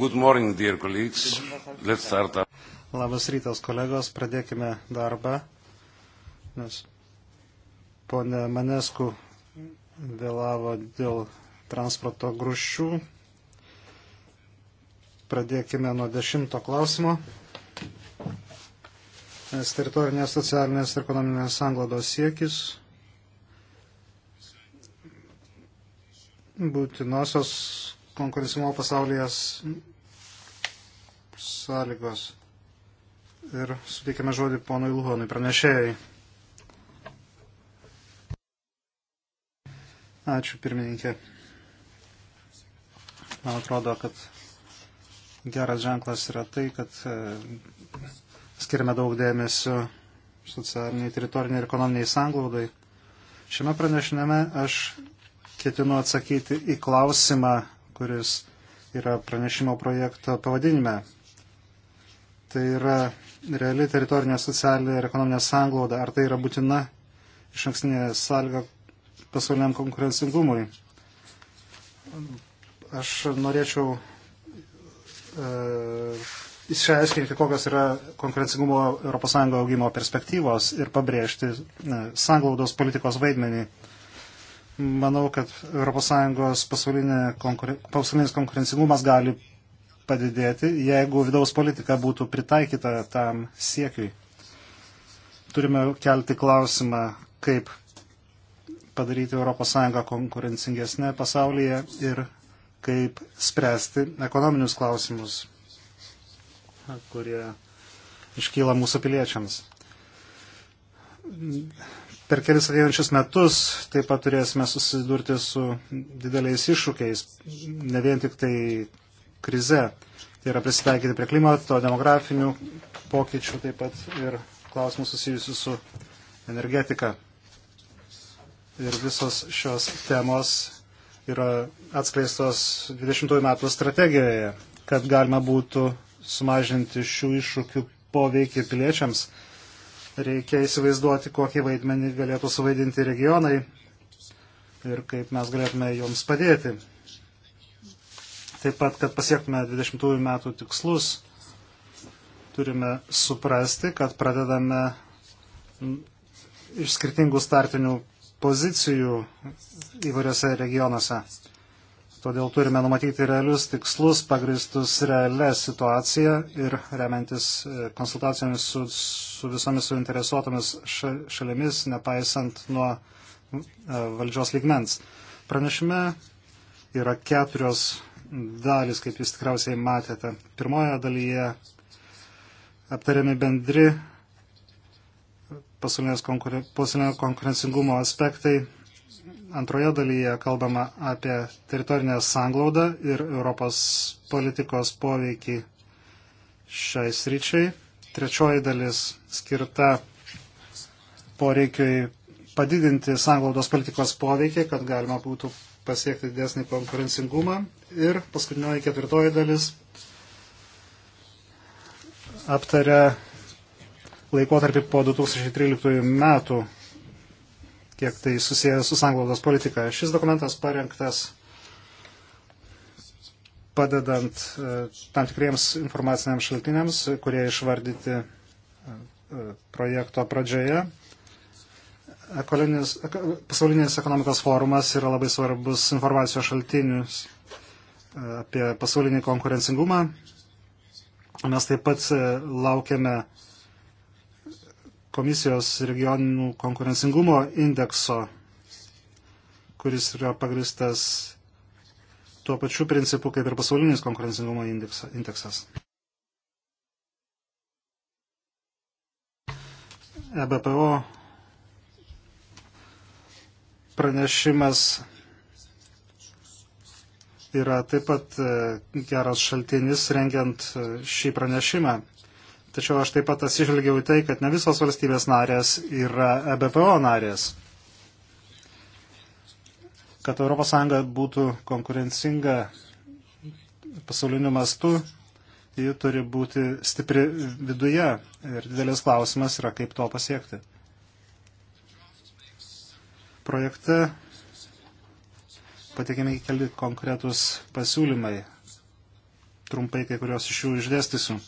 Good morning, dear colleagues. Let's start up. Labas rytas, kolegos, pradėkime darbą, nes ponė Manesku vėlavo dėl transporto grušių. Pradėkime nuo dešimto klausimo. Nes teritorinės socialinės ir ekonominės anglados siekis būtinosios konkurencingumo pasaulyje sąlygos. Ir suteikime žodį ponui Luhonui, pranešėjai. Ačiū pirmininkė. Man atrodo, kad geras ženklas yra tai, kad e, skiriame daug dėmesio socialiniai, teritoriniai ir ekonominiai sanglaudai. Šiame pranešinėme aš ketinu atsakyti į klausimą kuris yra pranešimo projekto pavadinime. Tai yra reali teritorinė socialinė ir ekonominė sanglauda. Ar tai yra būtina iš ankstinė sąlyga pasauliniam konkurencingumui? Aš norėčiau uh, išsiaiškinti, kokios yra konkurencingumo ES augimo perspektyvos ir pabrėžti e, sanglaudos politikos vaidmenį manau, kad ES pasaulinė konkuren... pasaulinis konkurencingumas gali padidėti, jeigu vidaus politika būtų pritaikyta tam siekiui. Turime kelti klausimą, kaip padaryti ES konkurencingesnė pasaulyje ir kaip spręsti ekonominius klausimus, kurie iškyla mūsų piliečiams per kelis ateinančius metus taip pat turėsime susidurti su dideliais iššūkiais, ne vien tik tai krize. Tai yra prisitaikyti prie klimato, demografinių pokyčių taip pat ir klausimų susijusių su energetika. Ir visos šios temos yra atskleistos 20 metų strategijoje, kad galima būtų sumažinti šių iššūkių poveikį piliečiams reikia įsivaizduoti, kokį vaidmenį galėtų suvaidinti regionai ir kaip mes galėtume joms padėti. Taip pat, kad pasiektume 20 metų tikslus, turime suprasti, kad pradedame iš skirtingų startinių pozicijų įvairiose regionuose. Todėl turime numatyti realius tikslus, pagristus realią situaciją ir remiantis e, konsultacijomis su, su visomis suinteresuotomis šalimis, nepaisant nuo e, valdžios lygmens. Pranešime yra keturios dalis, kaip jūs tikriausiai matėte. Pirmoje dalyje aptariami bendri pasaulinio konkurencingumo aspektai antroje dalyje kalbama apie teritorinę sanglaudą ir Europos politikos poveikį šiai sryčiai. Trečioji dalis skirta poreikiai padidinti sanglaudos politikos poveikį, kad galima būtų pasiekti didesnį konkurencingumą. Ir paskutinioji ketvirtoji dalis aptaria laikotarpį po 2013 metų kiek tai susijęs su sanglaudos politika. Šis dokumentas parengtas padedant e, tam tikriems informaciniams šaltiniams, kurie išvardyti e, e, projekto pradžioje. Ekolinis, pasaulinis ekonomikos forumas yra labai svarbus informacijos šaltinius apie pasaulinį konkurencingumą. Mes taip pat laukiame komisijos regioninių konkurencingumo indekso, kuris yra pagristas tuo pačiu principu kaip ir pasaulinis konkurencingumo indeksas. EBPO pranešimas yra taip pat e, geras šaltinis rengiant e, šį pranešimą. Tačiau aš taip pat atsižvelgiau į tai, kad ne visos valstybės narės yra EBPO narės. Kad ES būtų konkurencinga pasauliniu mastu, ji turi būti stipri viduje ir didelis klausimas yra, kaip to pasiekti. Projekte pateikiami keli konkretus pasiūlymai. Trumpai kai kurios iš jų išdėstysiu.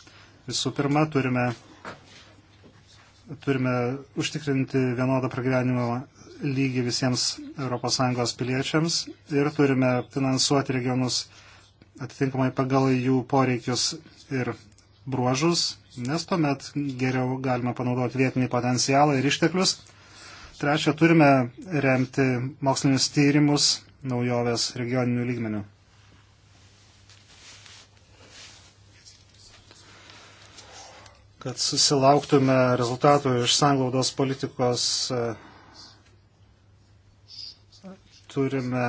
Visų pirma, turime, turime užtikrinti vienodą pragyvenimo lygį visiems ES piliečiams ir turime finansuoti regionus atitinkamai pagal jų poreikius ir bruožus, nes tuomet geriau galima panaudoti vietinį potencialą ir išteklius. Trečia, turime remti mokslinius tyrimus naujovės regioninių lygmenių. kad susilauktume rezultatų iš sanglaudos politikos, e, turime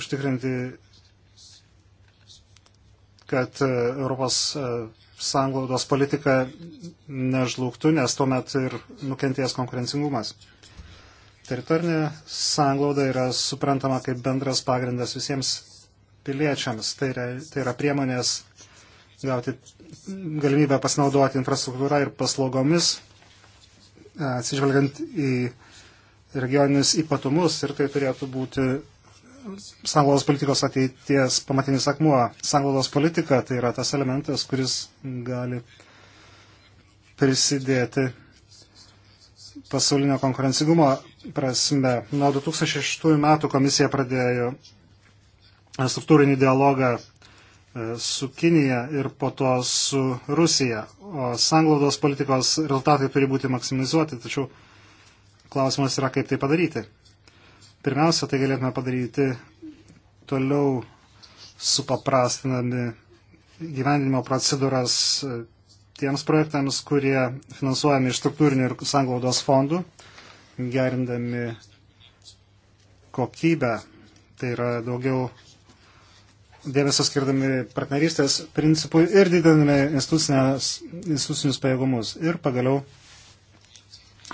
užtikrinti, kad e, Europos e, sanglaudos politika nežlugtų, nes tuomet ir nukenties konkurencingumas. Teritorinė sanglauda yra suprantama kaip bendras pagrindas visiems piliečiams. Tai yra, tai yra priemonės gauti galimybę pasinaudoti infrastruktūrą ir paslaugomis, e, atsižvelgiant į regioninius ypatumus ir tai turėtų būti sanglaudos politikos ateities pamatinis akmuo. Sanglaudos politika tai yra tas elementas, kuris gali prisidėti pasaulinio konkurencingumo prasme. Nuo 2006 metų komisija pradėjo struktūrinį dialogą E, su Kinija ir po to su Rusija. O sanglaudos politikos rezultatai turi būti maksimizuoti, tačiau klausimas yra, kaip tai padaryti. Pirmiausia, tai galėtume padaryti toliau supaprastinami gyvendinimo procedūras e, tiems projektams, kurie finansuojami iš struktūrinių ir sanglaudos fondų, gerindami kokybę. Tai yra daugiau dėmesio skirdami partnerystės principui ir didinami institucinius pajėgumus. Ir pagaliau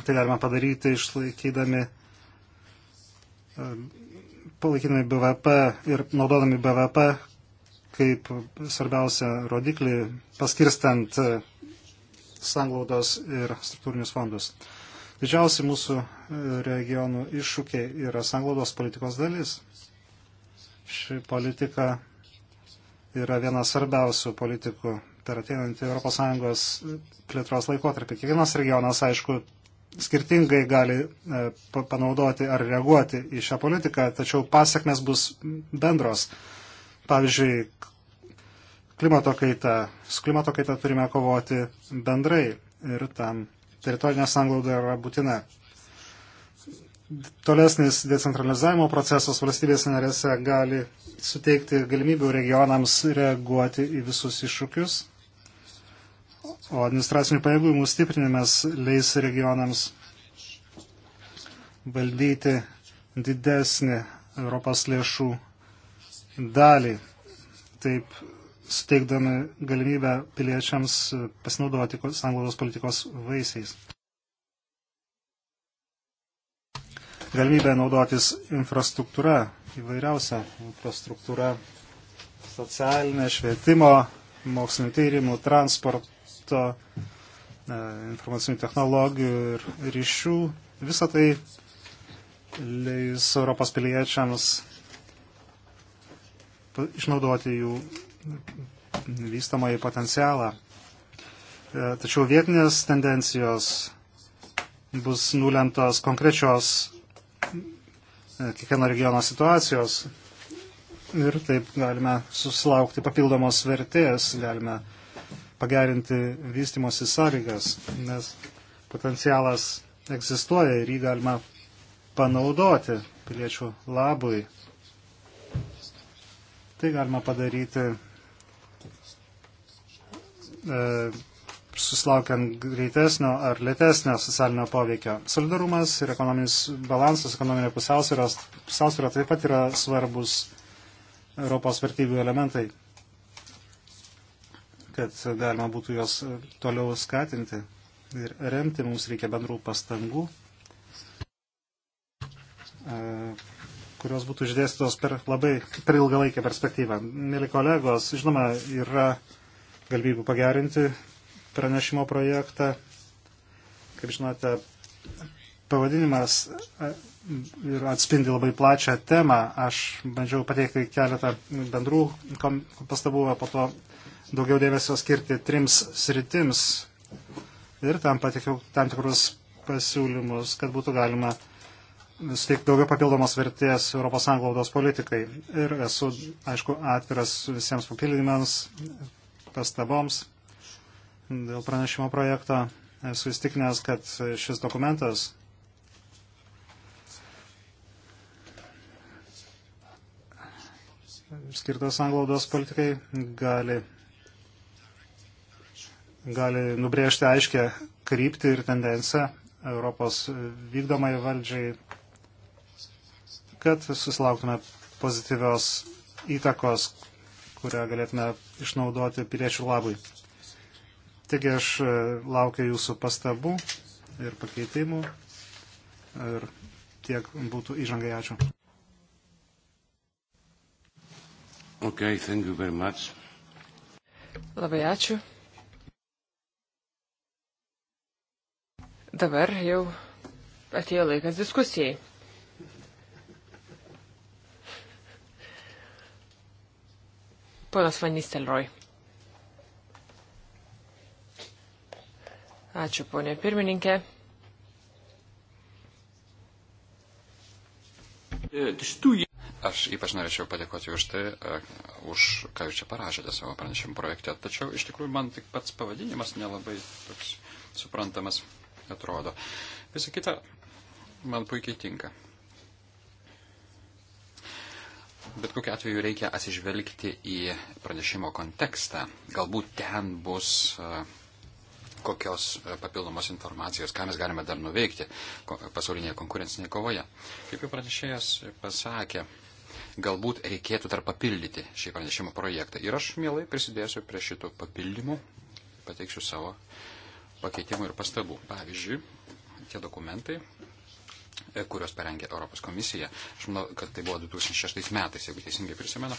tai galima padaryti išlaikydami, e, palaikydami BVP ir naudodami BVP kaip svarbiausia rodiklį paskirstant e, sanglaudos ir struktūrinius fondus. Didžiausi mūsų e, regionų iššūkiai yra sanglaudos politikos dalis. Ši politika yra vienas svarbiausių politikų per ateinantį ES plėtros laikotarpį. Kiekvienas regionas, aišku, skirtingai gali e, panaudoti ar reaguoti į šią politiką, tačiau pasiekmes bus bendros. Pavyzdžiui, klimato kaita. Su klimato kaita turime kovoti bendrai ir tam teritorinė sanglauda yra būtina tolesnis decentralizavimo procesas valstybės narėse gali suteikti galimybių regionams reaguoti į visus iššūkius, o administracinių pajėgumų stiprinimas leis regionams valdyti didesnį Europos lėšų dalį, taip suteikdami galimybę piliečiams pasinaudoti sanglaudos politikos vaisiais. galimybę naudotis infrastruktūra, įvairiausia infrastruktūra, socialinė, švietimo, mokslinio tyrimų, transporto, e, informacinių technologijų ir ryšių. Visą tai leis Europos piliečiams išnaudoti jų vystamąjį potencialą. E, tačiau vietinės tendencijos bus nulemtos konkrečios E, kiekvieno regiono situacijos. Ir taip galime susilaukti papildomos vertės, galime pagerinti vystimosi sąlygas, nes potencialas egzistuoja ir jį galima panaudoti piliečių labui. Tai galima padaryti e, susilaukiant greitesnio ar lėtesnio socialinio poveikio. Solidarumas ir ekonominis balansas, ekonominė pusiausvėra taip pat yra svarbus Europos vertybių elementai, kad galima būtų juos toliau skatinti ir remti. Mums reikia bendrų pastangų, e, kurios būtų išdėstytos per labai per ilgalaikę perspektyvą. Mėly kolegos, žinoma, yra galimybių pagerinti pranešimo projektą. Kaip žinote, pavadinimas ir atspindi labai plačią temą. Aš bandžiau pateikti keletą bendrų pastabų, o po to daugiau dėmesio skirti trims sritims. Ir tam patikiau tam tikrus pasiūlymus, kad būtų galima suteikti daugiau papildomos vertės Europos anglaudos politikai. Ir esu, aišku, atviras visiems papildymams, pastaboms dėl pranešimo projekto. Esu įstikinęs, kad šis dokumentas skirtas anglaudos politikai gali, gali nubrėžti aiškę kryptį ir tendenciją Europos vykdomai valdžiai, kad susilauktume pozityvios įtakos, kurią galėtume išnaudoti piliečių labui. Taigi aš e, laukiu jūsų pastabų ir pakeitimų. Ir tiek būtų įžangai. Ačiū. Okay, thank you very much. Labai ačiū. Dabar jau atėjo laikas diskusijai. Ponas Vanistelroj. Ačiū, ponė pirmininkė. Aš ypač norėčiau padėkoti už tai, e, už ką jūs čia parašėte savo pranešimų projekte. Tačiau iš tikrųjų man tik pats pavadinimas nelabai toks suprantamas atrodo. Visa kita man puikiai tinka. Bet kokiu atveju reikia atsižvelgti į pranešimo kontekstą. Galbūt ten bus e, kokios e, papildomos informacijos, ką mes galime dar nuveikti pasaulinėje konkurencinėje kovoje. Kaip jau pranešėjas pasakė, galbūt reikėtų dar papildyti šį pranešimo projektą. Ir aš mielai prisidėsiu prie šitų papildymų, pateiksiu savo pakeitimų ir pastabų. Pavyzdžiui, tie dokumentai, e, kuriuos parengė Europos komisija, aš manau, kad tai buvo 2006 metais, jeigu teisingai prisimenu.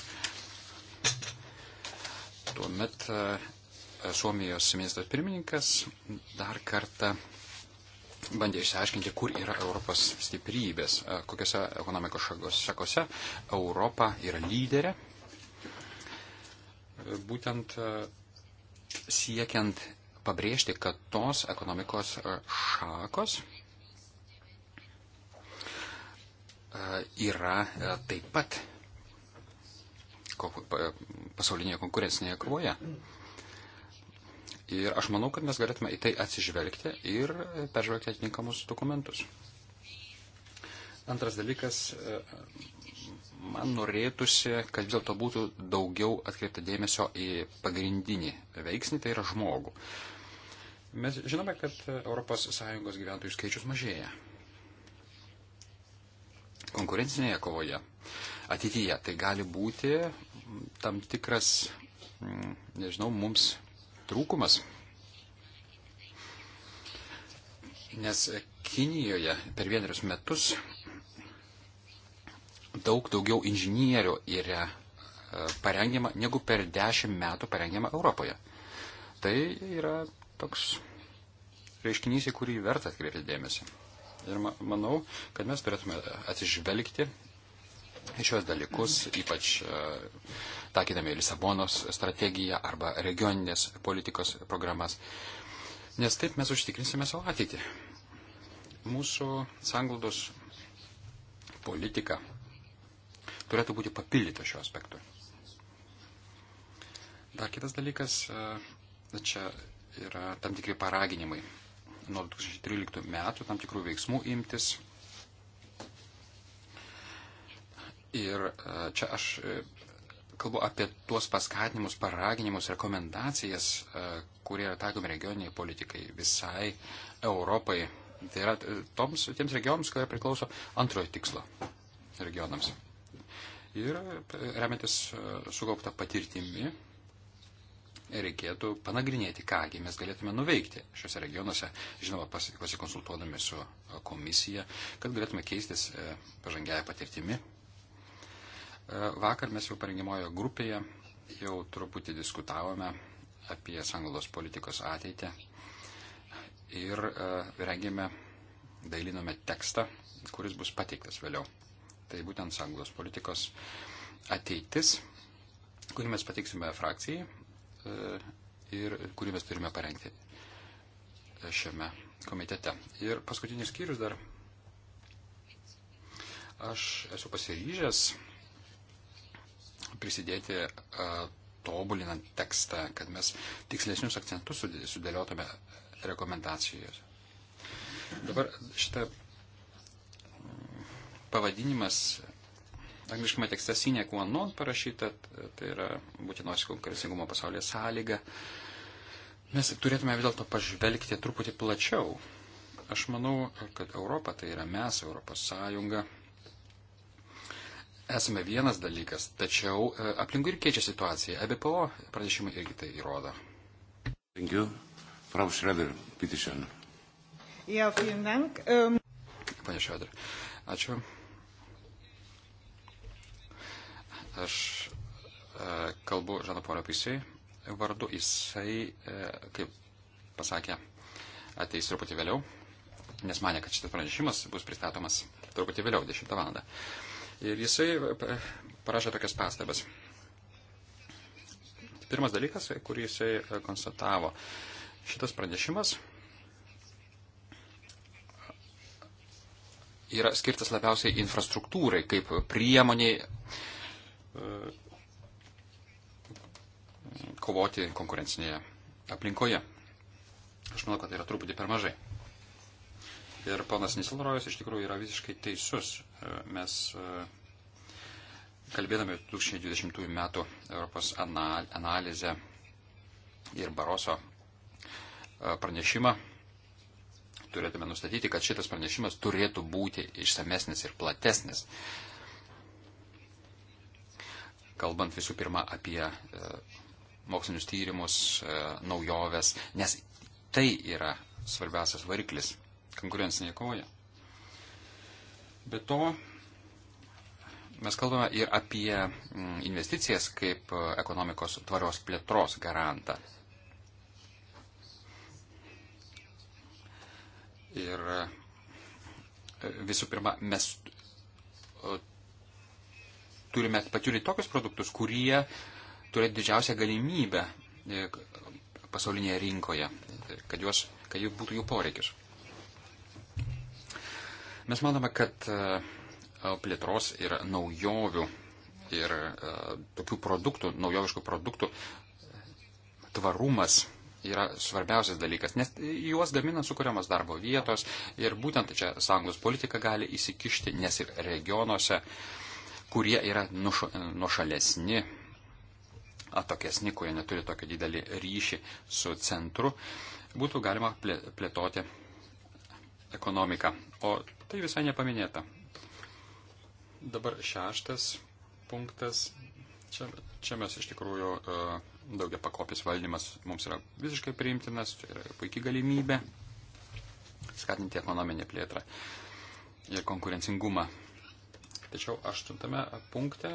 Tuomet e, Suomijos ministras pirmininkas dar kartą bandė išsiaiškinti, kur yra Europos stiprybės, e, kokiose ekonomikos šakose Europa yra lyderė, e, būtent e, siekiant pabrėžti, kad tos ekonomikos šakos yra taip pat pasaulinėje konkurencinėje kovoje. Mm. Ir aš manau, kad mes galėtume į tai atsižvelgti ir peržvelgti atitinkamus dokumentus. Antras dalykas, e, man norėtųsi, kad vis dėlto būtų daugiau atkreipta dėmesio į pagrindinį veiksnį, tai yra žmogų. Mes žinome, kad ES gyventojų skaičius mažėja. Konkurencinėje kovoje ateityje tai gali būti tam tikras, mm, nežinau, mums trūkumas. Nes Kinijoje per vienerius metus daug daugiau inžinierių yra e, parengiama negu per dešimt metų parengiama Europoje. Tai yra toks reiškinys, į kurį verta atkreipti dėmesį. Ir manau, kad mes turėtume atsižvelgti šios dalykus, ypač e, takydami Lisabonos strategiją arba regioninės politikos programas. Nes taip mes užtikrinsime savo ateitį. Mūsų sanglaudos politika turėtų būti papildyta šiuo aspektu. Dar kitas dalykas, e, čia yra tam tikri paraginimai nuo 2013 metų tam tikrų veiksmų imtis Ir e, čia aš e, kalbu apie tuos paskatinimus, paraginimus, rekomendacijas, e, kurie yra taikomi regioniniai politikai visai Europai. Tai yra toms, tiems regionams, kurie priklauso antrojo tikslo regionams. Ir remiantis sugaupta patirtimi, reikėtų panagrinėti, kągi mes galėtume nuveikti šiuose regionuose, žinoma, pasikonsultuodami su komisija, kad galėtume keistis pažangiaja patirtimi Vakar mes jau parengimojo grupėje jau truputį diskutavome apie sanglaudos politikos ateitį ir e, rengėme, dailinome tekstą, kuris bus pateiktas vėliau. Tai būtent sanglaudos politikos ateitis, kurį mes pateiksime frakcijai e, ir kurį mes turime parengti šiame komitete. Ir paskutinis skyrius dar. Aš esu pasiryžęs prisidėti tobulinant tekstą, kad mes tikslesnius akcentus sudėliotume rekomendacijose. Dabar šitą mm, pavadinimas angliškame tekste sinė kuo non parašyta, tai yra būtinos konkurencingumo pasaulyje sąlyga. Mes turėtume vis dėlto pažvelgti truputį plačiau. Aš manau, kad Europa tai yra mes, Europos Sąjunga, esame vienas dalykas, tačiau e, aplinkui ir keičia situacija. EBPO pranešimai irgi tai įrodo. Dėkiu. Frau Schröder, bitte schön. Ja, vielen Dank. Um... Ähm, Pane Schröder, ačiū. Aš e, kalbu Žano Polio Pisui vardu. Jisai, e, kaip pasakė, ateis truputį vėliau, nes mane, kad šitas pranešimas bus pristatomas truputį vėliau, 10 valandą. E, Ir jisai e, parašė tokias pastabas. Pirmas dalykas, kurį jisai e, konstatavo, šitas pranešimas yra skirtas labiausiai infrastruktūrai, kaip priemoniai e, kovoti konkurencinėje aplinkoje. Aš manau, kad tai yra truputį per mažai. Ir ponas Nisilrojus iš tikrųjų yra visiškai teisus. E, mes e, kalbėdami 2020 metų Europos analizę ir Baroso e, pranešimą, turėtume nustatyti, kad šitas pranešimas turėtų būti išsamesnis ir platesnis. Kalbant visų pirma apie mokslinius tyrimus, naujoves, nes tai yra svarbiausias variklis konkurencinėje kovoje. Be to, mes kalbame ir apie mm, investicijas kaip e, ekonomikos tvarios plėtros garantą. Ir e, visų pirma, mes e, turime pasiūlyti tokius produktus, kurie turi didžiausią galimybę pasaulinėje rinkoje, kad, juos, kad jų būtų jų poreikis. Mes manome, kad e, plėtros ir naujovių ir e, tokių produktų, naujoviškų produktų tvarumas yra svarbiausias dalykas, nes juos gamina sukūriamas darbo vietos ir būtent čia sąjungos politika gali įsikišti, nes ir regionuose, kurie yra nuošalesni, atokesni, kurie neturi tokį didelį ryšį su centru, būtų galima plėtoti ekonomiką. O Tai visai nepaminėta. Dabar šeštas punktas. Čia, čia mes iš tikrųjų e, daugia pakopis valdymas mums yra visiškai priimtinas, tai yra puikiai galimybė skatinti ekonominę plėtrą ir konkurencingumą. Tačiau aštuntame punkte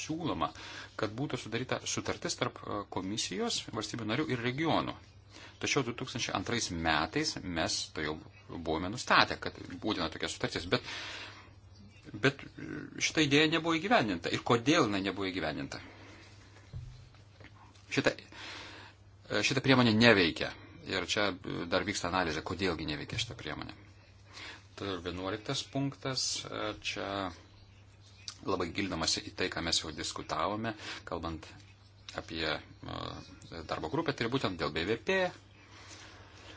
siūloma, kad būtų sudaryta sutartis tarp e, komisijos, valstybių narių ir regionų Tačiau 2002 metais mes tai jau buvome nustatę, kad būtina tokia sutartis, bet, bet šitą idėją nebuvo įgyvendinta. Ir kodėl jinai nebuvo įgyvendinta? Šitą, šitą priemonę neveikia. Ir čia dar vyksta analizė, kodėlgi neveikia šitą priemonę. Tai 11 punktas. Čia labai gildamasi į tai, ką mes jau diskutavome, kalbant apie uh, darbo grupę, tai būtent dėl BVP,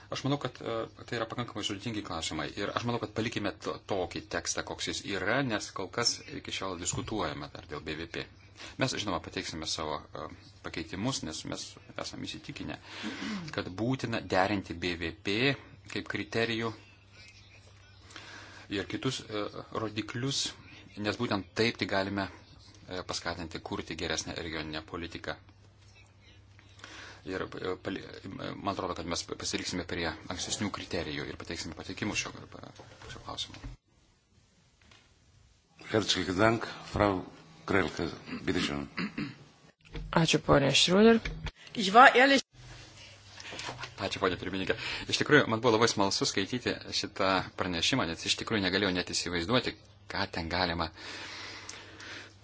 Aš manau, kad e, tai yra pakankamai sudėtingi klausimai ir aš manau, kad palikime tokį tekstą, koks jis yra, nes kol kas iki šiol diskutuojame dar dėl BVP. Mes, žinoma, pateiksime savo e, pakeitimus, nes mes esame įsitikinę, kad būtina derinti BVP kaip kriterijų ir kitus e, rodiklius, nes būtent taip tai galime paskatinti kurti geresnę regioninę politiką. Ir e, man atrodo, kad mes pasiliksime prie ankstesnių kriterijų ir pateiksime patikimus šio, e, šio klausimo. Herzlichen Dank, Frau Krelke, bitte schön. Ačiū, ponė Šrūder. Ačiū, ponė pirmininkė. Iš tikrųjų, man buvo labai smalsu skaityti šitą pranešimą, nes iš tikrųjų negalėjau net įsivaizduoti, ką ten galima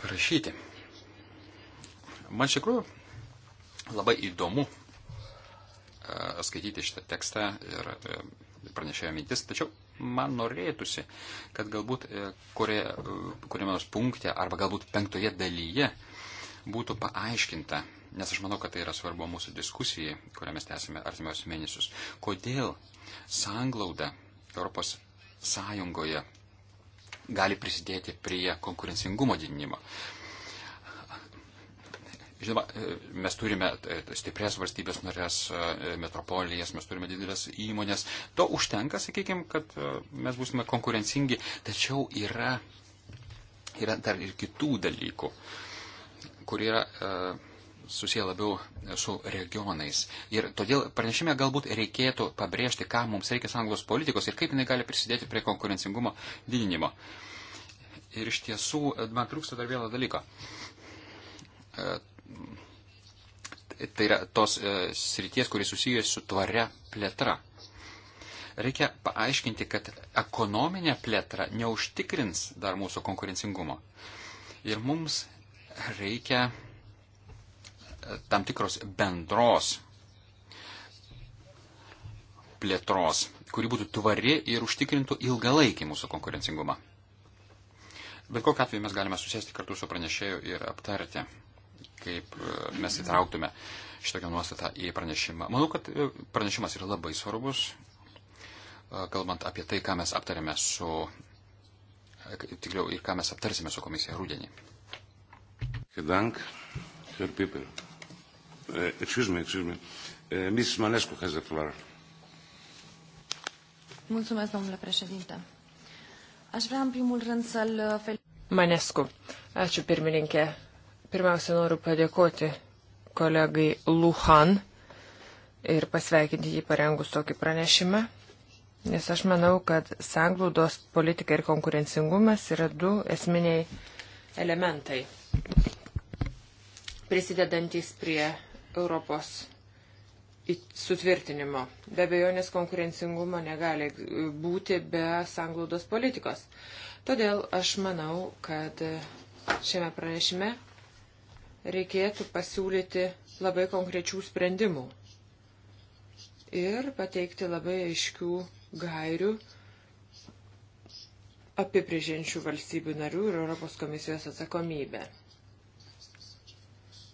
parašyti. Man iš tikrųjų Labai įdomu e, skaityti šitą tekstą ir e, pranešėjo mintis, tačiau man norėtųsi, kad galbūt e, kurie, kuriame nors punkte arba galbūt penktoje dalyje būtų paaiškinta, nes aš manau, kad tai yra svarbu mūsų diskusijai, kurią mes tęsime artimiausius mėnesius, kodėl sanglauda Europos Sąjungoje gali prisidėti prie konkurencingumo didinimo. Žinoma, e, mes turime e, stiprias valstybės norės, e, metropolijas, mes turime didelės įmonės. To užtenka, sakykime, kad mes būsime konkurencingi, tačiau yra, yra dar ir kitų dalykų, kurie yra susiję labiau su regionais. Ir todėl pranešime galbūt reikėtų pabrėžti, ką mums reikia sąjungos politikos ir kaip jinai gali prisidėti prie konkurencingumo didinimo. Ir iš tiesų, man trūksta dar vieno dalyko tai yra tos e, srities, kuris susijęs su tvaria plėtra. Reikia paaiškinti, kad ekonominė plėtra neužtikrins dar mūsų konkurencingumo. Ir mums reikia e, tam tikros bendros plėtros, kuri būtų tvari ir užtikrintų ilgalaikį mūsų konkurencingumą. Bet kokiu atveju mes galime susėsti kartu su pranešėju ir aptarti kaip e, mes įtrauktume šitokią nuostatą į pranešimą. Manau, kad e, pranešimas yra labai svarbus, e, kalbant apie tai, ką mes aptarėme su, tikliau, ir ką mes aptarsime su komisija rūdienį. Dank, Herr Piper. Uh, excuse me, excuse me. Uh, Mrs. Manescu has the floor. Mulțumesc, domnule președinte. Aș vrea, în primul rând, să-l felicit. Manescu. Ačiū, pirmininkė. Pirmiausia, noriu padėkoti kolegai Luhan ir pasveikinti jį parengus tokį pranešimą, nes aš manau, kad sanglaudos politika ir konkurencingumas yra du esminiai elementai prisidedantis prie Europos sutvirtinimo. Be abejonės konkurencingumo negali būti be sanglaudos politikos. Todėl aš manau, kad šiame pranešime reikėtų pasiūlyti labai konkrečių sprendimų ir pateikti labai aiškių gairių apibrėžiančių valstybių narių ir Europos komisijos atsakomybę.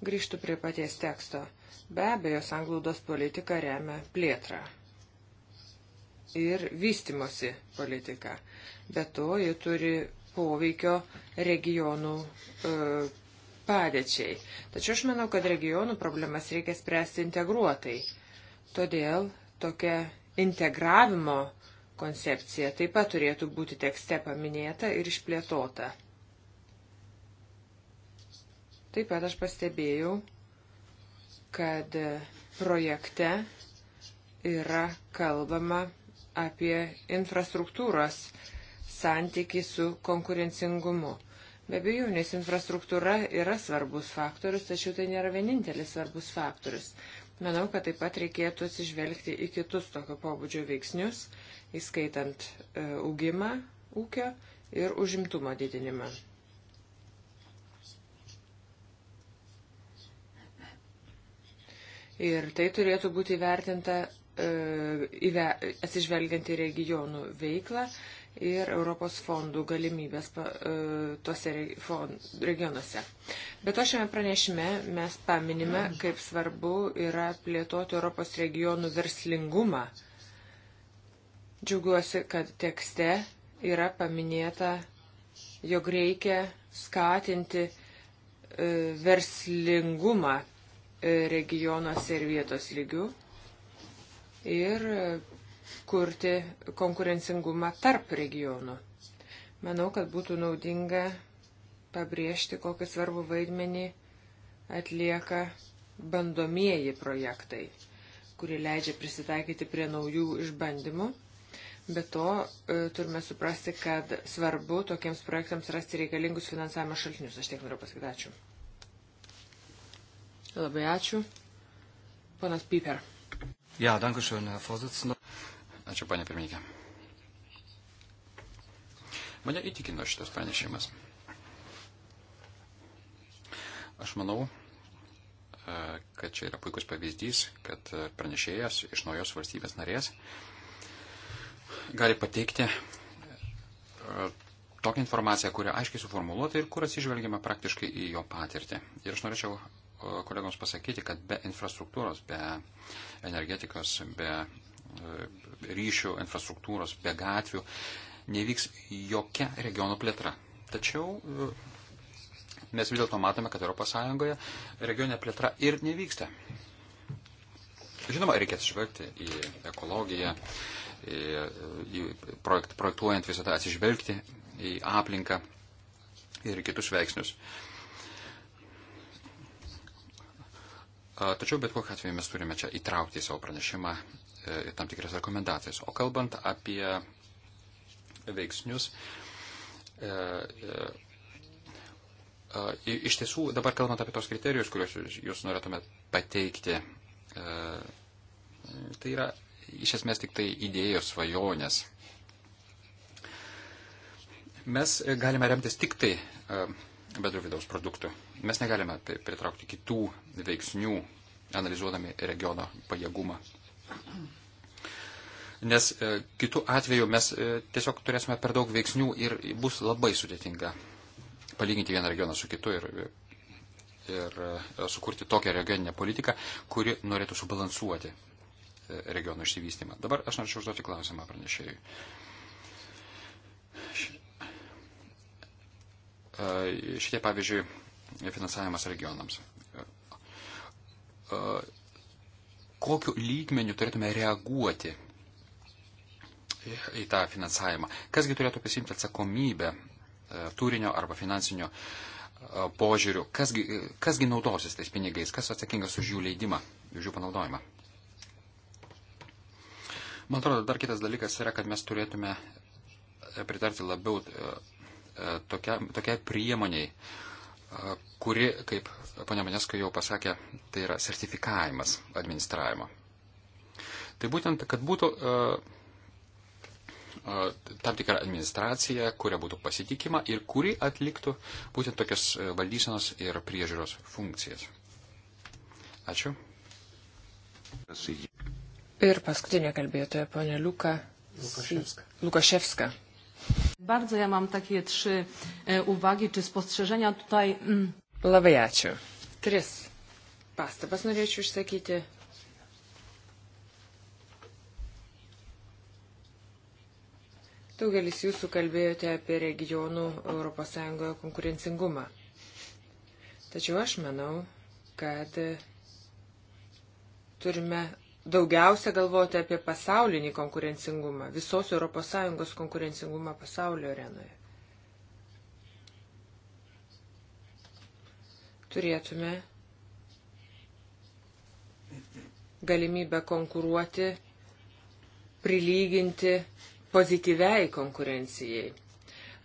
Grįžtų prie paties teksto. Be abejo, sanglaudos politika remia plėtrą ir vystimosi politiką. Be to, ji turi poveikio regionų e, padėčiai. Tačiau aš manau, kad regionų problemas reikia spręsti integruotai. Todėl tokia integravimo koncepcija taip pat turėtų būti tekste paminėta ir išplėtota. Taip pat aš pastebėjau, kad projekte yra kalbama apie infrastruktūros santykį su konkurencingumu. Be abejo, nes infrastruktūra yra svarbus faktorius, tačiau tai nėra vienintelis svarbus faktorius. Manau, kad taip pat reikėtų atsižvelgti į kitus tokio pobūdžio veiksnius, įskaitant e, augimą ūkio ir užimtumo didinimą. Ir tai turėtų būti vertinta e, atsižvelgiant į regionų veiklą ir Europos fondų galimybės e, tuose regionuose. Bet to šiame pranešime mes paminime, kaip svarbu yra plėtoti Europos regionų verslingumą. Džiaugiuosi, kad tekste yra paminėta, jog reikia skatinti e, verslingumą e, regionuose ir vietos lygių ir kurti konkurencingumą tarp regionų. Manau, kad būtų naudinga pabrėžti, kokį svarbų vaidmenį atlieka bandomieji projektai, kurie leidžia prisitaikyti prie naujų išbandymų. Be to, e, turime suprasti, kad svarbu tokiems projektams rasti reikalingus finansavimo šaltinius. Aš tiek noriu pasakyti. Ačiū. Labai ačiū. Ponas Piper. Ja, danke schön, Herr Vorsitzender. Ačiū, panė pirmininkė. Mane įtikino šitas pranešimas. Aš manau, e, kad čia yra puikus pavyzdys, kad pranešėjas iš naujos valstybės narės gali pateikti e, tokią informaciją, kuri aiškiai suformuoluota ir kur atsižvelgiama praktiškai į jo patirtį. Ir aš norėčiau e, kolegoms pasakyti, kad be infrastruktūros, be energetikos, be E, ryšių, infrastruktūros, be gatvių, nevyks jokia regiono plėtra. Tačiau e, mes vis dėlto matome, kad ES regioninė plėtra ir nevyksta. Žinoma, reikia atsižvelgti į ekologiją, į, į projekt, projektuojant visą tą atsižvelgti į aplinką ir kitus veiksnius. Tačiau bet kokiu atveju mes turime čia įtraukti į savo pranešimą E, ir tam tikras rekomendacijas. O kalbant apie veiksnius, e, e, iš tiesų dabar kalbant apie tos kriterijus, kuriuos jūs norėtumėt pateikti, tai yra iš esmės tik tai idėjos svajonės. Mes galime remtis tik tai bedrų vidaus produktų. Mes negalime pritraukti kitų veiksnių, analizuodami regiono pajėgumą Nes e, kitų atveju mes e, tiesiog turėsime per daug veiksnių ir bus labai sudėtinga palyginti vieną regioną su kitu ir, ir e, sukurti tokią regioninę politiką, kuri norėtų subalansuoti regionų išsivystymą. Dabar aš norėčiau užduoti klausimą pranešėjui. Šitie, pavyzdžiui, finansavimas regionams kokiu lygmeniu turėtume reaguoti į tą finansavimą. Kasgi turėtų pasimti atsakomybę e, turinio arba finansinio e, požiūrių, kasgi, e, kasgi naudosis tais pinigais, kas atsakingas už jų leidimą, už jų panaudojimą. Man atrodo, dar kitas dalykas yra, kad mes turėtume pritarti labiau tokiai tokia priemoniai, kuri, kaip ponia Maneska jau pasakė, tai yra sertifikavimas administravimo. Tai būtent, kad būtų e, e, tam tikra administracija, kuria būtų pasitikima ir kuri atliktų būtent tokias e, valdysenos ir priežiūros funkcijas. Ačiū. Ir paskutinė kalbėtoja, ponia Liuka Lukaševska. Lukaševska bardzo. Ja mam takie trzy e, uwagi czy spostrzeżenia tutaj. Mm, Labai ačiū. Tris pastabas norėčiau išsakyti. Daugelis jūsų kalbėjote apie regionų ES konkurencingumą. Tačiau aš manau, kad turime daugiausia galvoti apie pasaulinį konkurencingumą, visos ES konkurencingumą pasaulio arenoje. Turėtume galimybę konkuruoti, prilyginti pozityviai konkurencijai.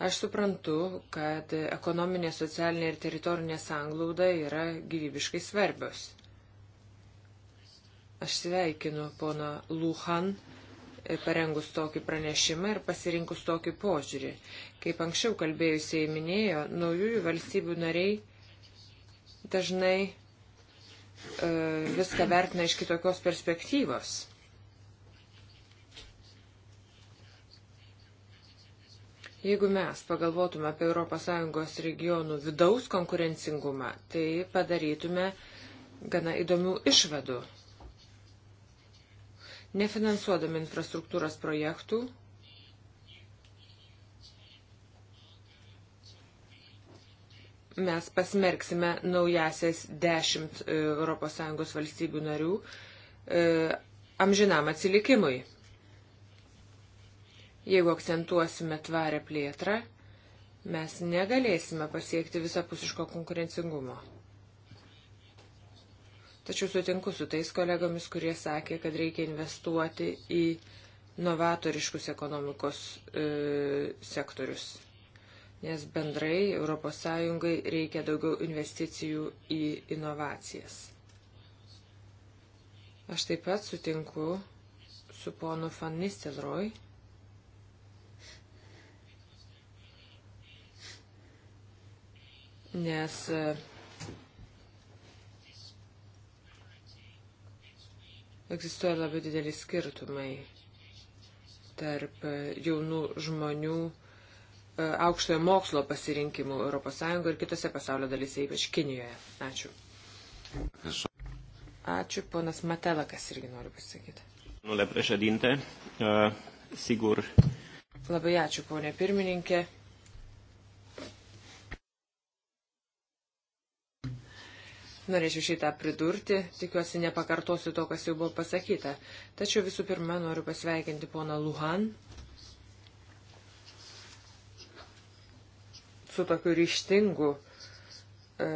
Aš suprantu, kad ekonominė, socialinė ir teritorinė sanglauda yra gyvybiškai svarbios. Aš sveikinu poną Luhan e, parengus tokį pranešimą ir pasirinkus tokį požiūrį. Kaip anksčiau kalbėjusiai minėjo, naujųjų valstybių nariai dažnai e, viską vertina iš kitokios perspektyvos. Jeigu mes pagalvotume apie ES regionų vidaus konkurencingumą, tai padarytume gana įdomių išvadų. Nefinansuodami infrastruktūros projektų, mes pasmerksime naujasias dešimt ES valstybių narių e, amžinam atsilikimui. Jeigu akcentuosime tvarę plėtrą, mes negalėsime pasiekti visapusiško konkurencingumo. Tačiau sutinku su tais kolegomis, kurie sakė, kad reikia investuoti į novatoriškus ekonomikos e, sektorius. Nes bendrai ES reikia daugiau investicijų į inovacijas. Aš taip pat sutinku su ponu Van Nistelrooy, nes e, egzistuoja labai dideliai skirtumai tarp e, jaunų žmonių e, aukštojo mokslo pasirinkimų ES ir kitose pasaulio dalyse, ypač Kinijoje. Ačiū. Ačiū, ponas Matelakas irgi noriu pasakyti. Nule prešadinte, uh, e, sigur. Labai ačiū, ponė pirmininkė. Norėčiau šitą pridurti, tikiuosi nepakartosiu to, kas jau buvo pasakyta. Tačiau visų pirma noriu pasveikinti poną Luhan su tokiu ryštingu e,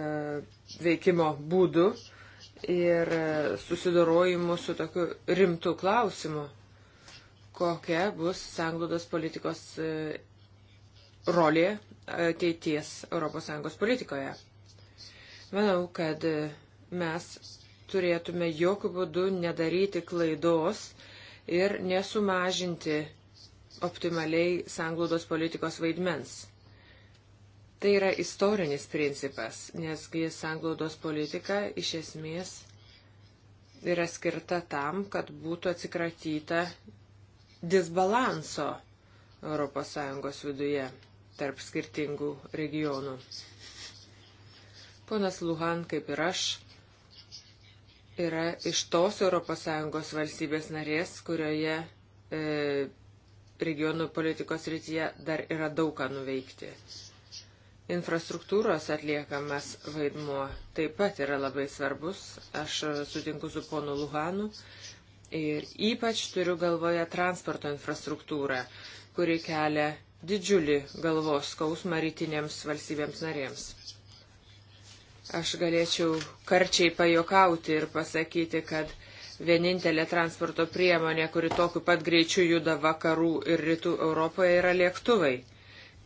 veikimo būdu ir e, susidorojimu su tokiu rimtu klausimu, kokia bus sanglodos politikos e, rolė ateities ES politikoje. Manau, kad e, mes turėtume jokių būdų nedaryti klaidos ir nesumažinti optimaliai sanglaudos politikos vaidmens. Tai yra istorinis principas, nesgi sanglaudos politika iš esmės yra skirta tam, kad būtų atsikratyta disbalanso ES viduje tarp skirtingų regionų. Ponas Luhan, kaip ir aš, yra iš tos ES valstybės narės, kurioje e, regionų politikos rytyje dar yra daug ką nuveikti. Infrastruktūros atliekamas vaidmuo taip pat yra labai svarbus. Aš sutinku su ponu Luhanu ir ypač turiu galvoje transporto infrastruktūrą, kuri kelia didžiulį galvos skausmą rytinėms valstybėms narėms. Aš galėčiau karčiai pajokauti ir pasakyti, kad vienintelė transporto priemonė, kuri tokiu pat greičiu juda vakarų ir rytų Europoje, yra lėktuvai.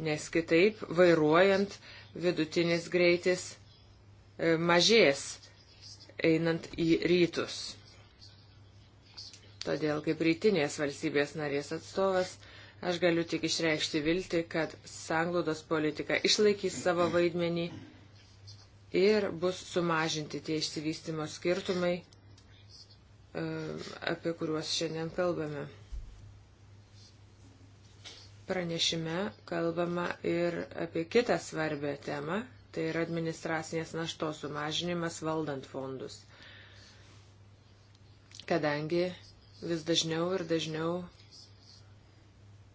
Nes kitaip, vairuojant, vidutinis greitis e, mažės einant į rytus. Todėl kaip rytinės valstybės narės atstovas, aš galiu tik išreikšti vilti, kad sanglaudos politika išlaikys savo vaidmenį ir bus sumažinti tie išsivystimo skirtumai, e, apie kuriuos šiandien kalbame. Pranešime kalbama ir apie kitą svarbę temą, tai yra administracinės naštos sumažinimas valdant fondus. Kadangi vis dažniau ir dažniau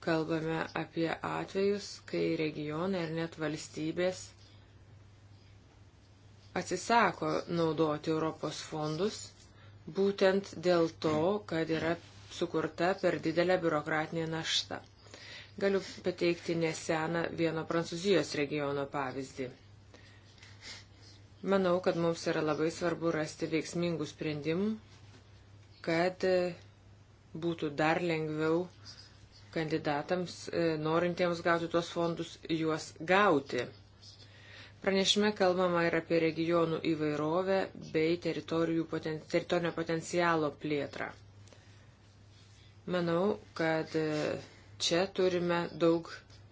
kalbame apie atvejus, kai regionai ar net valstybės atsisako naudoti Europos fondus būtent dėl to, kad yra sukurta per didelė biurokratinė našta. Galiu pateikti neseną vieno Prancūzijos regiono pavyzdį. Manau, kad mums yra labai svarbu rasti veiksmingų sprendimų, kad e, būtų dar lengviau kandidatams, e, norintiems gauti tuos fondus, juos gauti. Pranešime kalbama ir apie regionų įvairovę bei poten, teritorinio potencialo plėtrą. Manau, kad e, čia turime daug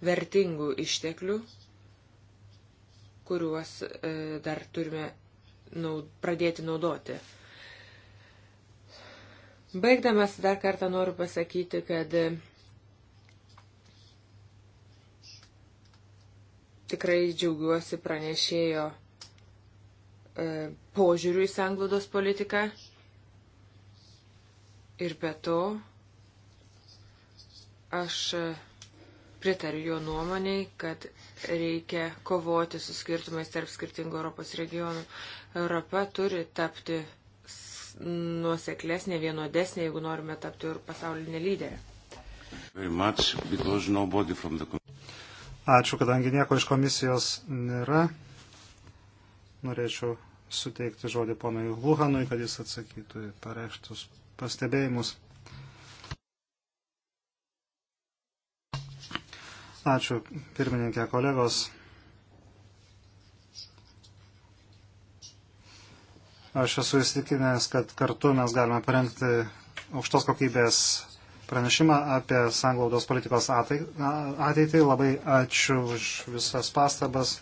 vertingų išteklių, kuriuos e, dar turime naud, pradėti naudoti. Baigdamas dar kartą noriu pasakyti, kad tikrai džiaugiuosi pranešėjo e, požiūrių į sanglaudos politiką. Ir be to, aš e, pritariu jo nuomoniai, kad reikia kovoti su skirtumais tarp skirtingų Europos regionų. Europa turi tapti nuoseklesnė, vienodesnė, jeigu norime tapti ir pasaulinė lyderė. Much, the... Ačiū, kadangi nieko iš komisijos nėra. Norėčiau suteikti žodį ponui Luhanui, kad jis atsakytų į pareikštus pastebėjimus. Ačiū, pirmininkė kolegos. Aš esu įsitikinęs, kad kartu mes galime parengti aukštos kokybės pranešimą apie sanglaudos politikos ateitį. Labai ačiū už visas pastabas,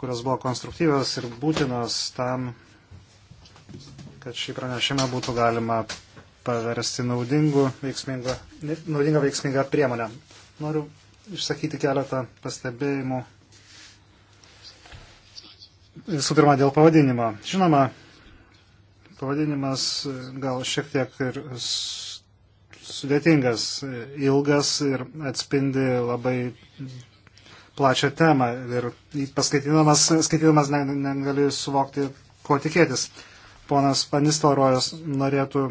kurios buvo konstruktyvios ir būtinos tam, kad šį pranešimą būtų galima paversti naudingu, veiksminga, naudinga veiksminga priemonė. Noriu išsakyti keletą pastebėjimų. Visų pirma, dėl pavadinimo. Žinoma, pavadinimas gal šiek tiek ir sudėtingas, ilgas ir atspindi labai plačią temą. Ir paskaitinamas, skaitinamas negali suvokti, ko tikėtis. Ponas Panistelrojas norėtų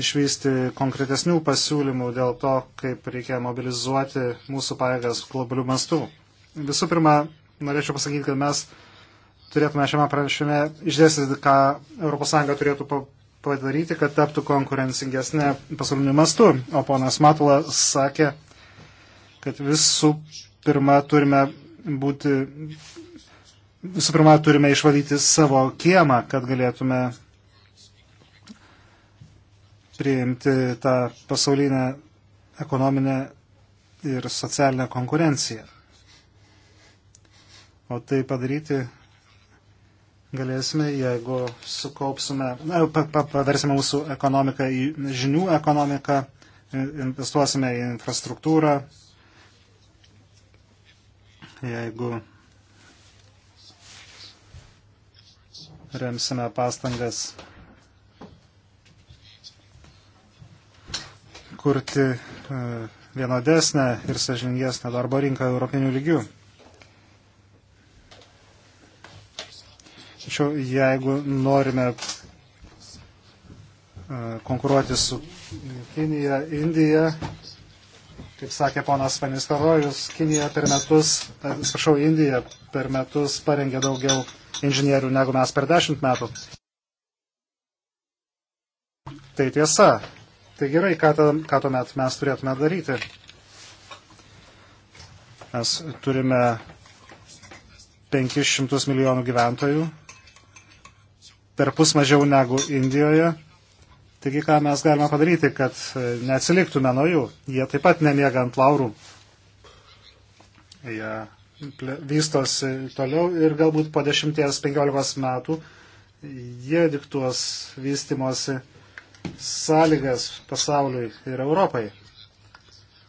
išvysti konkretesnių pasiūlymų dėl to, kaip reikia mobilizuoti mūsų pajėgas globalių mastų. Visų pirma, norėčiau pasakyti, kad mes turėtume šiame pranešime išdėstyti, ką ES turėtų padaryti, kad taptų konkurencingesnė pasauliniu mastu. O ponas Matula sakė, kad visų pirma turime būti, visų pirma turime išvalyti savo kiemą, kad galėtume priimti tą pasaulinę ekonominę ir socialinę konkurenciją. O tai padaryti galėsime, jeigu sukaupsime, paversime mūsų ekonomiką į žinių ekonomiką, investuosime į infrastruktūrą, jeigu remsime pastangas kurti e, vienodesnę ir sažingesnę darbo rinką europinių lygių. Tačiau jeigu norime e, konkuruoti su Kinija, Indija, kaip sakė ponas Panis Karojus, Kinija per metus, e, atsiprašau, Indija per metus parengė daugiau inžinierių negu mes per dešimt metų. Tai tiesa. Tai gerai, ką, ta, ką tuomet mes turėtume daryti. Mes turime 500 milijonų gyventojų per pus mažiau negu Indijoje. Taigi, ką mes galime padaryti, kad e, neatsiliktume nuo jų. Jie taip pat nemiega ant laurų. Jie vystosi toliau ir galbūt po 10-15 metų jie diktuos vystimosi sąlygas pasauliui ir Europai.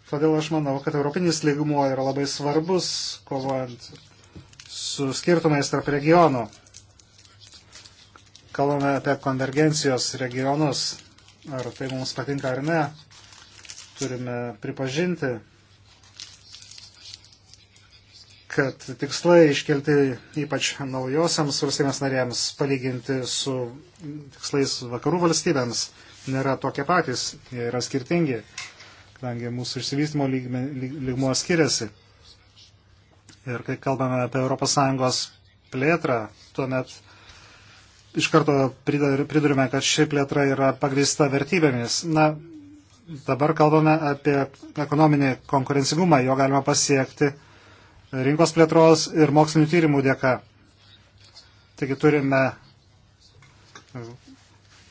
Todėl aš manau, kad europinis lygmuo yra labai svarbus, kovojant su skirtumais tarp regionų kalbame apie konvergencijos regionus, ar tai mums patinka ar ne, turime pripažinti, kad tikslai iškelti ypač naujosiams valstybės narėms palyginti su tikslais vakarų valstybėms nėra tokie patys, jie yra skirtingi, kadangi mūsų išsivystymo lygmuo skiriasi. Ir kai kalbame apie ES plėtrą, tuomet iš karto pridurime, kad ši plėtra yra pagrįsta vertybėmis. Na, dabar kalbame apie ekonominį konkurencingumą, jo galima pasiekti rinkos plėtros ir mokslinių tyrimų dėka. Taigi turime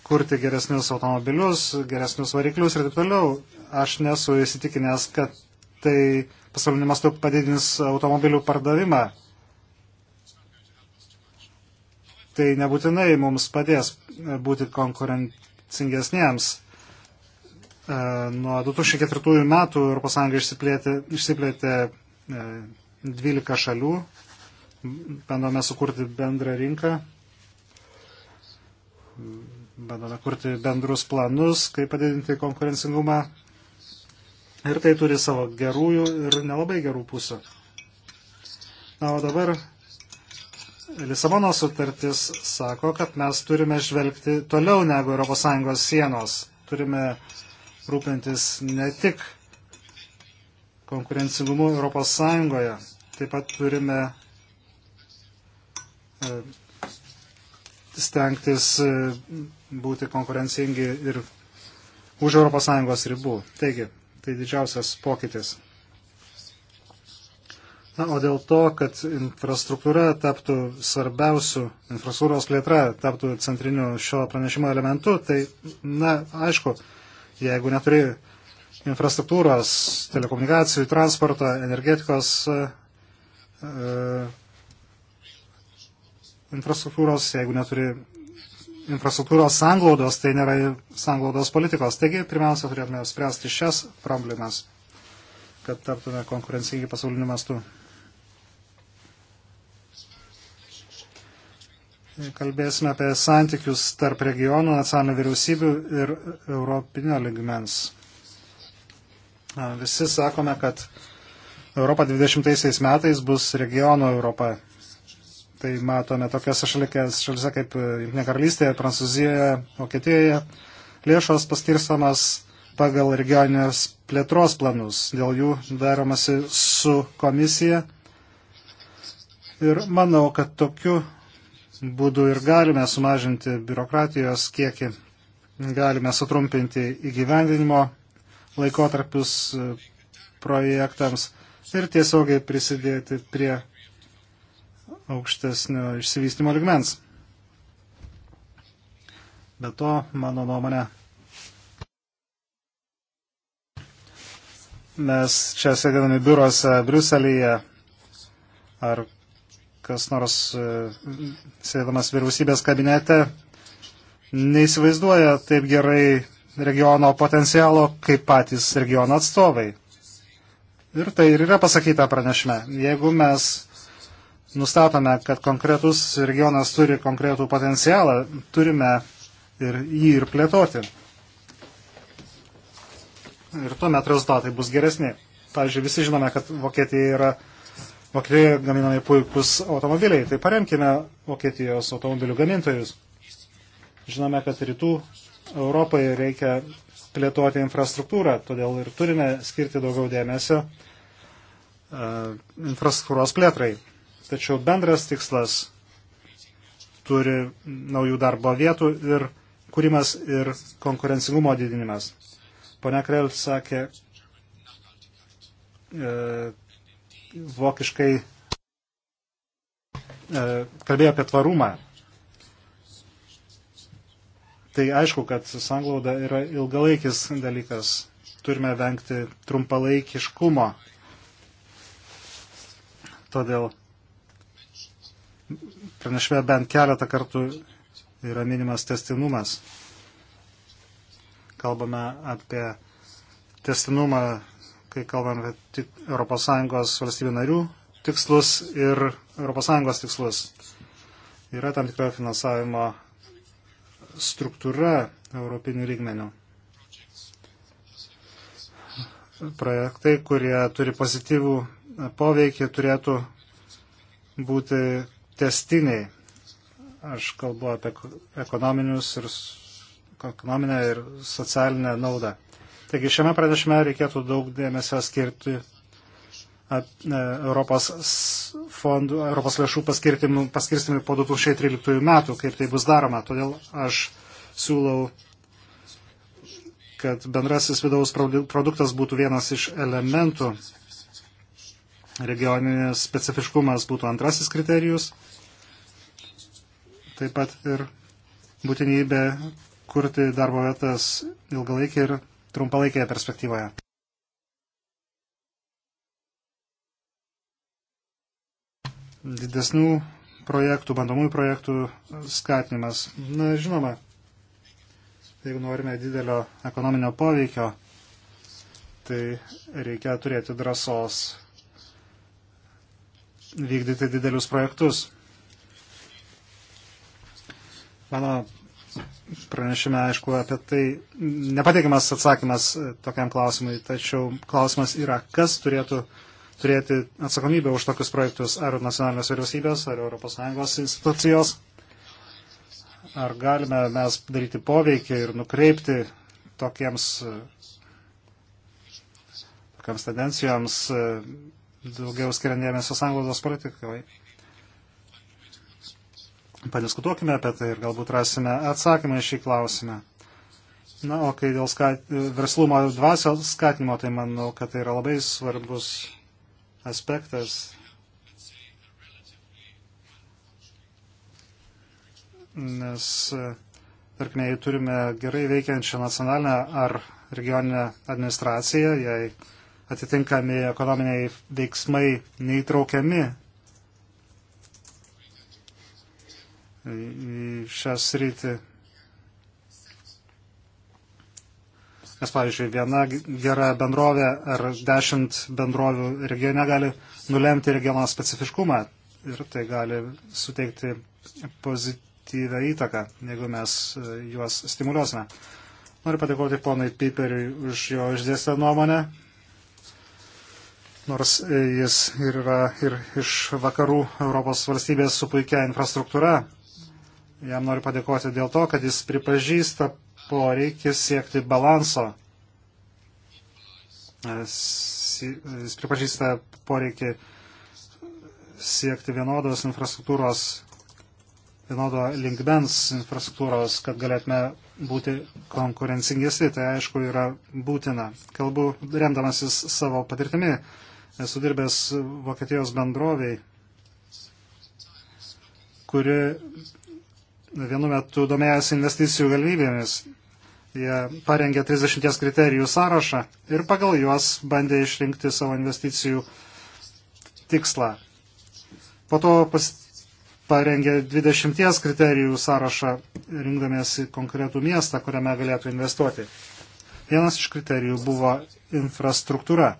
kurti geresnius automobilius, geresnius variklius ir taip toliau. Aš nesu įsitikinęs, kad tai pasaulyniu mastu padidins automobilių pardavimą tai nebūtinai mums padės e, būti konkurencingesniems. E, nuo 2004 metų ES išsiplėtė, išsiplėtė 12 e, šalių, bandome sukurti bendrą rinką, bandome kurti bendrus planus, kaip padidinti konkurencingumą. Ir tai turi savo gerųjų ir nelabai gerų pusių. Na, o dabar Lisabono sutartis sako, kad mes turime žvelgti toliau negu ES sienos. Turime rūpintis ne tik konkurencingumu ES, taip pat turime e, stengtis e, būti konkurencingi ir už ES ribų. Taigi, tai didžiausias pokytis. Na, o dėl to, kad infrastruktūra taptų svarbiausių, infrastruktūros plėtra taptų centriniu šio pranešimo elementu, tai, na, aišku, jeigu neturi infrastruktūros, telekomunikacijų, transporto, energetikos e, e, infrastruktūros, jeigu neturi infrastruktūros sanglaudos, tai nėra sanglaudos politikos. Taigi, pirmiausia, turėtume spręsti šias problemas, kad taptume konkurencingi pasauliniu mastu. kalbėsime apie santykius tarp regionų, nacionalinių vyriausybių ir europinio ligmens. Visi sakome, kad Europa 20 metais bus regionų Europa. Tai matome tokiose šalyse kaip Junktinė karalystė, Prancūzijoje, Vokietijoje. Lėšos paskirstamas pagal regioninės plėtros planus. Dėl jų daromasi su komisija. Ir manau, kad tokiu būdų ir galime sumažinti biurokratijos kiekį, galime sutrumpinti įgyvendinimo laikotarpius e, projektams ir tiesiogiai prisidėti prie aukštesnio išsivystimo ligmens. Be to, mano nuomonė, mes čia sėdėdami biurose Bruselėje ar kas nors e, sėdamas vyriausybės kabinete neįsivaizduoja taip gerai regiono potencialo kaip patys regiono atstovai. Ir tai ir yra pasakyta pranešme. Jeigu mes nustatome, kad konkretus regionas turi konkretų potencialą, turime ir jį ir plėtoti. Ir tuomet rezultatai bus geresni. Pavyzdžiui, visi žinome, kad Vokietija yra Vokietijoje gaminami puikus automobiliai, tai paremkime Vokietijos automobilių gamintojus. Žinome, kad rytų Europai reikia plėtoti infrastruktūrą, todėl ir turime skirti daugiau dėmesio uh, infrastruktūros plėtrai. Tačiau bendras tikslas turi naujų darbo vietų ir kūrimas ir konkurencingumo didinimas. Pone Krell sakė, uh, vokiškai e, kalbėjo apie tvarumą. Tai aišku, kad sanglauda yra ilgalaikis dalykas. Turime vengti trumpalaikiškumo. Todėl pranešime bent keletą kartų yra minimas testinumas. Kalbame apie testinumą kai kalbam apie ES valstybių narių tikslus ir ES tikslus. Yra tam tikra finansavimo struktūra europinių lygmenių. Projektai, kurie turi pozityvų poveikį, turėtų būti testiniai. Aš kalbu apie ekonominius ir ekonominę ir socialinę naudą. Taigi šiame pranešime reikėtų daug dėmesio skirti e, Europos, fondų, Europos lėšų paskirstimui po 2013 metų, kaip tai bus daroma. Todėl aš siūlau, kad bendrasis vidaus produktas būtų vienas iš elementų. Regioninis specifiškumas būtų antrasis kriterijus. Taip pat ir būtinybė kurti darbo vietas ilgalaikį ir trumpalaikėje perspektyvoje. Didesnių projektų, bandomųjų projektų skatinimas. Na, žinoma, jeigu norime didelio ekonominio poveikio, tai reikia turėti drąsos vykdyti didelius projektus. Mano pranešime, aišku, apie tai nepateikiamas atsakymas tokiam klausimui, tačiau klausimas yra, kas turėtų turėti atsakomybę už tokius projektus, ar nacionalinės vyriausybės, ar ES institucijos. Ar galime mes daryti poveikį ir nukreipti tokiems, tokiams tendencijoms daugiau skiriant dėmesio sanglaudos politikai. Padiskutuokime apie tai ir galbūt rasime atsakymą į šį klausimą. Na, o kai dėl skat... verslumo dvasios skatinimo, tai manau, kad tai yra labai svarbus aspektas. Nes, tarkime, jei turime gerai veikiančią nacionalinę ar regioninę administraciją, jei atitinkami ekonominiai veiksmai neįtraukiami į šią sritį. Nes, pavyzdžiui, viena gera bendrovė ar dešimt bendrovių regione gali nulemti regiono specifiškumą ir tai gali suteikti pozityvę įtaką, jeigu mes e, juos stimuliuosime. Noriu padėkoti ponai Piperiui už jo išdėstę nuomonę, nors e, jis ir yra ir iš vakarų Europos valstybės su puikia infrastruktūra, Jam noriu padėkoti dėl to, kad jis pripažįsta poreikį siekti balanso. Jis pripažįsta poreikį siekti vienodos infrastruktūros, vienodo linkmens infrastruktūros, kad galėtume būti konkurencingesni. Tai aišku yra būtina. Kalbu remdamasis savo patirtimi. Esu dirbęs Vokietijos bendroviai, kuri vienu metu domėjęs investicijų galimybėmis. Jie parengė 30 kriterijų sąrašą ir pagal juos bandė išrinkti savo investicijų tikslą. Po to pas, parengė 20 kriterijų sąrašą, rinkdamėsi konkretų miestą, kuriame galėtų investuoti. Vienas iš kriterijų buvo infrastruktūra.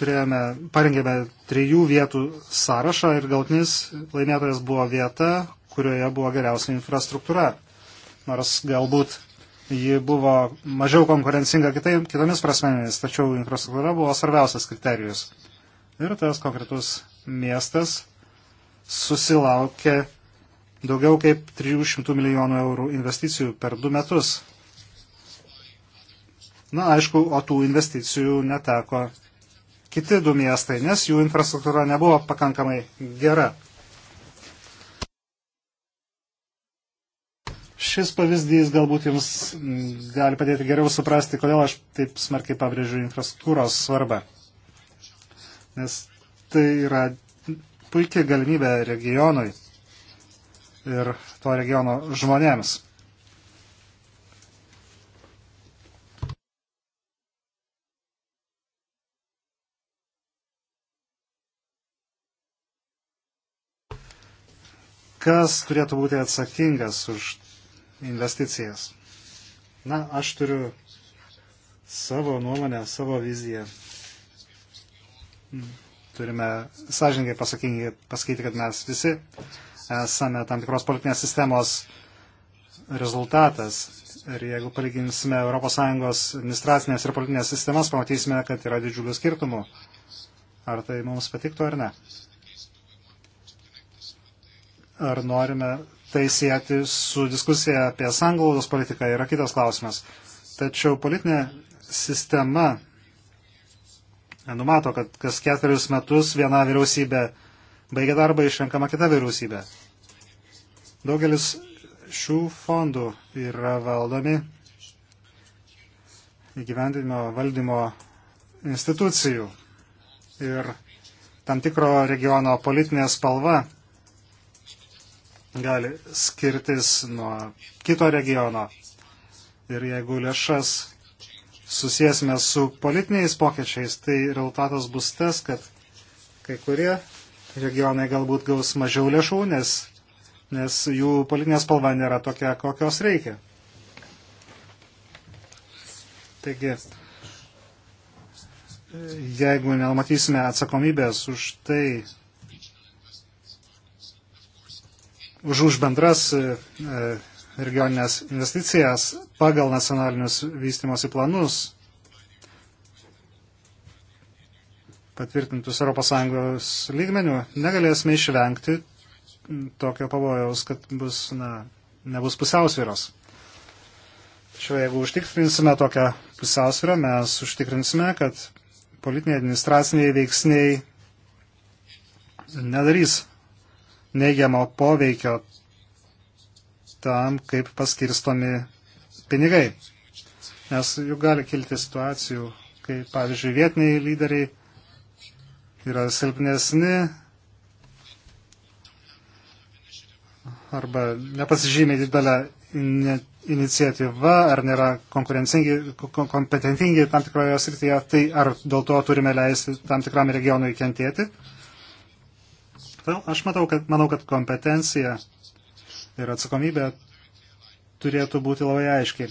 turėjome, parengėme trijų vietų sąrašą ir galtinis laimėtojas buvo vieta, kurioje buvo geriausia infrastruktūra. Nors galbūt ji buvo mažiau konkurencinga kitai, kitomis prasmenėmis, tačiau infrastruktūra buvo svarbiausias kriterijus. Ir tas konkretus miestas susilaukė daugiau kaip 300 milijonų eurų investicijų per du metus. Na, aišku, o tų investicijų neteko kiti du miestai, nes jų infrastruktūra nebuvo pakankamai gera. Šis pavyzdys galbūt jums gali padėti geriau suprasti, kodėl aš taip smarkiai pabrėžiu infrastruktūros svarbą. Nes tai yra puikia galimybė regionui ir to regiono žmonėms. kas turėtų būti atsakingas už investicijas. Na, aš turiu savo nuomonę, savo viziją. Turime sąžininkai pasakyti, kad mes visi esame tam tikros politinės sistemos rezultatas. Ir jeigu palyginsime ES administracinės ir politinės sistemas, pamatysime, kad yra didžiulių skirtumų. Ar tai mums patiktų ar ne. Ar norime tai sieti su diskusija apie sanglaudos politiką yra kitas klausimas. Tačiau politinė sistema numato, kad kas ketverius metus viena vyriausybė baigia darbą išrenkama kita vyriausybė. Daugelis šių fondų yra valdomi įgyvendinimo valdymo institucijų ir tam tikro regiono politinė spalva gali skirtis nuo kito regiono. Ir jeigu lėšas susijęsime su politiniais pokyčiais, tai rezultatas bus tas, kad kai kurie regionai galbūt gaus mažiau lėšų, nes, nes jų politinė spalva nėra tokia, kokios reikia. Taigi, jeigu nematysime atsakomybės už tai, už, už bendras e, e, regioninės investicijas pagal nacionalinius vystimosi planus patvirtintus ES lygmenių, negalėsime išvengti tokio pavojaus, kad bus, na, nebus pusiausvėros. Tačiau jeigu užtikrinsime tokią pusiausvyrą, mes užtikrinsime, kad politiniai administraciniai veiksniai nedarys neigiamo poveikio tam, kaip paskirstomi pinigai. Nes juk gali kilti situacijų, kai, pavyzdžiui, vietiniai lyderiai yra silpnesni arba nepasižymiai didelę iniciatyvą, ar nėra kompetentingi tam tikroje srityje, tai ar dėl to turime leisti tam tikram regionui kentėti. Aš matau, kad, manau, kad kompetencija ir atsakomybė turėtų būti labai aiškiai.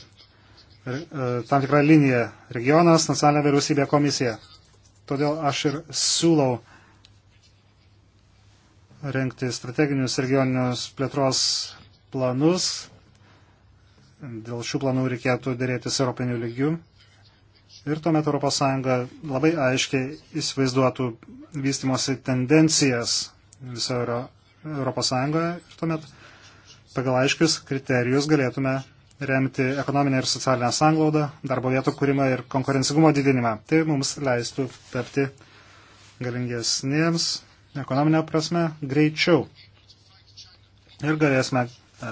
Ir, e, tam tikra linija - regionas, nacionalinė vyriausybė, komisija. Todėl aš ir siūlau renkti strateginius regioninius plėtros planus. Dėl šių planų reikėtų dėrėtis Europinių lygių. Ir tuomet ES labai aiškiai įsivaizduotų vystimosi tendencijas viso Euro, Europos Sąjungoje ir tuomet pagal aiškius kriterijus galėtume remti ekonominę ir socialinę sanglaudą, darbo vietų kūrimą ir konkurencingumo didinimą. Tai mums leistų tapti galingesniems ekonominė prasme greičiau. Ir galėsime e,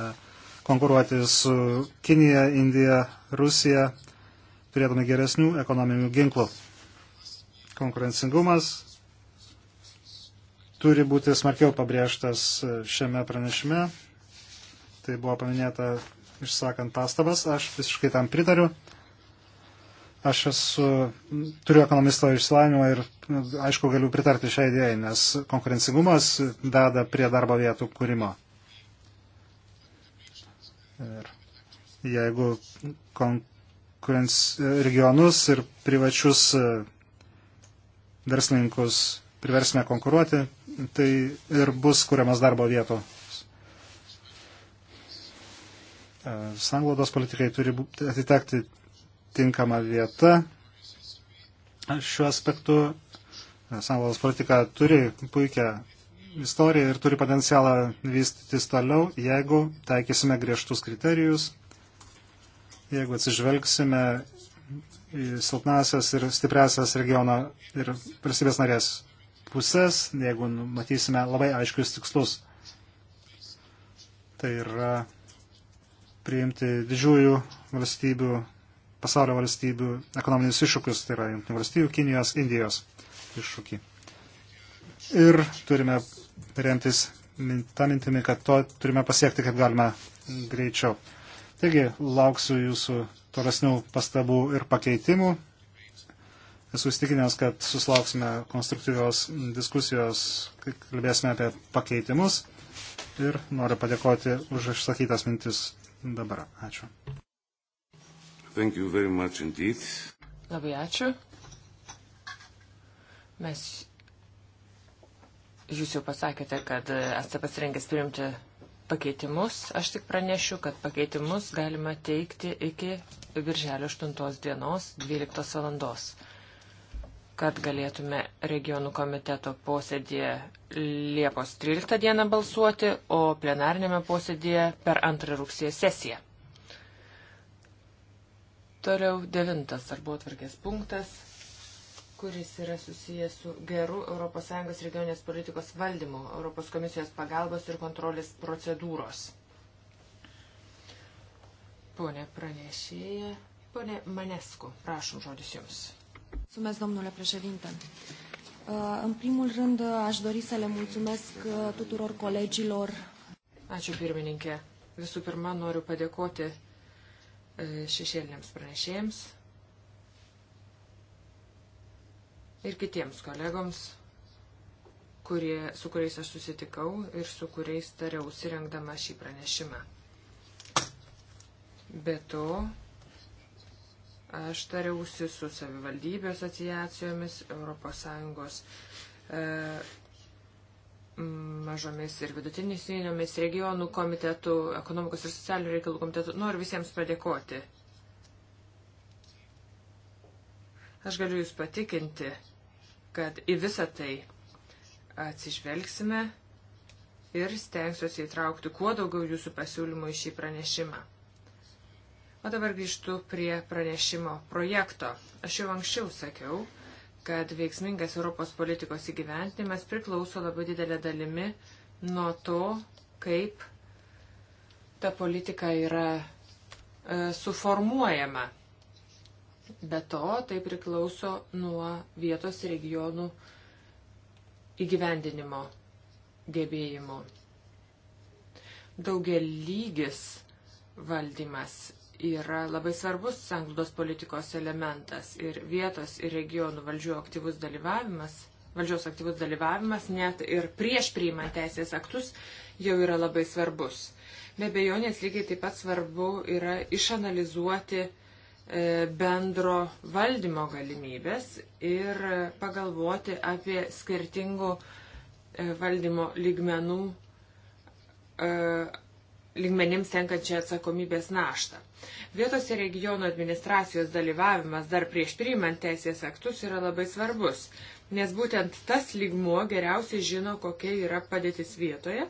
konkuruoti su Kinija, Indija, Rusija, turėdami geresnių ekonominių ginklų. Konkurencingumas turi būti smarkiau pabrėžtas šiame pranešime. Tai buvo paminėta išsakant pastabas, aš visiškai tam pritariu. Aš esu, turiu ekonomisto išsilavinimą ir aišku galiu pritarti šią idėją, nes konkurencingumas veda prie darbo vietų kūrimo. Ir jeigu konkurenc, regionus ir privačius e, verslininkus priversime konkuruoti, tai ir bus kuriamas darbo vietos. E, sanglaudos politikai turi atitekti tinkama vieta. Šiuo aspektu e, sanglaudos politika turi puikią istoriją ir turi potencialą vystytis toliau, jeigu taikysime griežtus kriterijus, jeigu atsižvelgsime į silpnasias ir stipresias regiono ir valstybės narės pusės, jeigu nu, matysime labai aiškius tikslus. Tai yra priimti didžiųjų valstybių, pasaulio valstybių ekonominius iššūkius, tai yra jungtinių valstybių, Kinijos, Indijos iššūkį. Ir turime remtis tą mintimį, kad to turime pasiekti kaip galima greičiau. Taigi, lauksiu jūsų tolesnių pastabų ir pakeitimų. Esu įstikinęs, kad susilauksime konstruktyvios diskusijos, kai kalbėsime apie pakeitimus. Ir noriu padėkoti už išsakytas mintis dabar. Ačiū. Labai ačiū. Mes Jūs jau pasakėte, kad esate pasirengęs priimti pakeitimus. Aš tik pranešiu, kad pakeitimus galima teikti iki birželio 8 dienos 12 valandos kad galėtume regionų komiteto posėdėje Liepos 13 dieną balsuoti, o plenarinėme posėdėje per antrą rugsėjo sesiją. Toliau devintas darbo atvarkės punktas, kuris yra susijęs su geru ES regionės politikos valdymu, Europos komisijos pagalbos ir kontrolės procedūros. Pone pranešėja, pone Manesku, prašom žodis jums. Sumės, domnule prešedinte. Uh, în primul rând, uh, aș dori să le mulțumesc uh, tuturor colegilor. Ačiū pirmininkė. Visų pirma, noriu padėkoti šešėliniams pranešėjams ir kitiems kolegoms, kurie, su kuriais aš susitikau ir su kuriais tariausi rengdama šį pranešimą. Be to, Aš tariausi su savivaldybių asociacijomis, ES e, mažomis ir vidutinis įniomis, regionų komitetų, ekonomikos ir socialinių reikalų komitetų. Noriu visiems padėkoti. Aš galiu Jūs patikinti, kad į visą tai atsižvelgsime ir stengsiuosi įtraukti kuo daugiau Jūsų pasiūlymų į šį pranešimą. O dabar grįžtu prie pranešimo projekto. Aš jau anksčiau sakiau, kad veiksmingas Europos politikos įgyventinimas priklauso labai didelė dalimi nuo to, kaip ta politika yra e, suformuojama. Be to, tai priklauso nuo vietos regionų įgyvendinimo gebėjimų. Daugelygis valdymas yra labai svarbus sanglaudos politikos elementas ir vietos ir regionų valdžių aktyvus dalyvavimas, valdžios aktyvus dalyvavimas net ir prieš priimant teisės aktus jau yra labai svarbus. Be bejonės lygiai taip pat svarbu yra išanalizuoti e, bendro valdymo galimybės ir pagalvoti apie skirtingų e, valdymo lygmenų e, lygmenims tenkančią atsakomybės naštą. Vietos ir regionų administracijos dalyvavimas dar prieš priimant teisės aktus yra labai svarbus, nes būtent tas lygmuo geriausiai žino, kokia yra padėtis vietoje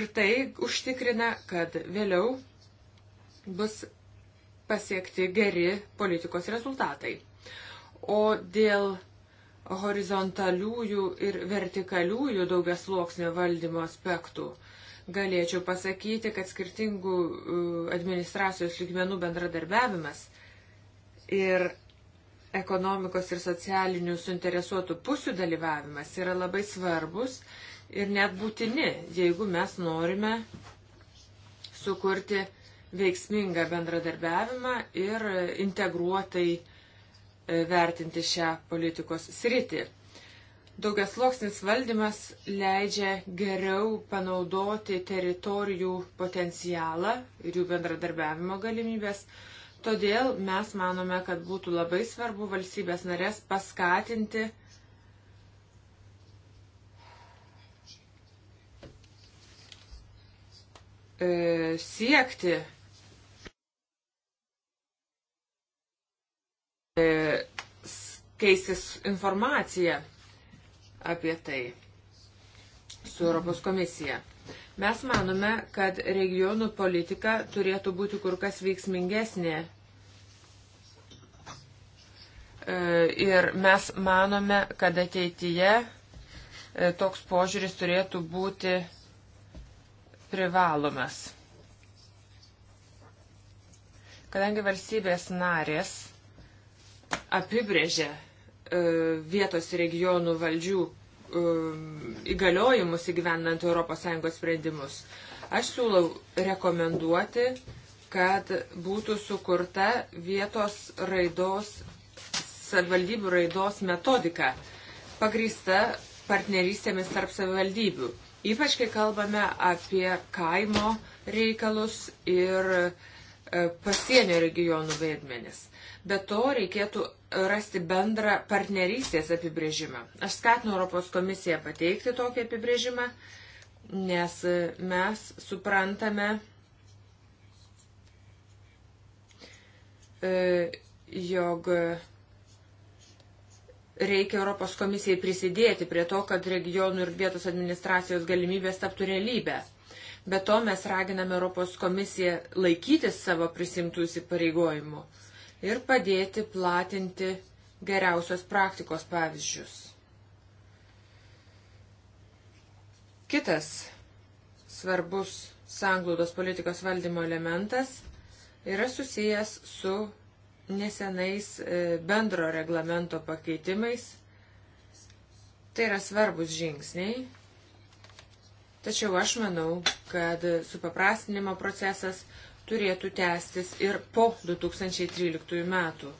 ir tai užtikrina, kad vėliau bus pasiekti geri politikos rezultatai. O dėl horizontaliųjų ir vertikaliųjų daugiasluoksnio valdymo aspektų, galėčiau pasakyti, kad skirtingų e, administracijos lygmenų bendradarbiavimas ir ekonomikos ir socialinių suinteresuotų pusių dalyvavimas yra labai svarbus ir net būtini, jeigu mes norime sukurti veiksmingą bendradarbiavimą ir integruotai e, vertinti šią politikos sritį. Daugias loksnis valdymas leidžia geriau panaudoti teritorijų potencialą ir jų bendradarbiavimo galimybės. Todėl mes manome, kad būtų labai svarbu valstybės narės paskatinti e, siekti e, keistis informaciją apie tai su Europos komisija. Mes manome, kad regionų politika turėtų būti kur kas veiksmingesnė. E, ir mes manome, kad ateityje e, toks požiūris turėtų būti privalomas. Kadangi valstybės narės apibrėžia E, vietos regionų valdžių e, įgaliojimus įgyvendant ES sprendimus. Aš siūlau rekomenduoti, kad būtų sukurta vietos raidos, savivaldybių raidos metodika, pagrįsta partnerystėmis tarp savivaldybių. Ypač kai kalbame apie kaimo reikalus ir e, pasienio regionų vaidmenis. Be to reikėtų rasti bendrą partnerystės apibrėžimą. Aš skatinu Europos komisiją pateikti tokį apibrėžimą, nes mes suprantame, e, jog reikia Europos komisijai prisidėti prie to, kad regionų ir vietos administracijos galimybės taptų realybę. Be to mes raginame Europos komisiją laikytis savo prisimtų įsipareigojimų ir padėti platinti geriausios praktikos pavyzdžius. Kitas svarbus sanglaudos politikos valdymo elementas yra susijęs su nesenais e, bendro reglamento pakeitimais. Tai yra svarbus žingsniai, tačiau aš manau, kad supaprastinimo procesas turėtų tęstis ir po 2013 metų.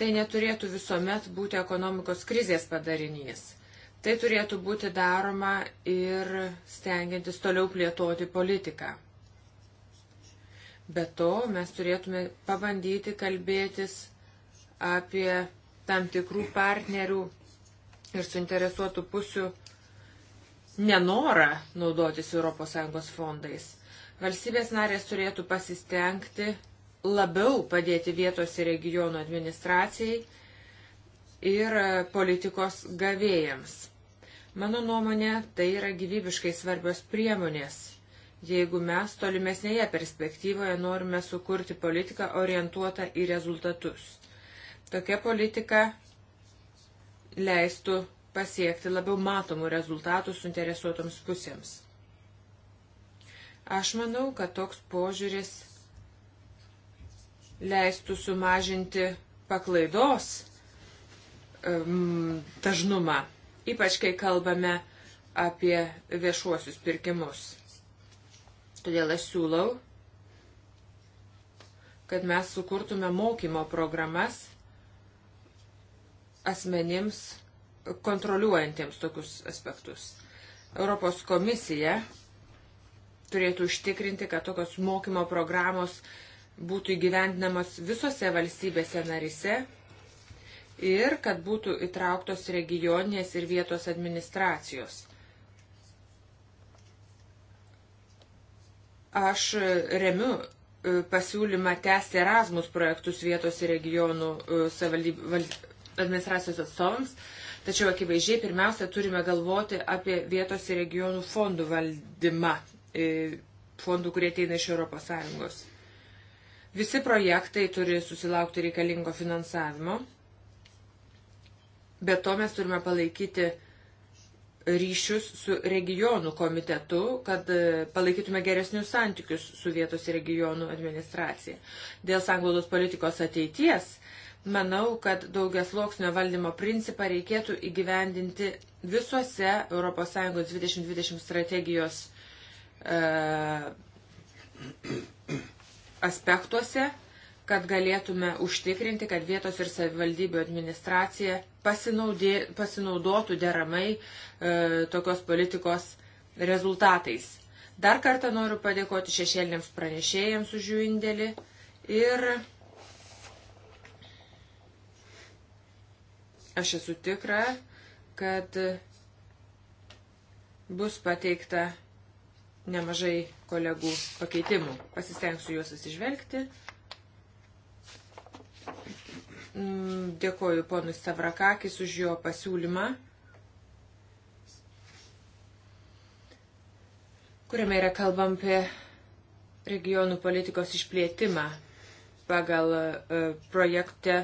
Tai neturėtų visuomet būti ekonomikos krizės padarinys. Tai turėtų būti daroma ir stengiantis toliau plėtoti politiką. Be to, mes turėtume pabandyti kalbėtis apie tam tikrų partnerių ir suinteresuotų pusių nenorą naudotis ES fondais. Valstybės narės turėtų pasistengti labiau padėti vietos ir regionų administracijai ir e, politikos gavėjams. Mano nuomonė, tai yra gyvybiškai svarbios priemonės, jeigu mes tolimesnėje perspektyvoje norime sukurti politiką orientuotą į rezultatus. Tokia politika leistų pasiekti labiau matomų rezultatų suinteresuotoms pusėms. Aš manau, kad toks požiūris leistų sumažinti paklaidos um, dažnumą, ypač kai kalbame apie viešuosius pirkimus. Todėl aš siūlau, kad mes sukurtume mokymo programas asmenims kontroliuojantiems tokius aspektus. Europos komisija turėtų užtikrinti, kad tokios mokymo programos būtų įgyvendinamos visose valstybėse narise ir kad būtų įtrauktos regioninės ir vietos administracijos. Aš remiu e, pasiūlymą tęsti Erasmus projektus vietos ir regionų e, administracijos atstovams, tačiau akivaizdžiai pirmiausia turime galvoti apie vietos ir regionų fondų valdymą fondų, kurie ateina iš ES. Visi projektai turi susilaukti reikalingo finansavimo. Be to mes turime palaikyti ryšius su regionų komitetu, kad e, palaikytume geresnius santykius su vietos regionų administracija. Dėl sanglaudos politikos ateities, manau, kad daugias loksnio valdymo principą reikėtų įgyvendinti visuose ES 2020 strategijos E, aspektuose, kad galėtume užtikrinti, kad vietos ir savivaldybių administracija pasinaudė, pasinaudotų deramai e, tokios politikos rezultatais. Dar kartą noriu padėkoti šešėliniams pranešėjams už jų indėlį ir aš esu tikra, kad bus pateikta nemažai kolegų pakeitimų. Pasistengsiu juos atsižvelgti. Mm, dėkoju ponui Savrakakis už jo pasiūlymą, kuriame yra kalbam apie regionų politikos išplėtimą pagal e, projekte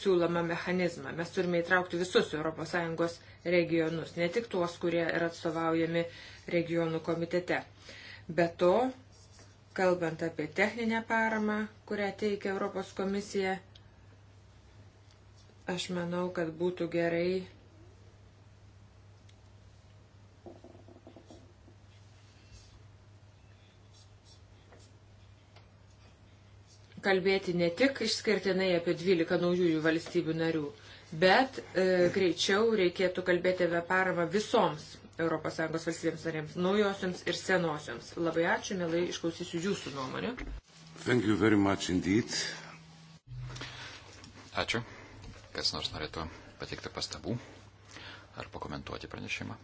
siūlomą mechanizmą. Mes turime įtraukti visus ES regionus, ne tik tuos, kurie yra atstovaujami regionų komitete. Be to, kalbant apie techninę paramą, kurią teikia Europos komisija, aš manau, kad būtų gerai kalbėti ne tik išskirtinai apie 12 naujųjų valstybių narių, bet e, greičiau reikėtų kalbėti apie paramą visoms ES valstybėms narėms, naujosioms ir senosioms. Labai ačiū, mielai, išklausysiu jūsų nuomonę. Ačiū. Kas nors norėtų pateikti pastabų ar pakomentuoti pranešimą?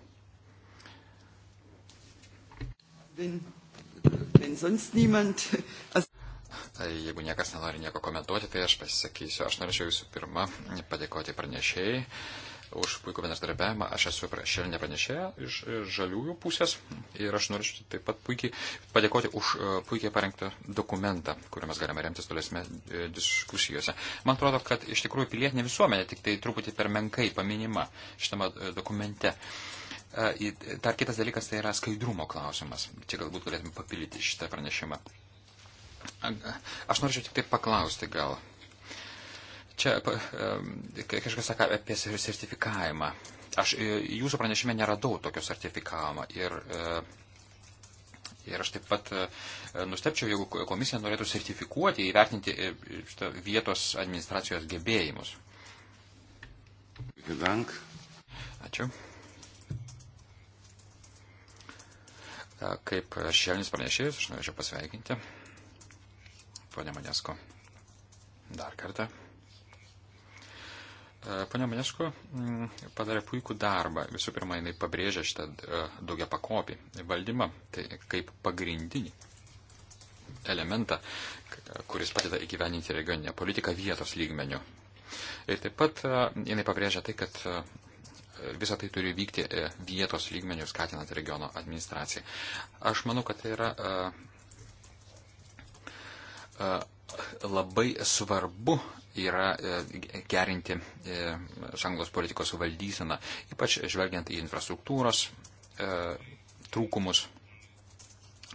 Wenn, wenn sonst niemand... Tai jeigu niekas nenori nieko komentuoti, tai aš pasisakysiu. Aš norėčiau visų pirma padėkoti pranešėjai už puikų bendradarbiavimą. Aš esu šiandien pranešėja iš žaliųjų pusės ir aš norėčiau taip pat puikiai padėkoti už e, puikiai parengtą dokumentą, kuriuo mes galime remtis tolesme e, diskusijose. Man atrodo, kad iš tikrųjų pilietinė visuomenė tik tai truputį per menkai paminima šitame e, dokumente. Dar kitas dalykas tai yra skaidrumo klausimas. Čia galbūt galėtume papildyti šitą pranešimą. Aš norėčiau tik tai paklausti gal. Čia kažkas sakė apie sertifikavimą. Aš e, jūsų pranešime neradau tokio sertifikavimo ir, e, ir aš taip pat e, nustepčiau, jeigu komisija norėtų sertifikuoti, įvertinti vietos administracijos gebėjimus. Dank. Ačiū. Kaip šelnis pranešėjus, aš norėčiau pasveikinti ponė Manesko. Dar kartą. E, Pane Manesko padarė puikų darbą. Visų pirma, jinai pabrėžė šitą e, daugia pakopį valdymą tai kaip pagrindinį elementą, kuris padeda įgyveninti regioninę politiką vietos lygmenių. Ir taip pat e, jinai pabrėžia tai, kad visą tai turi vykti vietos lygmenių skatinant regiono administraciją. Aš manau, kad tai yra labai svarbu yra e, gerinti e, sąjungos politikos valdyseną, ypač žvelgiant į infrastruktūros e, trūkumus.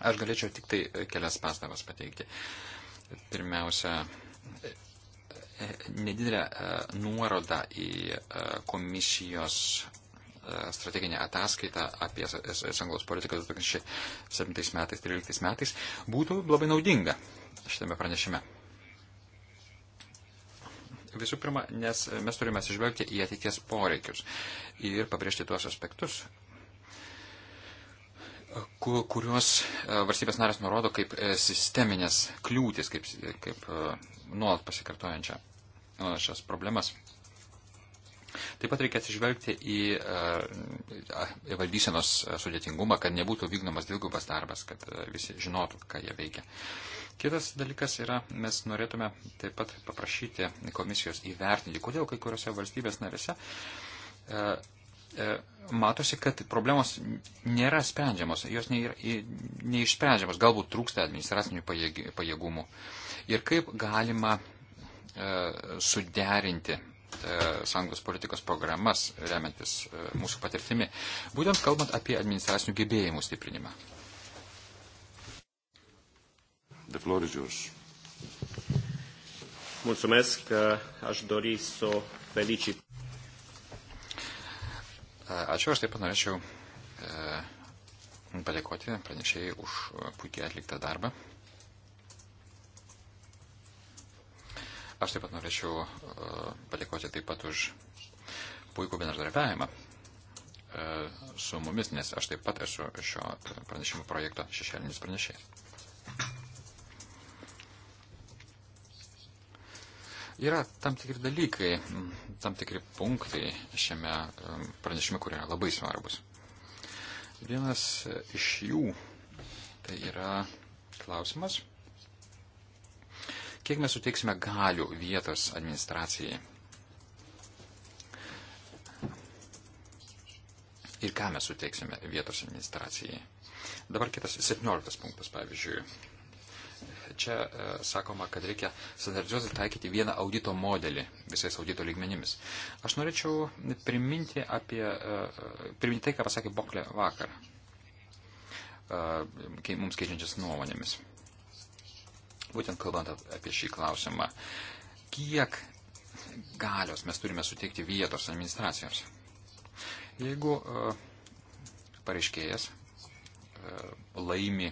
Aš galėčiau tik tai kelias pastabas pateikti. Pirmiausia, nedidelę nuorodą į komisijos strateginę ataskaitą apie sąjungos politiką 2007 metais, 2013 metais būtų labai naudinga šitame pranešime. Visų pirma, nes mes turime atsižvelgti į ateities poreikius ir pabrėžti tuos aspektus, kuriuos e, valstybės narės nurodo kaip e, sisteminės kliūtis, kaip, e, kaip nuolat pasikartojančias problemas. Taip pat reikia atsižvelgti į, e, į valdysenos e, sudėtingumą, kad nebūtų vykdomas dvigubas darbas, kad e, visi žinotų, ką jie veikia. Kitas dalykas yra, mes norėtume taip pat paprašyti komisijos įvertinti, kodėl kai kuriuose valstybės narėse e, e, matosi, kad problemos nėra sprendžiamos, jos neišsprendžiamos, galbūt trūksta administracinių pajėgumų. Ir kaip galima e, suderinti E, sąjungos politikos programas, remiantis e, mūsų patirtimi, būtent kalbant apie administracinių gebėjimų stiprinimą. The floor is yours. Mulțumesc, e, aș dori să o felicit. Ačiū, aš taip pat norėčiau padėkoti pranešėjai už puikiai atliktą darbą. Aš taip pat norėčiau e, padėkoti taip pat už puikų bendradarbiavimą e, su mumis, nes aš taip pat esu šio pranešimo projekto šešėlinis pranešėjas. Yra tam tikri dalykai, tam tikri punktai šiame e, pranešime, kurie yra labai svarbus. Vienas iš jų tai yra klausimas, Kiek mes suteiksime galių vietos administracijai? Ir ką mes suteiksime vietos administracijai? Dabar kitas 17 punktas, pavyzdžiui. Čia e, sakoma, kad reikia standartizuoti taikyti vieną audito modelį visais audito lygmenimis. Aš norėčiau priminti apie, e, e priminti tai, ką pasakė Boklė vakar, e, mums keičiančias nuomonėmis būtent kalbant apie šį klausimą, kiek galios mes turime suteikti vietos administracijoms. Jeigu e, pareiškėjas e, laimi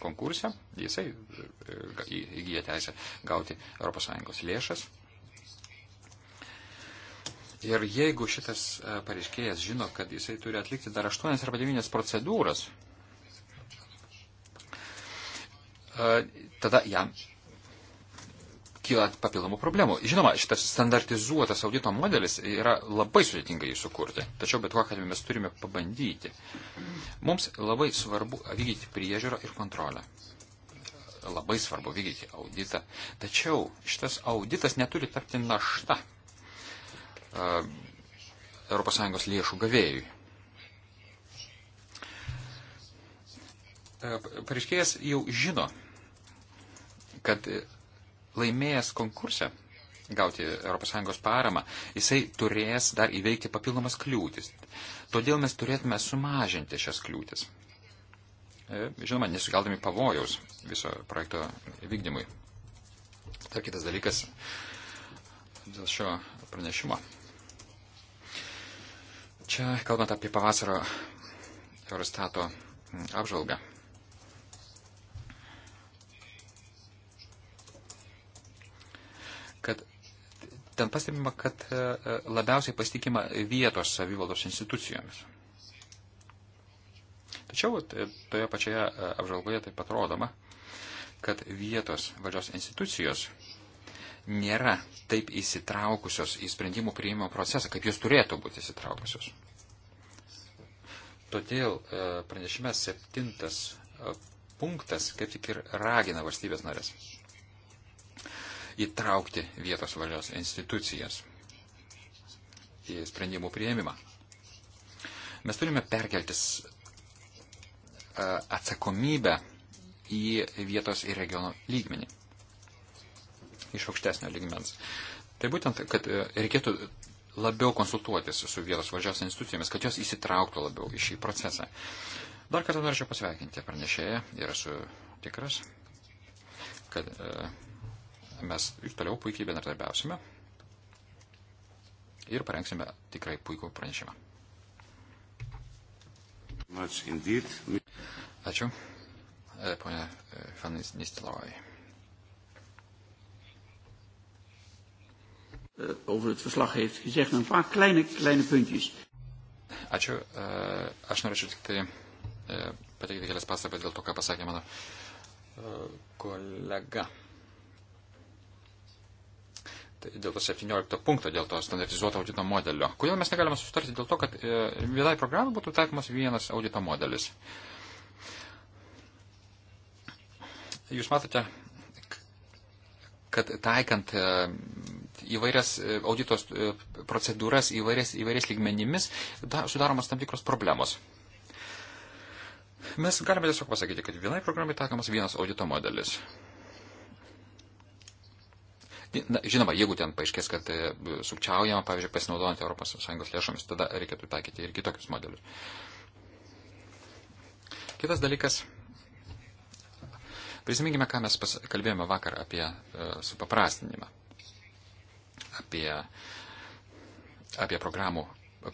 konkursą, jisai e, įgyja teisę gauti ES lėšas. Ir jeigu šitas pareiškėjas žino, kad jisai turi atlikti dar 8 arba 9 procedūras, E, tada jam kyla papildomų problemų. Žinoma, šitas standartizuotas audito modelis yra labai sudėtinga jį sukurti, tačiau bet kokią atveju mes turime pabandyti. Mums labai svarbu vykdyti priežiūrą ir kontrolę. Labai svarbu vykdyti auditą. Tačiau šitas auditas neturi tapti našta uh, e, ES lėšų gavėjui. Uh, Pareiškėjas jau žino, kad laimėjęs konkursą gauti ES paramą, jisai turės dar įveikti papildomas kliūtis. Todėl mes turėtume sumažinti šias kliūtis. E, žinoma, nesukeldami pavojaus viso projekto vykdymui. Tai kitas dalykas dėl šio pranešimo. Čia, kalbant apie pavasario Eurostato apžvalgą, ten pastebima, kad e, e, labiausiai pasitikima vietos savivaldos institucijomis. Tačiau e, toje pačioje apžalgoje taip pat rodoma, kad vietos valdžios institucijos nėra taip įsitraukusios į sprendimų priėmimo procesą, kaip jos turėtų būti įsitraukusios. Todėl pranešime septintas punktas kaip tik ir ragina valstybės narės įtraukti vietos valios institucijas į sprendimų prieimimą. Mes turime perkeltis e, atsakomybę į vietos ir regiono lygmenį. Iš aukštesnio lygmens. Tai būtent, kad e, reikėtų labiau konsultuotis su vietos valdžios institucijomis, kad jos įsitrauktų labiau į šį procesą. Dar kartą norėčiau pasveikinti pranešėją ir esu tikras, kad e, mes ir toliau puikiai bendradarbiausime ir parengsime tikrai puikų pranešimą. Ačiū, e, ponė e, Fanis Nistilovai. Eh, over het verslag heeft gezegd een paar kleine, kleine puntjes. Ačiū. E, aš norėčiau tik tai pateikti kelias pastabas dėl to, ką pasakė mano kolega. Tai dėl to 17 punkto, dėl to standartizuoto audito modelio. Kodėl mes negalime susitarti dėl to, kad e, vienai programai būtų taikomas vienas audito modelis? Jūs matote, kad taikant e, įvairias e, auditos procedūras įvairias, įvairias lygmenimis da, sudaromas tam tikros problemos. Mes galime tiesiog pasakyti, kad vienai programai taikomas vienas audito modelis. Na, žinoma, jeigu ten paaiškės, kad e, sukčiaujama, pavyzdžiui, pasinaudojant ES lėšomis, tada reikėtų taikyti ir kitokius modelius. Kitas dalykas. Prisiminkime, ką mes pas, kalbėjome vakar apie e, supaprastinimą, apie, apie programų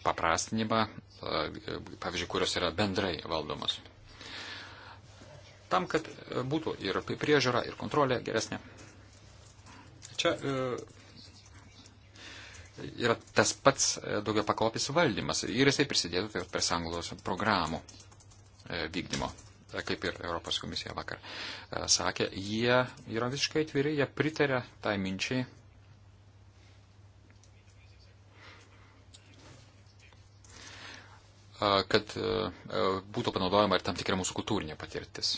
paprastinimą, e, pavyzdžiui, kurios yra bendrai valdomos tam, kad e, būtų ir priežiūra, ir kontrolė geresnė. Čia e, yra tas pats e, daugia pakopis valdymas ir jisai prisidėtų tai prie sanglos programų e, vykdymo, kaip ir Europos komisija vakar sakė. Jie yra visiškai atviri, jie pritarė tai minčiai. kad būtų panaudojama ir tam tikra mūsų kultūrinė patirtis.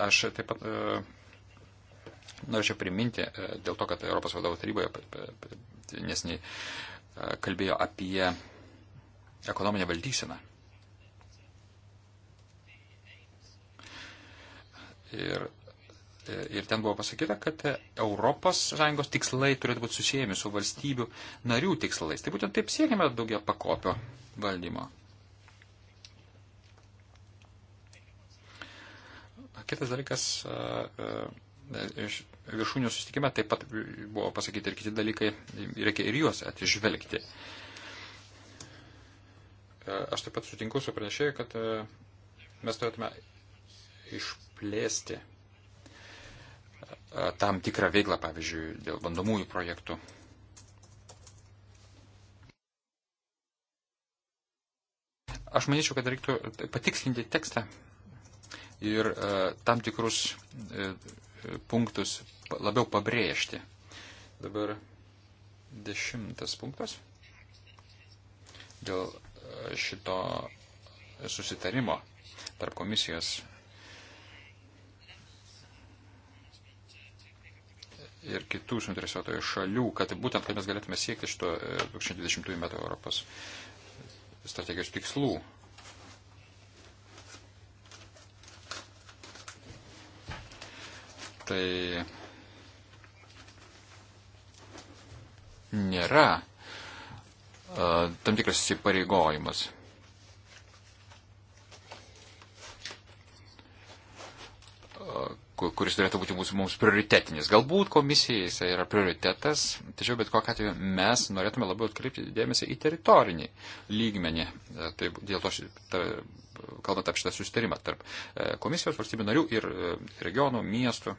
Aš taip pat e, norėčiau priminti, e, dėl to, kad Europos vadovų taryboje nesiniai e, kalbėjo apie ekonominę valdyseną. Ir, e, ir ten buvo pasakyta, kad ES tikslai turėtų būti susijęmi su valstybių narių tikslais. Tai būtent taip siekime daugia pakopio valdymo. Kitas dalykas, e, e, viršūnių susitikime taip pat buvo pasakyti ir kiti dalykai, reikia ir juos atsižvelgti. E, aš taip pat sutinku su pranešėju, kad mes turėtume išplėsti tam tikrą veiklą, pavyzdžiui, dėl bandomųjų projektų. Aš manyčiau, kad reiktų patikslinti tekstą ir e, tam tikrus e, punktus labiau pabrėžti. Dabar dešimtas punktas dėl e, šito susitarimo tarp komisijos ir kitų suinteresuotojų šalių, kad būtent kad mes galėtume siekti šito 2020 metų Europos strategijos tikslų. tai nėra tam tikras įsipareigojimas. kuris turėtų būti mūsų, mums prioritetinis. Galbūt komisijai jis yra prioritetas, tačiau bet kokią atveju mes norėtume labiau atkreipti dėmesį į teritorinį lygmenį. Tai dėl to, ta, kalbant apie šitą susitarimą tarp e, komisijos, valstybių narių ir e, regionų, miestų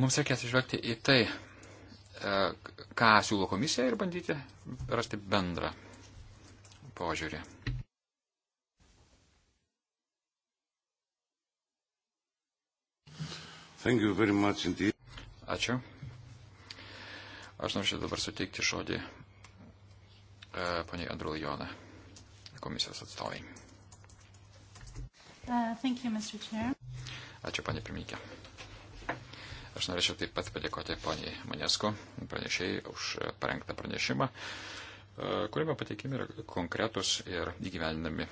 Mums reikės išvelgti į tai, e, ką siūlo komisija ir bandyti rasti bendrą požiūrį. Ačiū. Aš norėčiau dabar suteikti žodį uh, poniai Andrulijoną, komisijos atstovai. Uh, you, Ačiū, panė pirmininkė. Aš norėčiau taip pat padėkoti poniai Manesko pranešėjai už parengtą pranešimą, e, kuriame pateikimi yra konkretus ir įgyvendinami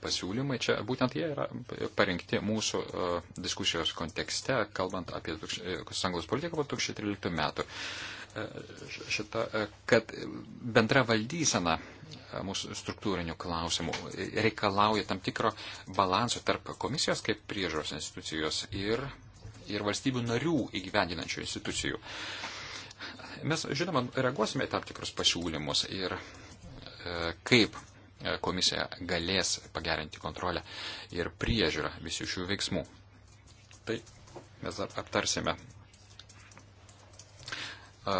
pasiūlymai. Čia būtent jie yra parengti mūsų e, diskusijos kontekste, kalbant apie e, sąjungos politiką po 2013 metų. Šita, kad bendra valdysena mūsų struktūrinių klausimų reikalauja tam tikro balanso tarp komisijos kaip priežaros institucijos ir ir valstybių narių įgyvendinančių institucijų. Mes, žinoma, reaguosime į tam tikrus pasiūlymus ir e, kaip e, komisija galės pagerinti kontrolę ir priežiūrą visų šių veiksmų. Tai mes dar aptarsime. E,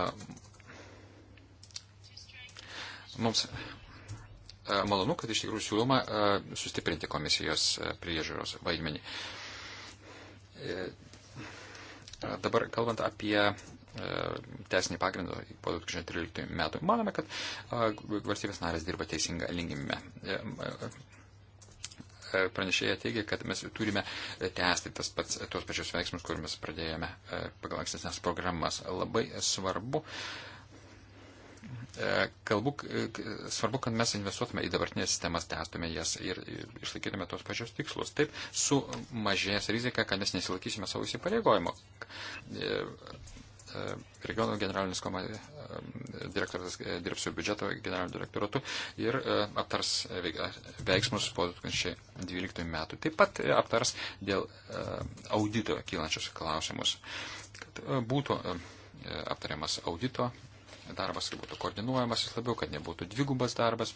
mums e, malonu, kad iš tikrųjų siūloma sustiprinti komisijos priežiūros vaidmenį. Dabar kalbant apie e, teisinį pagrindą po 2013 metų, manome, kad valstybės narės dirba teisinga linkime. E, e, pranešėja teigia, kad mes turime tęsti tas pats, tos pačius veiksmus, kur mes pradėjome pagal ankstesnės programas. Labai svarbu uh, E, kalbu, e, svarbu, kad mes investuotume į dabartinės sistemas, testume jas ir išlaikytume tos pačius tikslus. Taip sumažės rizika, kad mes nesilaikysime savo įsipareigojimo. E, regionų generalinis komandas direktoras dirbs su biudžeto generaliniu direktoratu ir aptars veiksmus po 2012 metų. Taip pat aptars dėl audito kylančius klausimus, kad būtų aptariamas audito darbas būtų koordinuojamas labiau, kad nebūtų dvigubas darbas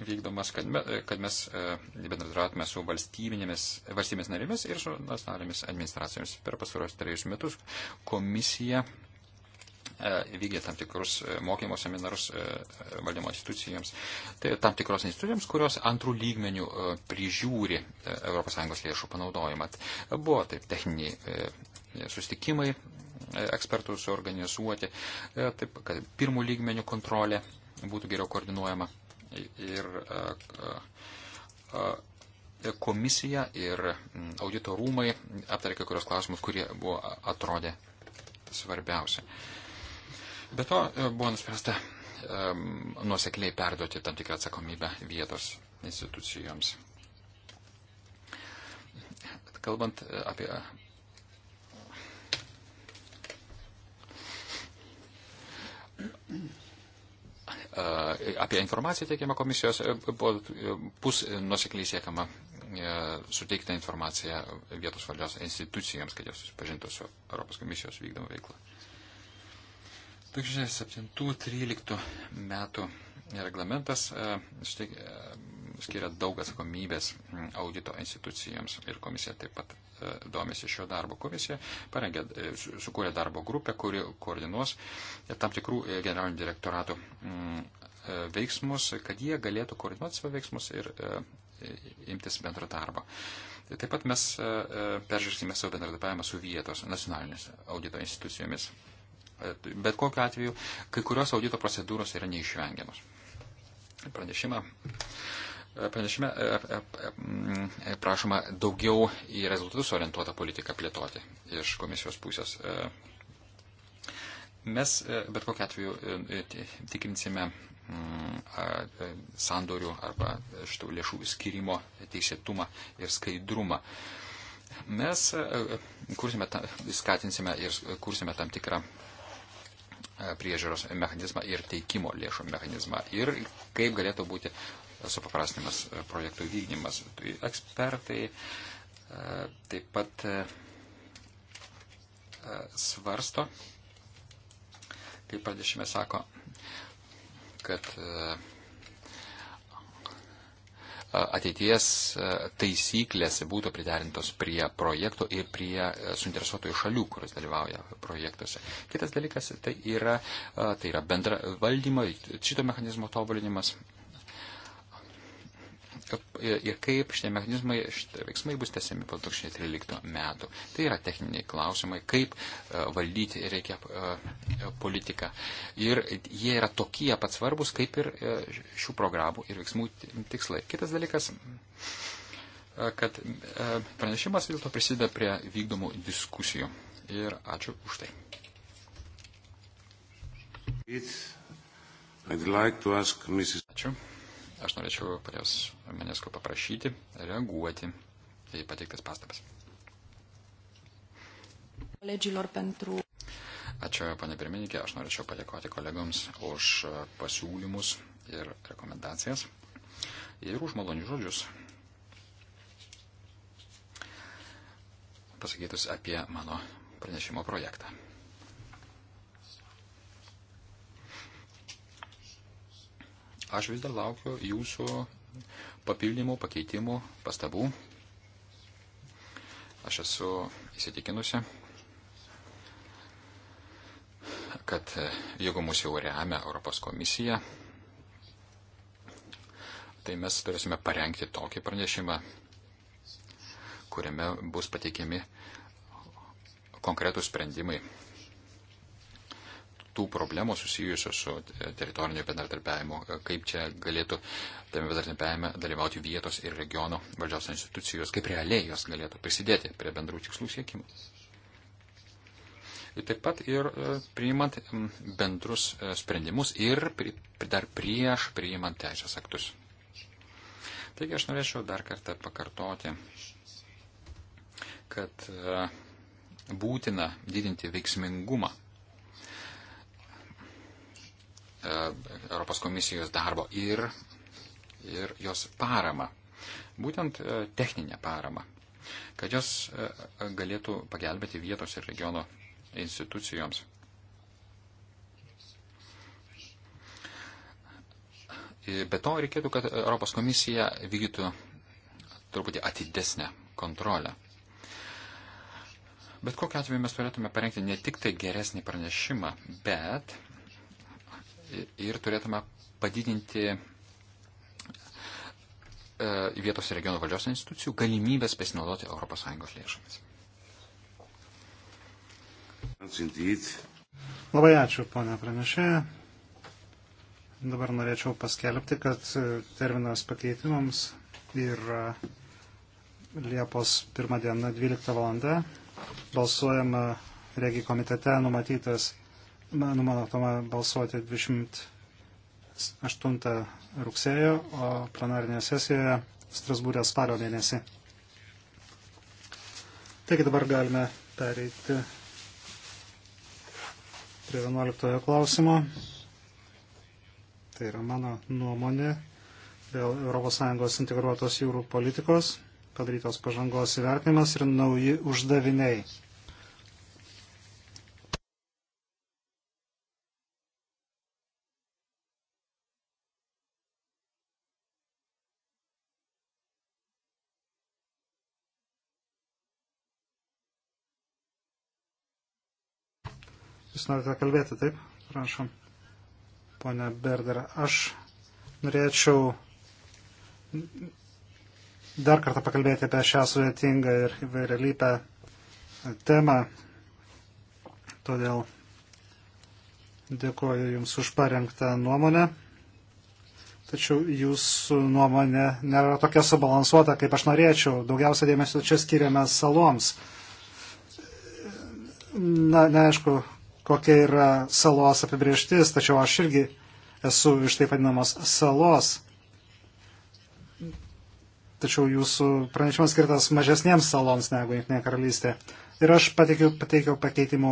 vykdomas, kad, me, kad mes e, bendradarbiautume su valstybinėmis, valstybės narėmis ir su nacionalinėmis administracijomis. Per pasaros trejus metus komisija E, vykdė tam tikrus e, mokymo seminarus e, valdymo institucijoms, tai tam tikros institucijoms, kurios antrų lygmenių prižiūri ES lėšų panaudojimą. Buvo taip techniniai sustikimai ekspertų suorganizuoti, taip, kad pirmų lygmenių kontrolė būtų geriau koordinuojama. Ir komisija ir auditorumai aptarė kai kurios klausimus, kurie buvo atrodė svarbiausia. Uh, Be to e, buvo nuspręsta um, nuosekliai perduoti tam tikrą atsakomybę vietos institucijoms. Kalbant e, apie. E, apie informaciją teikiamą komisijos bus nusikliai siekama suteikti informaciją vietos valdžios institucijoms, kad jos susipažintų su Europos komisijos vykdomą veiklą. 2007-2013 metų reglamentas e, e, skiria daug atsakomybės audito institucijoms ir komisija taip pat e, domisi šio darbo. Komisija parengė, sukūrė darbo grupę, kuri koordinuos tam tikrų generalinių direktoratų mm, veiksmus, kad jie galėtų koordinuoti savo veiksmus ir imtis bendro darbo. Tai taip pat mes peržiūrėsime savo bendradarbiavimą su vietos nacionalinės audito institucijomis. Bet kokiu atveju, kai kurios audito procedūros yra neišvengiamos. Pranešimą. Pranešime e, e, e, mm, prašoma daugiau į rezultatus orientuotą politiką plėtoti iš komisijos pusės. Mes bet kokiu atveju tikrinsime mm, sandorių arba šitų lėšų skirimo teisėtumą ir skaidrumą. Mes kursime, skatinsime ir kursime tam tikrą priežiūros mechanizmą ir teikimo lėšų mechanizmą ir kaip galėtų būti supaprastinimas projektų vykdymas. Tai ekspertai e, taip pat e, e, svarsto, kaip pradėšime sako, kad ateities e, taisyklės būtų priderintos prie projekto ir prie e, suinteresuotojų šalių, kurios dalyvauja projektuose. Kitas dalykas tai yra, e, tai yra bendra valdymo, šito mechanizmo tobulinimas ir kaip šitie mechanizmai, šitie veiksmai bus tęsiami po 2013 metų. Tai yra techniniai klausimai, kaip e, valdyti reikia e, politiką. Ir jie yra tokie pat svarbus, kaip ir e, šių programų ir veiksmų tikslai. Kitas dalykas kad pranešimas vis dėlto prisideda prie vykdomų diskusijų. Ir ačiū už tai. Ačiū. Aš norėčiau ponios Menesko paprašyti reaguoti į pateiktas pastabas. Ačiū, ponė pirmininkė, aš norėčiau padėkoti kolegoms už pasiūlymus ir rekomendacijas ir už malonius žodžius pasakytus apie mano pranešimo projektą. Aš vis dar laukiu jūsų papildymų, pakeitimų, pastabų. Aš esu įsitikinusi, kad e, jeigu mūsų jau remia Europos komisija, tai mes turėsime parengti tokį pranešimą, kuriame bus pateikiami konkretų sprendimai tų problemų susijusių su e, teritorinio bendradarbiavimu, e, kaip čia galėtų tame bendradarbiavime dalyvauti vietos ir regiono valdžios institucijos, kaip realiai jos galėtų prisidėti prie bendrų tikslų siekimų. Ir taip pat ir e, priimant bendrus sprendimus ir dar prieš priimant teisės aktus. Taigi aš norėčiau dar kartą pakartoti, kad būtina didinti veiksmingumą E, Europos komisijos darbo ir, ir jos paramą. Būtent e, techninę paramą, kad jos e, galėtų pagelbėti vietos ir regiono institucijoms. Be to reikėtų, kad Europos komisija vykdytų truputį atidesnę kontrolę. Bet kokiu atveju mes turėtume parengti ne tik tai geresnį pranešimą, bet ir turėtume padidinti e, vietos ir regiono valdžios institucijų galimybės pasinaudoti ES lėšomis. Labai ačiū, ponia pranešėja. Dabar norėčiau paskelbti, kad terminas pakeitimams yra Liepos 1 diena 12 val. Balsuojama regi komitete numatytas mano manatoma balsuoti 28 rugsėjo, o plenarinėje sesijoje Strasbūrė spalio mėnesį. Taigi dabar galime pereiti prie 11 klausimo. Tai yra mano nuomonė dėl ES integruotos jūrų politikos, padarytos pažangos įvertinimas ir nauji uždaviniai. Jūs norite kalbėti, taip? Prašom. Pone Berder, aš norėčiau dar kartą pakalbėti apie šią sudėtingą ir įvairialypę temą. Todėl dėkoju Jums už parengtą nuomonę. Tačiau Jūsų nuomonė nėra tokia subalansuota, kaip aš norėčiau. Daugiausia dėmesio čia skiriame saloms. Na, neaišku, kokia yra salos apibrieštis, tačiau aš irgi esu iš taip vadinamos salos. Tačiau jūsų pranešimas skirtas mažesniems saloms negu Junktinė karalystė. Ir aš pateikiau, pateikiau pakeitimų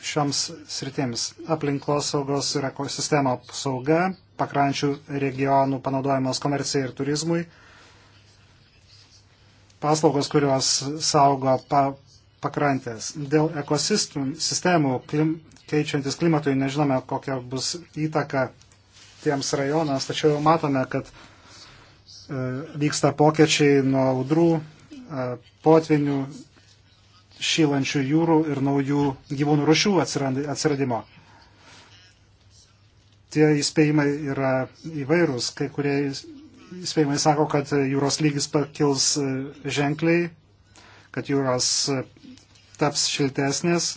šioms sritims. Aplinkos saugos ir ekosistemo sauga, pakrančių regionų panaudojimas komercijai ir turizmui, paslaugos, kurios saugo pa, pakrantės. Dėl ekosistemų klim, keičiantis klimatui nežinome, kokia bus įtaka tiems rajonams, tačiau jau matome, kad e, vyksta pokėčiai nuo audrų, e, potvinių, šylančių jūrų ir naujų gyvūnų rušių atsiradimo. Tie įspėjimai yra įvairūs, kai kurie įspėjimai sako, kad jūros lygis pakils e, ženkliai, kad jūros taps šiltesnės.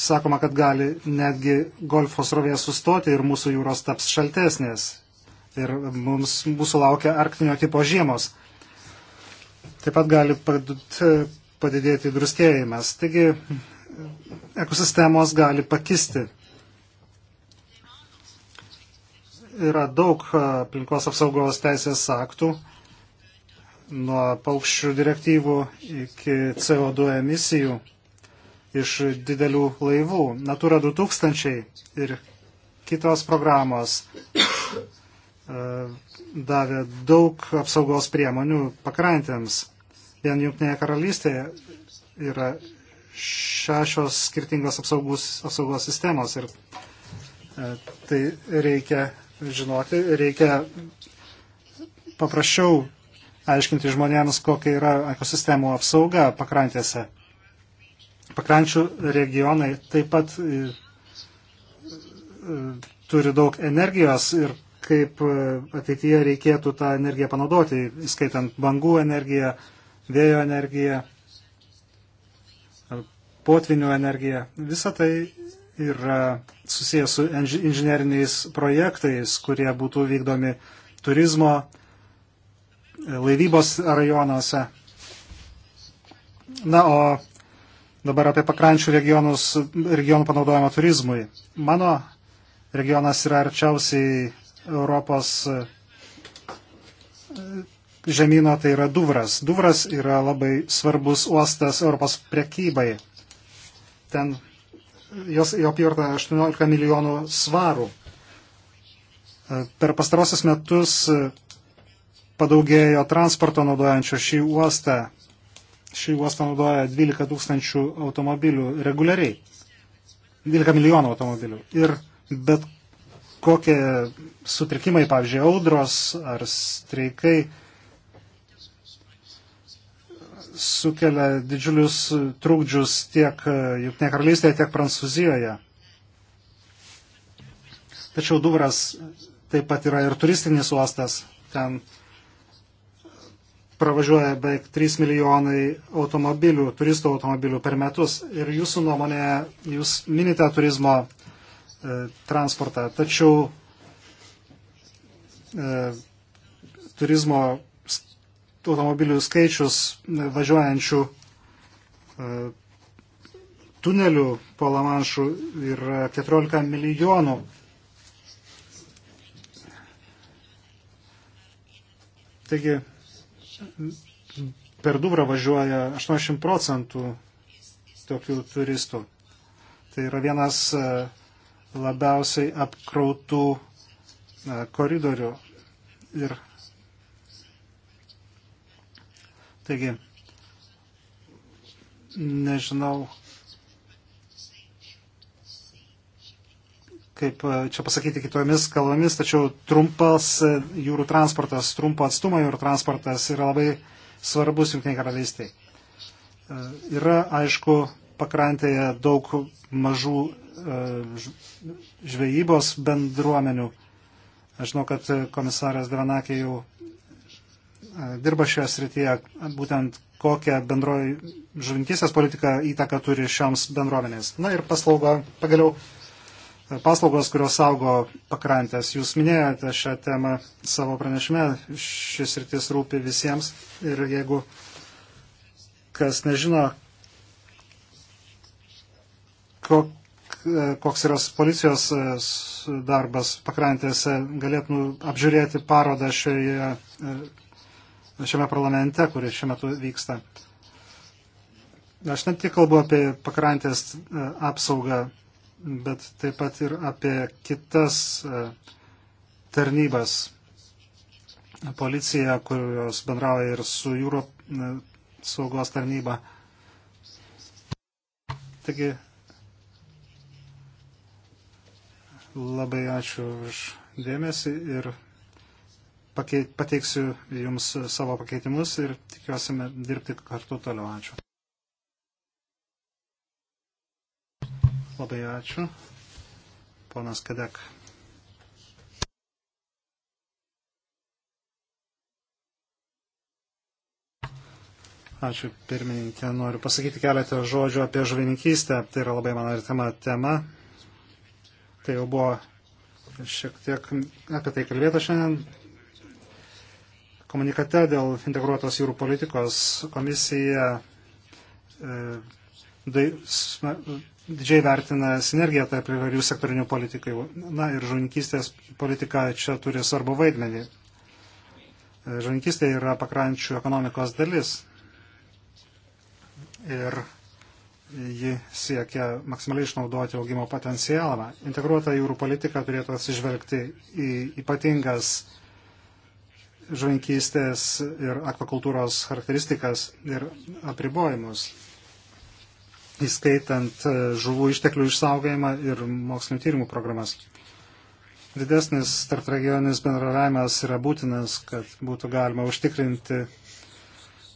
Sakoma, kad gali netgi golfo srovė sustoti ir mūsų jūros taps šaltesnės. Ir mums, mūsų laukia arktinio tipo žiemos. Taip pat gali padidėti druskėjimas. Taigi ekosistemos gali pakisti. Yra daug aplinkos apsaugos teisės aktų, nuo paukščių direktyvų iki CO2 emisijų iš didelių laivų. Natura 2000 ir kitos programos e, davė daug apsaugos priemonių pakrantėms. Vien Junktinėje karalystėje yra šešios skirtingos apsaugos, apsaugos sistemos ir e, tai reikia žinoti, reikia paprasčiau aiškinti žmonėms, kokia yra ekosistemų apsauga pakrantėse. Pakrančių regionai taip pat e, e, turi daug energijos ir kaip e, ateityje reikėtų tą energiją panaudoti, įskaitant bangų energiją, vėjo energiją, potvinių energiją. Visa tai yra susijęs su inžineriniais projektais, kurie būtų vykdomi turizmo laivybos rajonuose. Na, o dabar apie pakrančių regionus, regionų panaudojimą turizmui. Mano regionas yra arčiausiai Europos e, žemyno, tai yra Duvras. Duvras yra labai svarbus uostas Europos prekybai. Ten jos jo apyvarta 18 milijonų svarų. E, per pastarosius metus padaugėjo transporto naudojančio šį uostą. Šį uostą naudoja 12 tūkstančių automobilių reguliariai. 12 milijonų automobilių. Ir bet kokie sutrikimai, pavyzdžiui, audros ar streikai sukelia didžiulius trūkdžius tiek Junktinė karalystėje, tiek Prancūzijoje. Tačiau Duvras taip pat yra ir turistinis uostas. Ten pravažiuoja beveik 3 milijonai automobilių, turistų automobilių per metus. Ir jūsų nuomonė, jūs minite turizmo e, transportą, tačiau e, turizmo automobilių skaičius e, važiuojančių e, tunelių po Lamanšų yra 14 milijonų. Taigi, per Dubrą važiuoja 80 procentų tokių turistų. Tai yra vienas e, labiausiai apkrautų e, koridorių. Ir taigi, nežinau, kaip e, čia pasakyti kitomis kalbomis, tačiau trumpas e, jūrų transportas, trumpo atstumo jūrų transportas yra labai svarbus Junktiniai karalystiai. E, yra, aišku, pakrantėje daug mažų žvejybos bendruomenių. Aš žinau, kad komisaras Devanakė jau dirba šioje srityje, būtent kokią bendroji žuvinkysės politiką įtaką turi šioms bendruomenės. Na ir paslauga, pagaliau paslaugos, kurios saugo pakrantės. Jūs minėjote šią temą savo pranešime, šis rytis rūpi visiems ir jeigu kas nežino, kok, koks yra policijos e, darbas pakrantėse, galėtum apžiūrėti parodą šioje, e, šiame parlamente, kuris šiuo metu vyksta. Aš net tik kalbu apie pakrantės e, apsaugą bet taip pat ir apie kitas e, tarnybas, policiją, kurios bendrauja ir su jūro e, saugos tarnyba. Taigi labai ačiū už dėmesį ir pateiksiu Jums savo pakeitimus ir tikiuosime dirbti kartu toliau. Ačiū. Labai ačiū. Ponas Kadek. Ačiū pirmininkė. Noriu pasakyti keletą žodžių apie žuvininkystę. Tai yra labai mano artima tema. Tai jau buvo šiek tiek apie tai kalbėta šiandien. Komunikate dėl integruotos jūrų politikos komisija e, didžiai vertina sinergiją tarp įvairių sektorinių politikų. Na ir žuvininkystės politika čia turi svarbu vaidmenį. Žuvininkystė yra pakrančių ekonomikos dalis ir ji siekia maksimaliai išnaudoti augimo potencialą. Integruota jūrų politika turėtų atsižvelgti į ypatingas žuvininkystės ir akvakultūros charakteristikas ir apribojimus įskaitant e, žuvų išteklių išsaugojimą ir mokslinių tyrimų programas. Didesnis tarpregionis bendravimas yra būtinas, kad būtų galima užtikrinti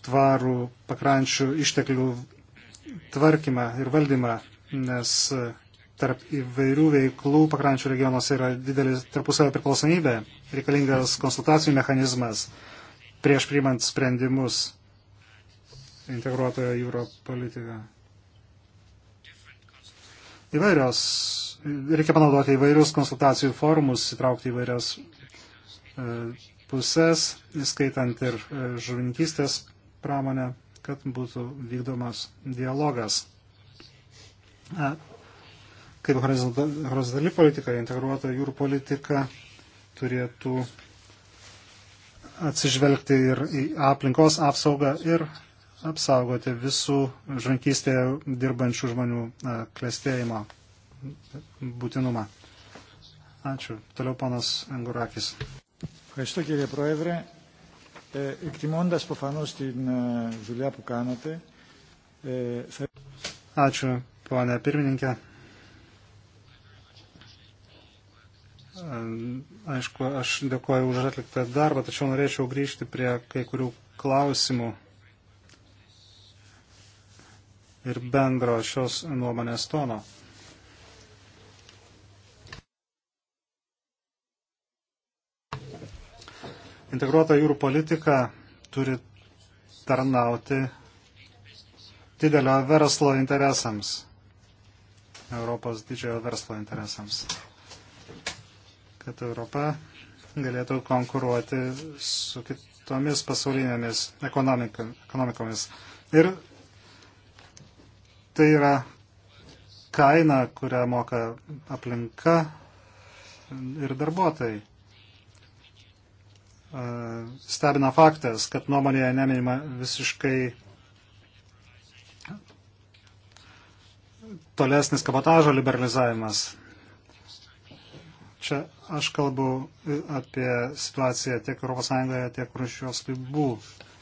tvarų pakrančių išteklių tvarkymą ir valdymą, nes e, tarp įvairių veiklų pakrančių regionuose yra didelis tarpusavio priklausomybė, reikalingas konsultacijų mechanizmas prieš priimant sprendimus integruotoje jūro politikoje įvairios, reikia panaudoti įvairius konsultacijų forumus, įtraukti įvairias e, pusės, įskaitant ir e, žuvininkystės pramonę, kad būtų vykdomas dialogas. Kaip horizontali politika, integruota jūrų politika turėtų atsižvelgti ir į aplinkos apsaugą ir apsaugoti visų žankystėje dirbančių žmonių klestėjimo būtinumą. Ačiū. Toliau panas Angurakis. Ευχαριστώ κύριε Πρόεδρε. Ε, εκτιμώντας προφανώς την ε, δουλειά που κάνατε, ε, θα... Ačiū, ponė pirmininkė. Aišku, aš dėkuoju už atliktą darbą, tačiau norėčiau grįžti prie kai kurių klausimų ir bendro šios nuomonės tono. Integruota jūrų politika turi tarnauti didelio verslo interesams, Europos didžiojo verslo interesams, kad Europa galėtų konkuruoti su kitomis pasaulinėmis ekonomikomis. Ir Tai yra kaina, kurią moka aplinka ir darbuotojai. Stebina faktas, kad nuomonėje neminima visiškai tolesnis kabotažo liberalizavimas. Čia aš kalbu apie situaciją tiek ES, tiek už jos ribų. Tai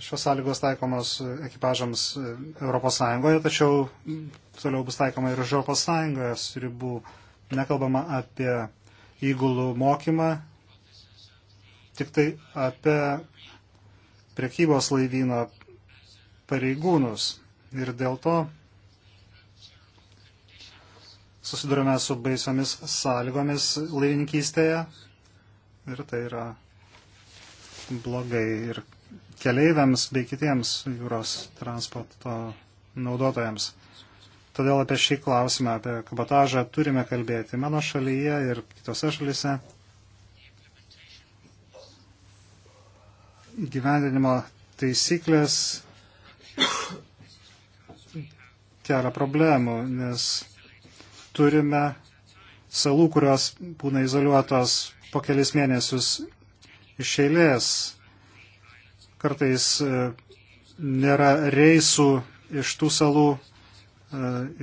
šios sąlygos taikomos ekipažams ES, tačiau toliau bus taikoma ir už ES ribų. Nekalbama apie įgulų mokymą, tik tai apie prekybos laivyno pareigūnus. Ir dėl to susidurime su baisiomis sąlygomis laivininkystėje. Ir tai yra blogai. Ir keleiviams bei kitiems jūros transporto naudotojams. Todėl apie šį klausimą, apie kabotažą turime kalbėti mano šalyje ir kitose šalyse. Gyvendinimo taisyklės kelia problemų, nes turime salų, kurios būna izoliuotos po kelis mėnesius iš eilės kartais e, nėra reisų iš tų salų e,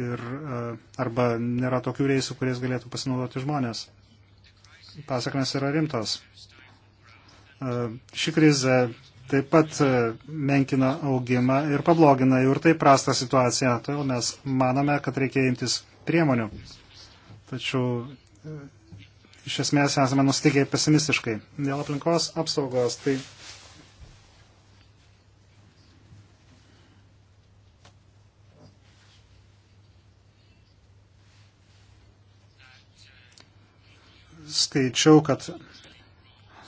ir, e, arba nėra tokių reisų, kuriais galėtų pasinaudoti žmonės. Pasakmes yra rimtos. Ši krizė taip pat menkina augimą ir pablogina jau ir tai prastą situaciją. Todėl mes manome, kad reikia imtis priemonių. Tačiau iš esmės esame nusiteikę pesimistiškai. Dėl aplinkos apsaugos tai skaičiau, kad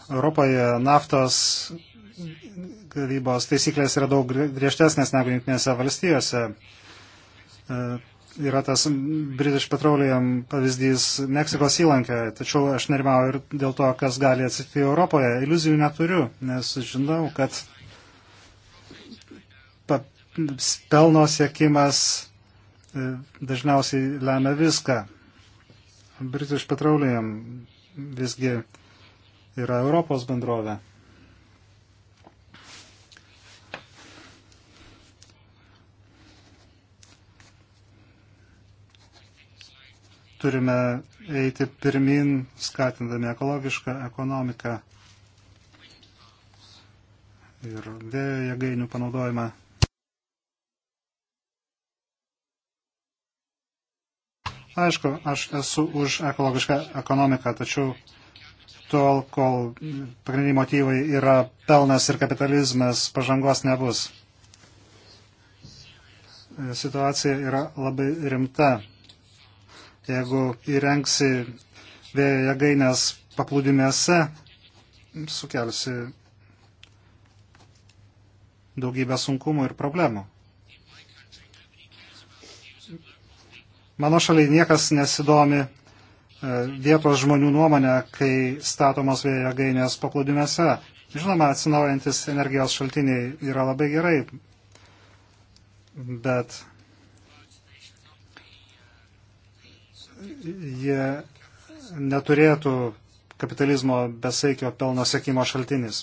Europoje naftos gavybos taisyklės yra daug griežtesnės negu Junktinėse valstijose. E, yra tas British Petroleum pavyzdys Meksikos įlankė, tačiau aš nerimauju ir dėl to, kas gali atsitikti Europoje. Iliuzijų neturiu, nes žinau, kad pelno siekimas e, dažniausiai lemia viską. British Petroleum visgi yra Europos bendrovė. Turime eiti pirmin, skatindami ekologišką ekonomiką ir vėjo jėgainių panaudojimą. Aišku, aš esu už ekologišką ekonomiką, tačiau tol, kol pagrindiniai motyvai yra pelnas ir kapitalizmas, pažangos nebus. Situacija yra labai rimta. Jeigu įrengsi vėjo jėgainės paplūdimėse, sukelsi daugybę sunkumų ir problemų. Mano šaliai niekas nesidomi e, vietos žmonių nuomonę, kai statomos vėjo gainės paplūdimiuose. Žinoma, atsinaujantis energijos šaltiniai yra labai gerai, bet jie neturėtų kapitalizmo besaikio pelno sėkimo šaltinis.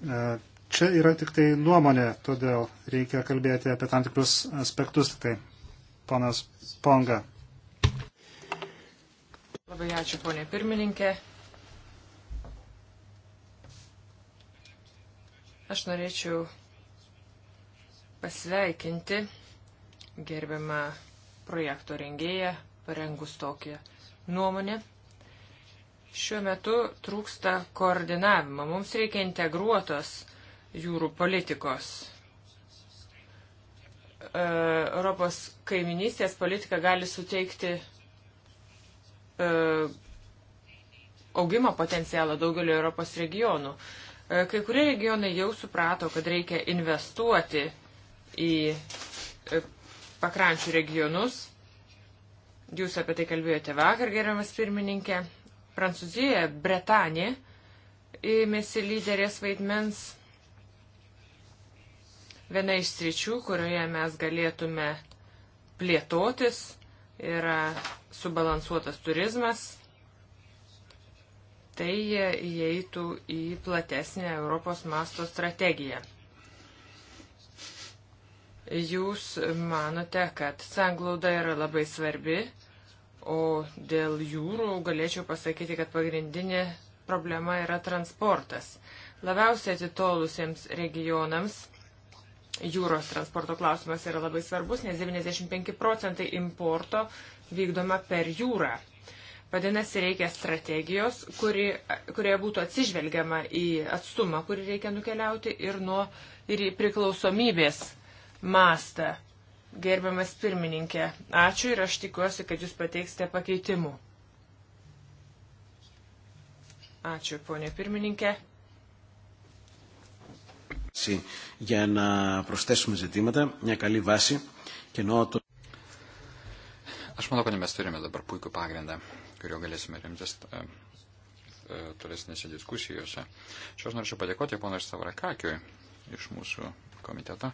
E, čia yra tik tai nuomonė, todėl reikia kalbėti apie tam tikrus aspektus tik tai ponas Ponga. Labai ačiū, ponė pirmininkė. Aš norėčiau pasveikinti gerbiamą projekto rengėją, parengus tokią nuomonę. Šiuo metu trūksta koordinavimo. Mums reikia integruotos jūrų politikos E, Europos kaiminystės politika gali suteikti e, augimo potencialą daugelio Europos regionų. E, kai kurie regionai jau suprato, kad reikia investuoti į pakrančių regionus. Jūs apie tai kalbėjote vakar, gerbiamas pirmininkė. Prancūzijoje Bretanė ėmėsi lyderės vaidmens Viena iš sričių, kurioje mes galėtume plėtotis, yra subalansuotas turizmas. Tai įeitų į platesnę Europos masto strategiją. Jūs manote, kad sanglauda yra labai svarbi, o dėl jūrų galėčiau pasakyti, kad pagrindinė problema yra transportas. Labiausiai atitolusiems regionams jūros transporto klausimas yra labai svarbus, nes 95 procentai importo vykdoma per jūrą. Vadinasi, reikia strategijos, kuri, kurioje būtų atsižvelgiama į atstumą, kurį reikia nukeliauti ir, nuo, ir į priklausomybės mastą. Gerbiamas pirmininkė, ačiū ir aš tikiuosi, kad jūs pateiksite pakeitimų. Ačiū, ponė pirmininkė για να προσθέσουμε ζητήματα, μια καλή βάση. Και ενώ το... Aš manau, kad mes turime dabar puikų pagrindą, kurio galėsime remtis tolesnėse diskusijose. Čia aš norėčiau padėkoti ponui Stavrakakiui iš mūsų komiteto.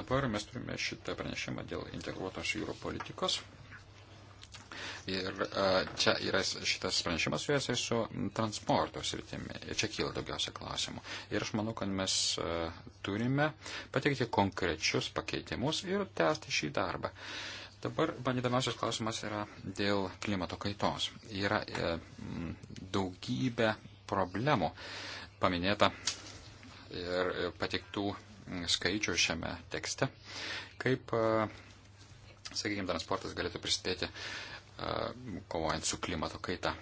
Dabar mes turime šitą pranešimą dėl integruotos jūrų politikos Ir čia yra šitas pranešimas su jais ir su transporto sritimi. Ir čia kyla daugiausia klausimų. Ir aš manau, kad mes turime pateikti konkrečius pakeitimus ir tęsti šį darbą. Dabar bandydamasis klausimas yra dėl klimato kaitos. Yra e, daugybė problemų paminėta ir e, patiktų skaičių šiame tekste, kaip, sakykime, transportas galėtų prisidėti kovojant su klimato kaita.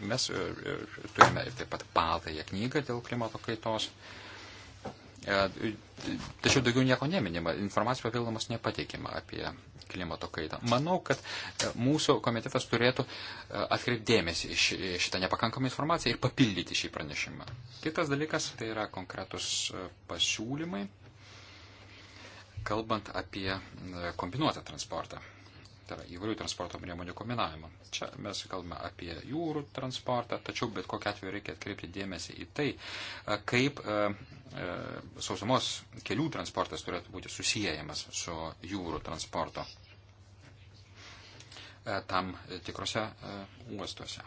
Mes e, e, turime ir taip pat paltąją knygą dėl klimato kaitos. E, tačiau daugiau nieko neminima, informacijos papildomos nepateikima apie klimato kaitą. Manau, kad mūsų komitetas turėtų atkreipdėmėsi iš šitą nepakankamą informaciją ir papildyti šį pranešimą. Kitas dalykas tai yra konkretus pasiūlymai, kalbant apie kombinuotą transportą tai yra įvairių transporto priemonių kombinavimą. Čia mes kalbame apie jūrų transportą, tačiau bet kokia atveju reikia atkreipti dėmesį į tai, kaip sausumos kelių transportas turėtų būti susijęjamas su jūrų transporto tam tikrose uostuose.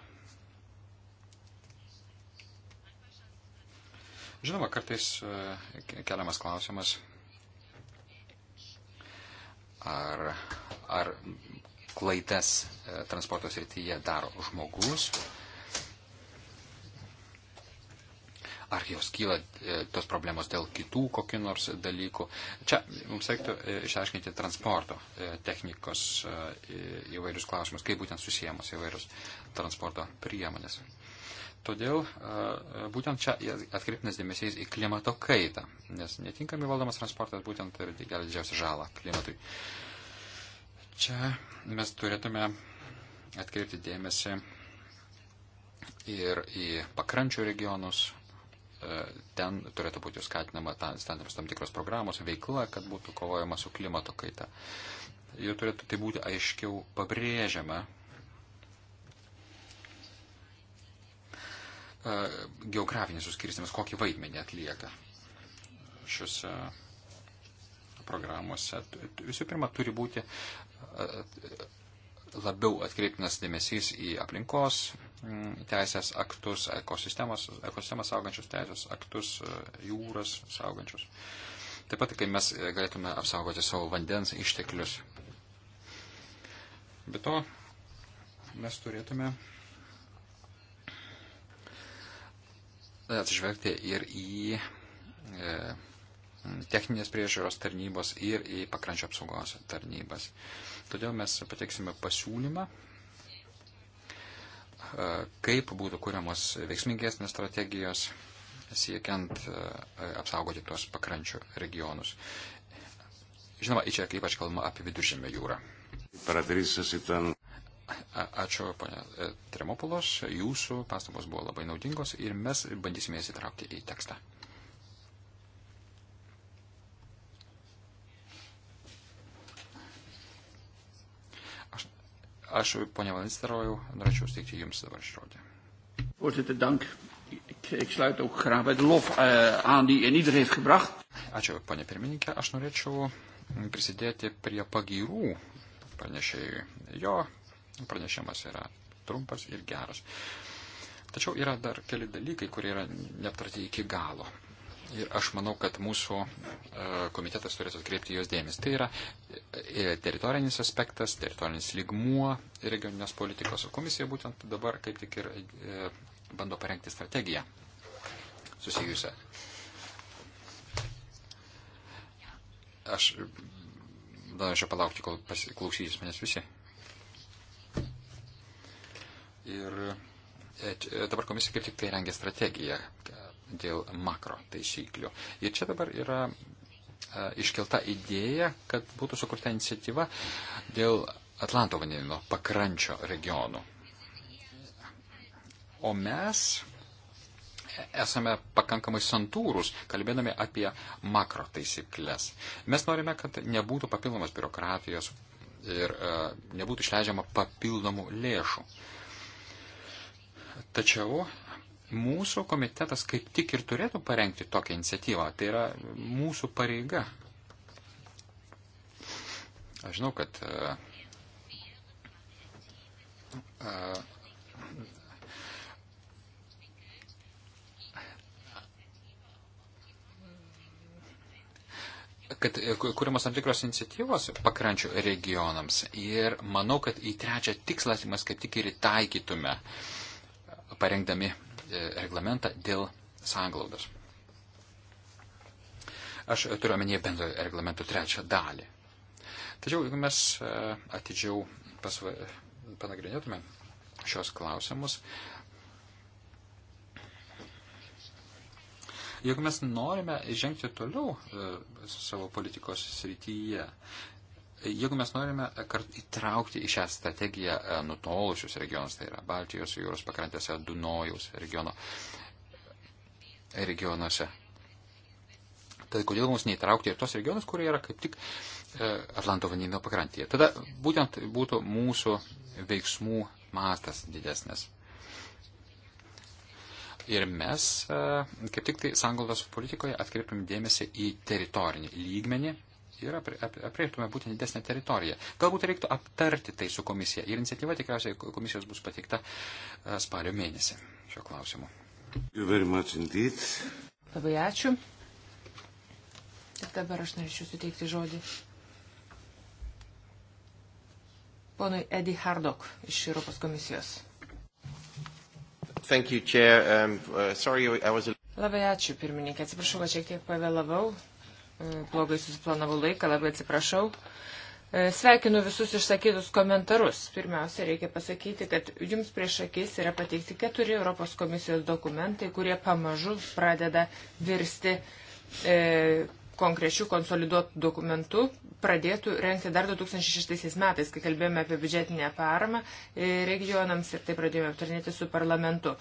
Žinoma, kartais keliamas klausimas, ar, ar klaidas e, transporto srityje daro žmogus, ar jos kyla e, tos problemos dėl kitų kokių nors dalykų. Čia mums reiktų e, išaiškinti transporto technikos įvairius klausimus, kaip būtent susijęmos įvairius transporto priemonės. Todėl būtent čia atkreiptinas dėmesys į klimato kaitą, nes netinkami valdomas transportas būtent gali didžiausią žalą klimatui. Uh, Čia mes turėtume atkreipti dėmesį ir į pakrančių regionus. E, ten turėtų būti skatinama stantams tam tikros programos, veikla, kad būtų kovojama su klimato kaita. Ir turėtų tai būti aiškiau pabrėžiama. E, geografinis suskirstimas, kokį vaidmenį atlieka šiuose programuose visų pirma turi būti labiau atkreiptinas dėmesys į aplinkos teisės aktus, ekosistemas, ekosistemas saugančius teisės aktus, jūras saugančius. Taip pat, kai mes galėtume apsaugoti savo vandens išteklius. Be to, mes turėtume atsižvelgti ir į e, techninės priežiūros tarnybos ir į pakrančio apsaugos tarnybas. Todėl mes pateiksime pasiūlymą, e, kaip būtų kuriamos veiksmingesnės strategijos siekiant e, apsaugoti tuos pakrančių regionus. Žinoma, čia ypač kalbama apie viduržėmio jūrą. Ačiū, ponė e, Tremopulos, jūsų pastabos buvo labai naudingos ir mes bandysime jas įtraukti į tekstą. Aš, ponia Valinsterojau, norėčiau steikti Jums dabar žodį. Voorzitter, dank. Ik, ik sluit ook graag bij de lof uh, aan die in ieder heeft gebracht. Ačiū, ponė pirmininkė. Aš norėčiau prisidėti prie pagyrų pranešėjui. Jo pranešimas yra trumpas ir geras. Tačiau yra dar keli dalykai, kurie yra neaptarti iki galo. Ir aš manau, kad mūsų e, komitetas turėtų atkreipti jos dėmesį. Tai yra e, teritorinis aspektas, teritorinis lygmuo regioninės politikos. Komisija būtent dabar kaip tik ir e, bando parengti strategiją susijusią. Aš norėčiau palaukti, kol pasiklausys manęs visi. Ir dabar komisija kaip tik tai rengia strategiją dėl makro taisyklių. Ir čia dabar yra e, iškelta idėja, kad būtų sukurta iniciatyva dėl Atlanto vandenino pakrančio regionų. O mes esame pakankamai santūrus, kalbėdami apie makro taisyklės. Mes norime, kad nebūtų papildomas biurokratijos ir e, nebūtų išleidžiama papildomų lėšų. Tačiau Mūsų komitetas kaip tik ir turėtų parengti tokią iniciatyvą. Tai yra mūsų pareiga. Aš žinau, kad a, e, a, e, kad e, kūrimas tam tikros iniciatyvos pakrančių regionams ir manau, kad į trečią tikslą mes kaip tik ir įtaikytume, parengdami E, reglamentą dėl sanglaudos. Aš turiu omenyje bendrojo reglamento trečią dalį. Tačiau, jeigu mes e, atidžiau pasva... panagrinėtume šios klausimus, jeigu mes norime žengti toliau e, savo politikos srityje, Jeigu mes norime e, įtraukti į šią strategiją e, nutolusius regionus, tai yra Baltijos jūros pakrantėse, Dunojaus regiono, regionuose, tai kodėl mums neįtraukti ir tos regionus, kurie yra kaip tik e, Atlanto vandenino pakrantėje. Tada būtent būtų mūsų veiksmų mastas didesnis. Ir mes, kaip tik tai sangaldos politikoje, atkreipiam dėmesį į teritorinį lygmenį ir apriektume būtent didesnę teritoriją. Galbūt reiktų aptarti tai su komisija ir iniciatyva tikriausiai komisijos bus pateikta e, spalio mėnesį šio klausimu. Labai ačiū. Ir dabar aš norėčiau suteikti žodį ponui Edi Hardok iš Europos komisijos. Thank you, Chair. Um, uh, sorry, I was a... Labai ačiū, pirmininkė. Atsiprašau, kad šiek tiek pavėlavau blogai susiplanavau laiką, labai atsiprašau. E, sveikinu visus išsakytus komentarus. Pirmiausia, reikia pasakyti, kad jums prieš akis yra pateikti keturi Europos komisijos dokumentai, kurie pamažu pradeda virsti e, konkrečių konsoliduotų dokumentų pradėtų renkti dar 2006 metais, kai kalbėjome apie biudžetinę paramą e, regionams ir tai pradėjome aptarnėti su parlamentu.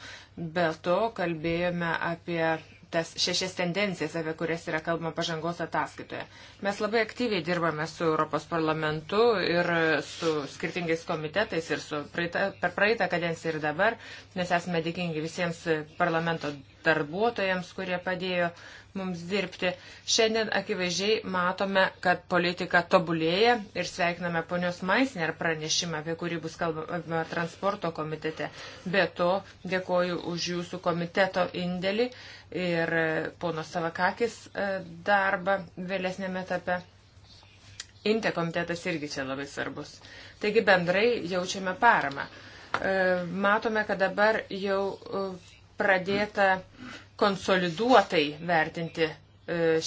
Be to kalbėjome apie tas šešias tendencijas, apie kurias yra kalbama pažangos ataskaitoje. Mes labai aktyviai dirbame su Europos parlamentu ir su skirtingais komitetais ir su praeitą, per praeitą kadenciją ir dabar, nes esame dėkingi visiems parlamento darbuotojams, kurie padėjo mums dirbti. Šiandien akivaizdžiai matome, kad politika tobulėja ir sveikiname ponios Maisner pranešimą, apie kurį bus kalbama transporto komitete. Be to, dėkoju už jūsų komiteto indėlį ir pono Savakakis e, darbą vėlesnėme etape. Inte komitetas irgi čia labai svarbus. Taigi bendrai jaučiame paramą. E, matome, kad dabar jau e, pradėta konsoliduotai vertinti e,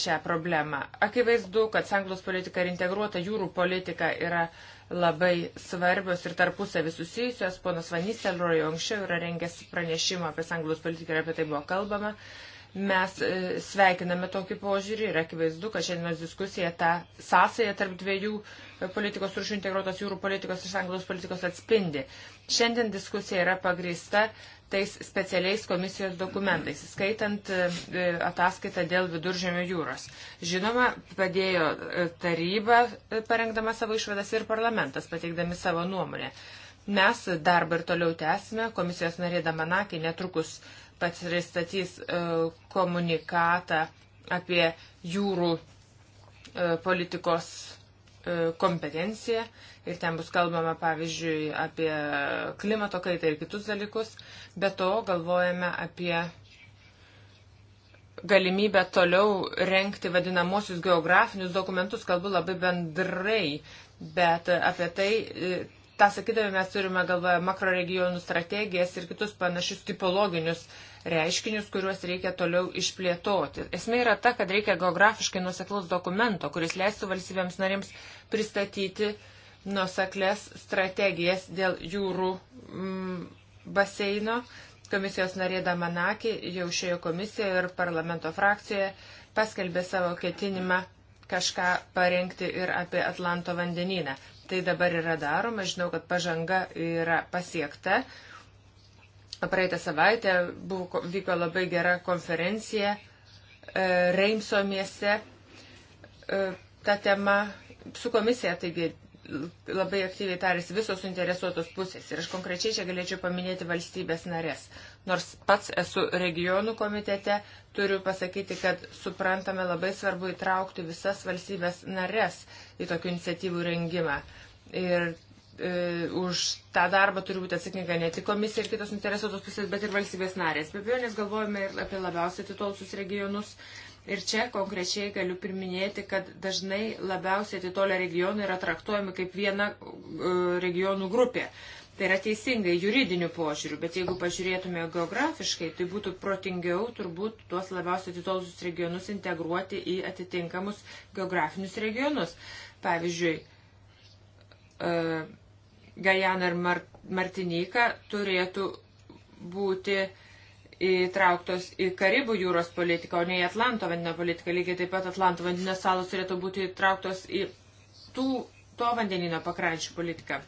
šią problemą. Akivaizdu, kad sanglos politika ir integruota jūrų politika yra labai svarbios ir tarpusavį susijusios. Ponas Vanistelrojo anksčiau yra rengęs pranešimą apie sanglos politiką ir apie tai buvo kalbama. Mes e, sveikiname tokį požiūrį ir akivaizdu, kad šiandienos diskusija tą sąsąją tarp dviejų e, politikos rūšių integruotos jūrų politikos ir sanglos politikos atspindi. Šiandien diskusija yra pagrįsta tais specialiais komisijos dokumentais, skaitant e, ataskaitą dėl viduržėmio jūros. Žinoma, padėjo e, taryba e, parengdama savo išvadas ir parlamentas pateikdami savo nuomonę. Mes darbą ir toliau tęsime, komisijos narė Damanakė netrukus pristatys komunikatą apie jūrų politikos E, kompetencija ir ten bus kalbama, pavyzdžiui, apie klimato kaitą ir kitus dalykus. Be to galvojame apie galimybę toliau renkti vadinamosius geografinius dokumentus, kalbu labai bendrai, bet apie tai, e, tą sakydami, mes turime galvoje makroregionų strategijas ir kitus panašius tipologinius uh, reiškinius, kuriuos reikia toliau išplėtoti. Esmė yra ta, kad reikia geografiškai nuseklaus dokumento, kuris leistų valstybėms narėms pristatyti nuseklės strategijas dėl jūrų mm, baseino. Komisijos narė Damanaki jau šioje komisijoje ir parlamento frakcijoje paskelbė savo ketinimą kažką parengti ir apie Atlanto vandenyną. Tai dabar yra daroma, žinau, kad pažanga yra pasiekta. Uh, Praeitą savaitę buvo, vyko labai gera konferencija e, Reimso mieste. E, ta tema su komisija, taigi labai aktyviai tarėsi visos suinteresuotos pusės. Ir aš konkrečiai čia galėčiau paminėti valstybės narės. Nors pats esu regionų komitete, turiu pasakyti, kad suprantame labai svarbu įtraukti visas valstybės narės į tokių iniciatyvų rengimą. Ir e, už tą darbą turi būti atsakinga ne tik komisija ir kitos interesuotos pusės, bet ir valstybės narės. Be abejo, nes galvojame ir apie labiausiai atitolusius regionus. Ir čia konkrečiai galiu priminėti, kad dažnai labiausiai atitolę regionai yra traktuojami kaip viena e, regionų grupė. Tai yra teisingai juridiniu požiūriu, bet jeigu pažiūrėtume geografiškai, tai būtų protingiau turbūt tuos labiausiai atitolusius regionus integruoti į atitinkamus geografinius regionus. Pavyzdžiui, e, Gajana ir Mar Martinika turėtų būti įtrauktos į Karibų jūros politiką, o ne į Atlanto vandenio politiką. Lygiai taip pat Atlanto vandenio salos turėtų būti įtrauktos į tų, to vandenino pakrančių politiką.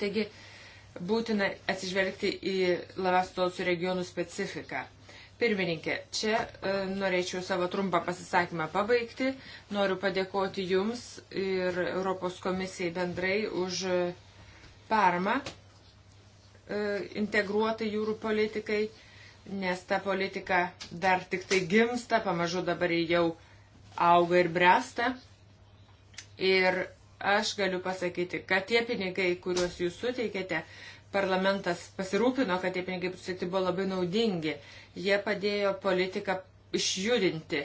Taigi būtina atsižvelgti į labiausiai regionų specifiką. Pirmininkė, čia e, norėčiau savo trumpą pasisakymą pabaigti. Noriu padėkoti Jums ir Europos komisijai bendrai už. E, paramą e, integruotai jūrų politikai, nes ta politika dar tik tai gimsta, pamažu dabar jau auga ir bręsta. Ir aš galiu pasakyti, kad tie pinigai, kuriuos jūs suteikėte, parlamentas pasirūpino, kad tie pinigai suteikti buvo labai naudingi. Jie padėjo politiką išjudinti.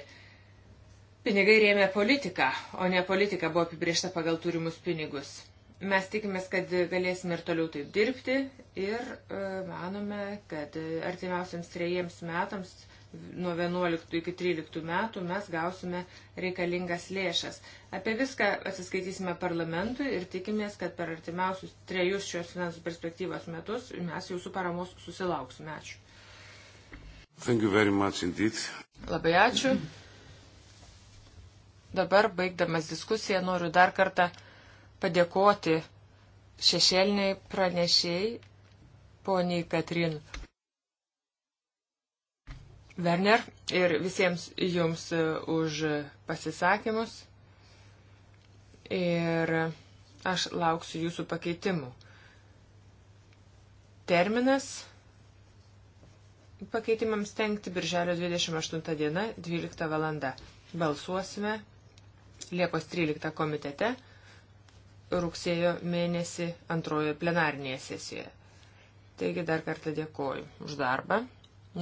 Pinigai rėmė politiką, o ne politika buvo apibriešta pagal turimus pinigus. Mes tikimės, kad galėsime ir toliau taip dirbti ir e, manome, kad artimiausiams trejiems metams nuo 11 iki 13 metų mes gausime reikalingas lėšas. Apie viską atsiskaitysime parlamentui ir tikimės, kad per artimiausius trejus šios finansų perspektyvos metus mes jūsų paramos susilauksime. Ačiū. Labai ačiū. Dabar, baigdamas diskusiją, noriu dar kartą padėkoti šešėliniai pranešėjai, poniai Katrin Werner ir visiems jums e, už pasisakymus. Ir aš lauksiu jūsų pakeitimų. Terminas pakeitimams tenkti birželio 28 diena 12 valanda. Balsuosime Liepos 13 komitete rugsėjo mėnesį antrojoje plenarnėje sesijoje. Taigi dar kartą dėkoju už darbą.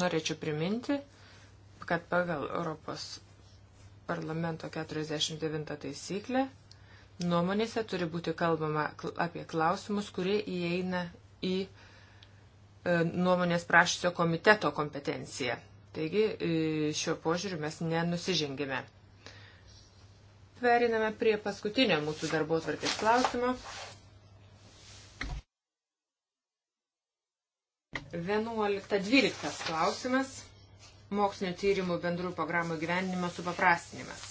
Norėčiau priminti, kad pagal Europos parlamento 49 taisyklę nuomonėse turi būti kalbama apie klausimus, kurie įeina į e, nuomonės prašysio komiteto kompetenciją. Taigi e, šiuo požiūriu mes nenusižengėme. Periname prie paskutinio mūsų darbo tvarkės klausimo. 11.12 klausimas. Mokslinio tyrimų bendrų programų gyvenimo supaprastinimas.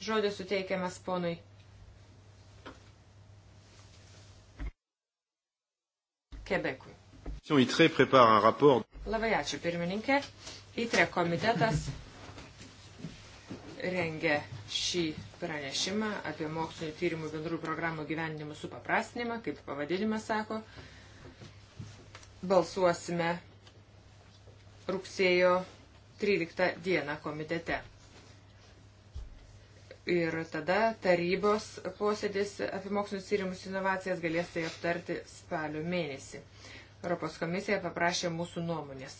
Žodis suteikiamas ponui. Kebekui. Labai ačiū pirmininkė. ITRE komitetas rengia šį pranešimą apie mokslinio tyrimų bendrų programų gyvenimų supaprastinimą, kaip pavadinimas sako. Balsuosime rugsėjo 13 dieną komitete. Ir tada tarybos posėdis apie mokslinius tyrimus inovacijas galės tai aptarti spalio mėnesį. Europos komisija paprašė mūsų nuomonės.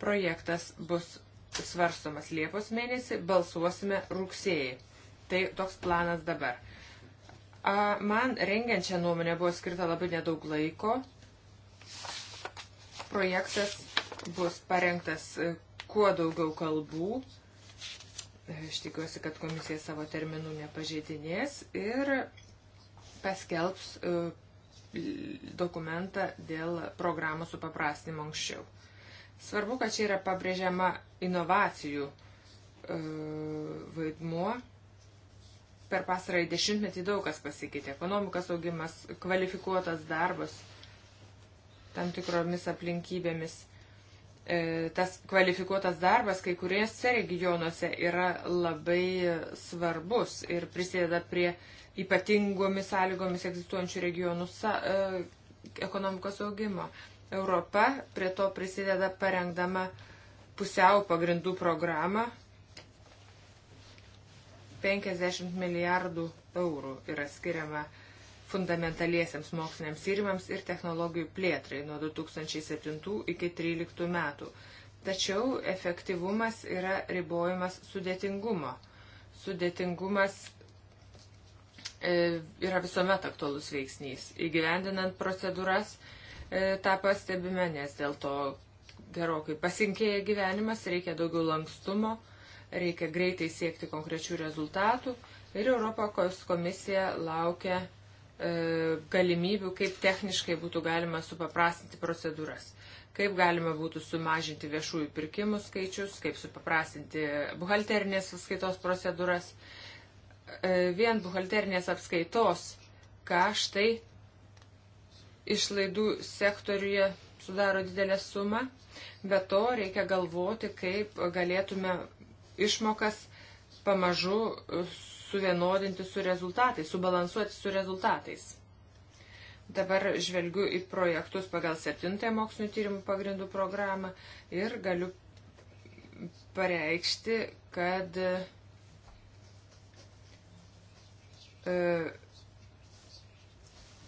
Projektas bus svarstomas Liepos mėnesį, balsuosime rugsėjai tai toks planas dabar. A, man rengiančią nuomonę buvo skirta labai nedaug laiko. Projektas bus parengtas e, kuo daugiau kalbų. E, aš tikiuosi, kad komisija savo terminų nepažeidinės ir paskelbs e, dokumentą dėl programos supaprastinimo anksčiau. Svarbu, kad čia yra pabrėžiama inovacijų vaidmuo per pasarąjį dešimtmetį daug kas pasikeitė. Ekonomikos augimas, kvalifikuotas darbas tam tikromis aplinkybėmis. E, tas kvalifikuotas darbas kai kuriuose regionuose yra labai svarbus ir prisideda prie ypatingomis sąlygomis egzistuojančių regionų sa, e, ekonomikos augimo. Europa prie to prisideda parengdama pusiau pagrindų programą 50 milijardų eurų yra skiriama fundamentaliesiams moksliniams tyrimams ir technologijų plėtrai nuo 2007 iki 2013 metų. Tačiau efektyvumas yra ribojamas sudėtingumo. Sudėtingumas e, yra visuomet aktualus veiksnys. Įgyvendinant procedūras, e, tą pastebime, nes dėl to gerokai pasinkėja gyvenimas, reikia daugiau lankstumo Reikia greitai siekti konkrečių rezultatų ir Europos komisija laukia e, galimybių, kaip techniškai būtų galima supaprastinti procedūras kaip galima būtų sumažinti viešųjų pirkimų skaičius, kaip supaprastinti buhalterinės apskaitos procedūras. E, vien buhalterinės apskaitos kaštai išlaidų sektoriuje sudaro didelę sumą, bet to reikia galvoti, kaip galėtume išmokas pamažu suvienodinti su rezultatais, subalansuoti su rezultatais. Dabar žvelgiu į projektus pagal 7 mokslinio tyrimų pagrindų programą ir galiu pareikšti, kad e,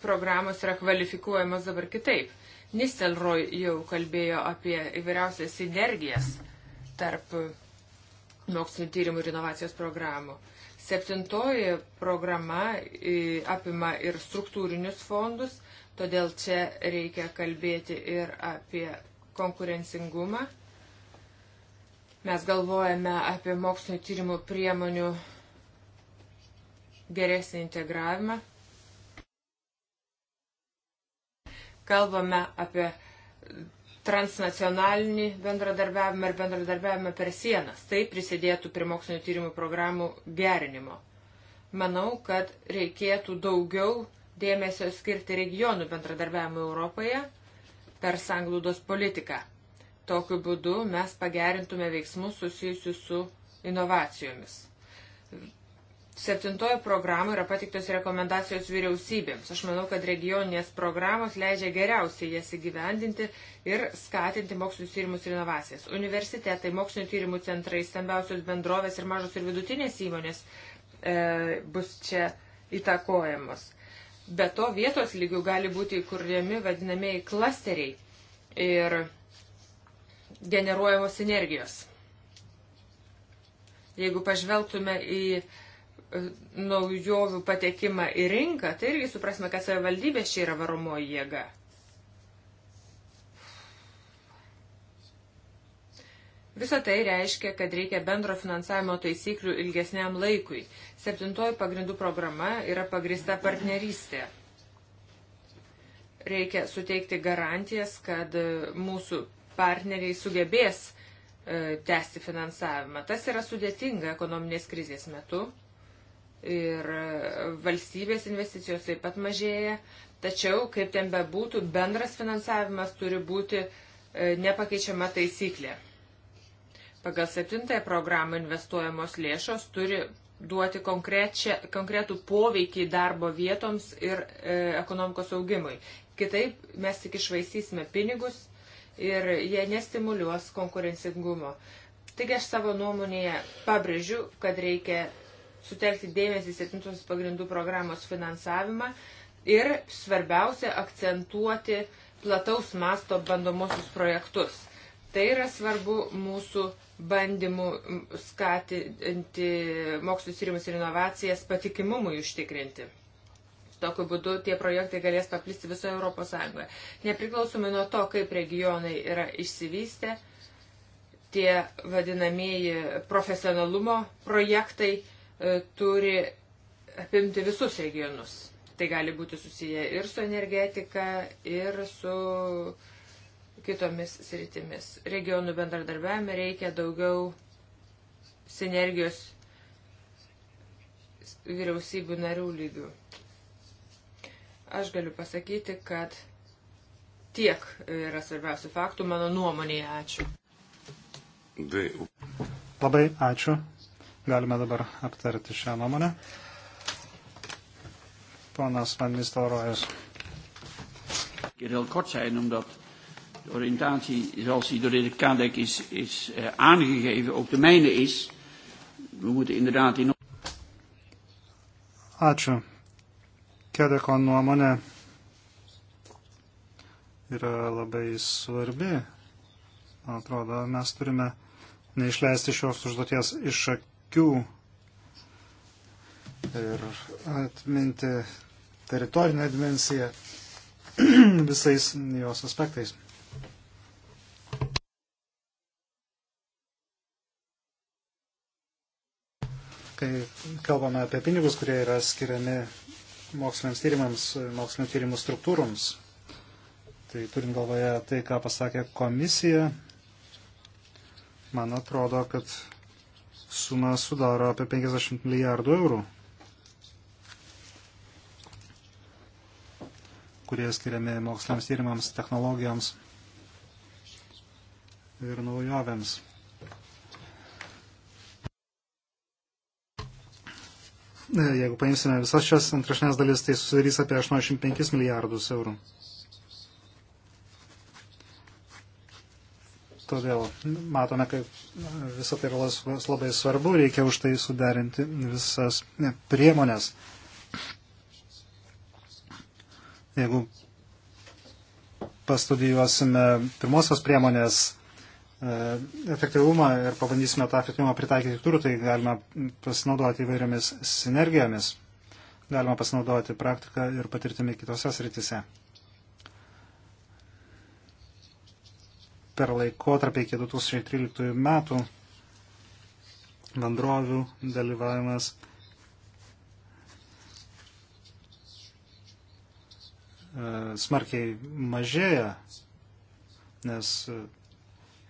programos yra kvalifikuojamos dabar kitaip. Nistelroj jau kalbėjo apie įvairiausias sinergijas tarp mokslinio tyrimų ir inovacijos programų. Septintoji programa apima ir struktūrinius fondus, todėl čia reikia kalbėti ir apie konkurencingumą. Mes galvojame apie mokslinio tyrimų priemonių geresnį integravimą. Kalbame apie transnacionalinį bendradarbiavimą ir bendradarbiavimą per sienas. Tai prisidėtų prie mokslinio tyrimų programų gerinimo. Manau, kad reikėtų daugiau dėmesio skirti regionų bendradarbiavimui Europoje per sanglūdos politiką. Tokiu būdu mes pagerintume veiksmus susijusius su inovacijomis. Septintojo programų yra patiktos rekomendacijos vyriausybėms. Aš manau, kad regioninės programos leidžia geriausiai jas įgyvendinti ir skatinti mokslinius tyrimus ir inovacijas. Universitetai, mokslinio tyrimų centrai, stambiausios bendrovės ir mažos ir vidutinės įmonės e, bus čia įtakojamos. Be to vietos lygių gali būti įkūrėmi vadinamieji klasteriai ir generuojamos sinergijos. Jeigu pažvelgtume į naujovių patekimą į rinką, tai irgi suprasme, kad savivaldybė čia yra varomoji jėga. Visą tai reiškia, kad reikia bendro finansavimo taisyklių ilgesniam laikui. Septintoji pagrindų programa yra pagrista partnerystė. Reikia suteikti garantijas, kad mūsų partneriai sugebės e, tęsti finansavimą. Tas yra sudėtinga ekonominės krizės metu ir valstybės investicijos taip pat mažėja. Tačiau, kaip ten bebūtų, bendras finansavimas turi būti e, nepakeičiama taisyklė. Pagal septintąją programą investuojamos lėšos turi duoti konkretų poveikį darbo vietoms ir e, ekonomikos augimui. Kitaip mes tik išvaistysime pinigus ir jie nestimuliuos konkurencingumo. Taigi aš savo nuomonėje pabrėžiu, kad reikia sutelkti dėmesį septintosios pagrindų programos finansavimą ir svarbiausia akcentuoti plataus masto bandomosius projektus. Tai yra svarbu mūsų bandymų skatinti mokslus tyrimus ir inovacijas patikimumui užtikrinti. Tokiu būdu tie projektai galės paplisti visoje Europos Sąjungoje. Nepriklausomai nuo to, kaip regionai yra išsivystę, tie vadinamieji profesionalumo projektai E, turi apimti visus regionus. Tai gali būti susiję ir su energetika, ir su kitomis sritimis. Regionų bendradarbiavime reikia daugiau sinergijos vyriausybių narių lygių. Aš galiu pasakyti, kad tiek yra svarbiausių faktų mano nuomonėje. Ačiū. Labai ačiū. Galime dabar aptarti šią nuomonę. Ponas Van Nistelroojas. Ir dėl kort zijn, omdat de oriëntatie zoals die door de Kadek is, is uh, aangegeven, ook de mijne is. We moeten inderdaad in. Ačiū. Kedeko nuomonė yra labai svarbi. Man atrodo, mes turime neišleisti šios užduoties iš akių akių ir atminti teritorinę dimensiją visais jos aspektais. Kai kalbame apie pinigus, kurie yra skiriami moksliniams tyrimams, mokslinio tyrimų struktūroms, tai turint galvoje tai, ką pasakė komisija, man atrodo, kad suma sudaro apie 50 milijardų eurų, kurie skiriami moksliniams tyrimams, technologijoms ir naujovėms. E, jeigu paimsime visas šias antrašnės dalis, tai susidarys apie 85 milijardus eurų. Todėl matome, kad visą tai yra labai svarbu, reikia už tai suderinti visas priemonės. Jeigu pastudijuosime pirmosios priemonės e, efektyvumą ir pabandysime tą efektyvumą pritaikyti kitur, tai galima pasinaudoti įvairiomis sinergijomis, galima pasinaudoti praktiką ir patirtimi kitose srityse. per laikotarpį iki 2013 metų bendrovių dalyvavimas e, smarkiai mažėja, nes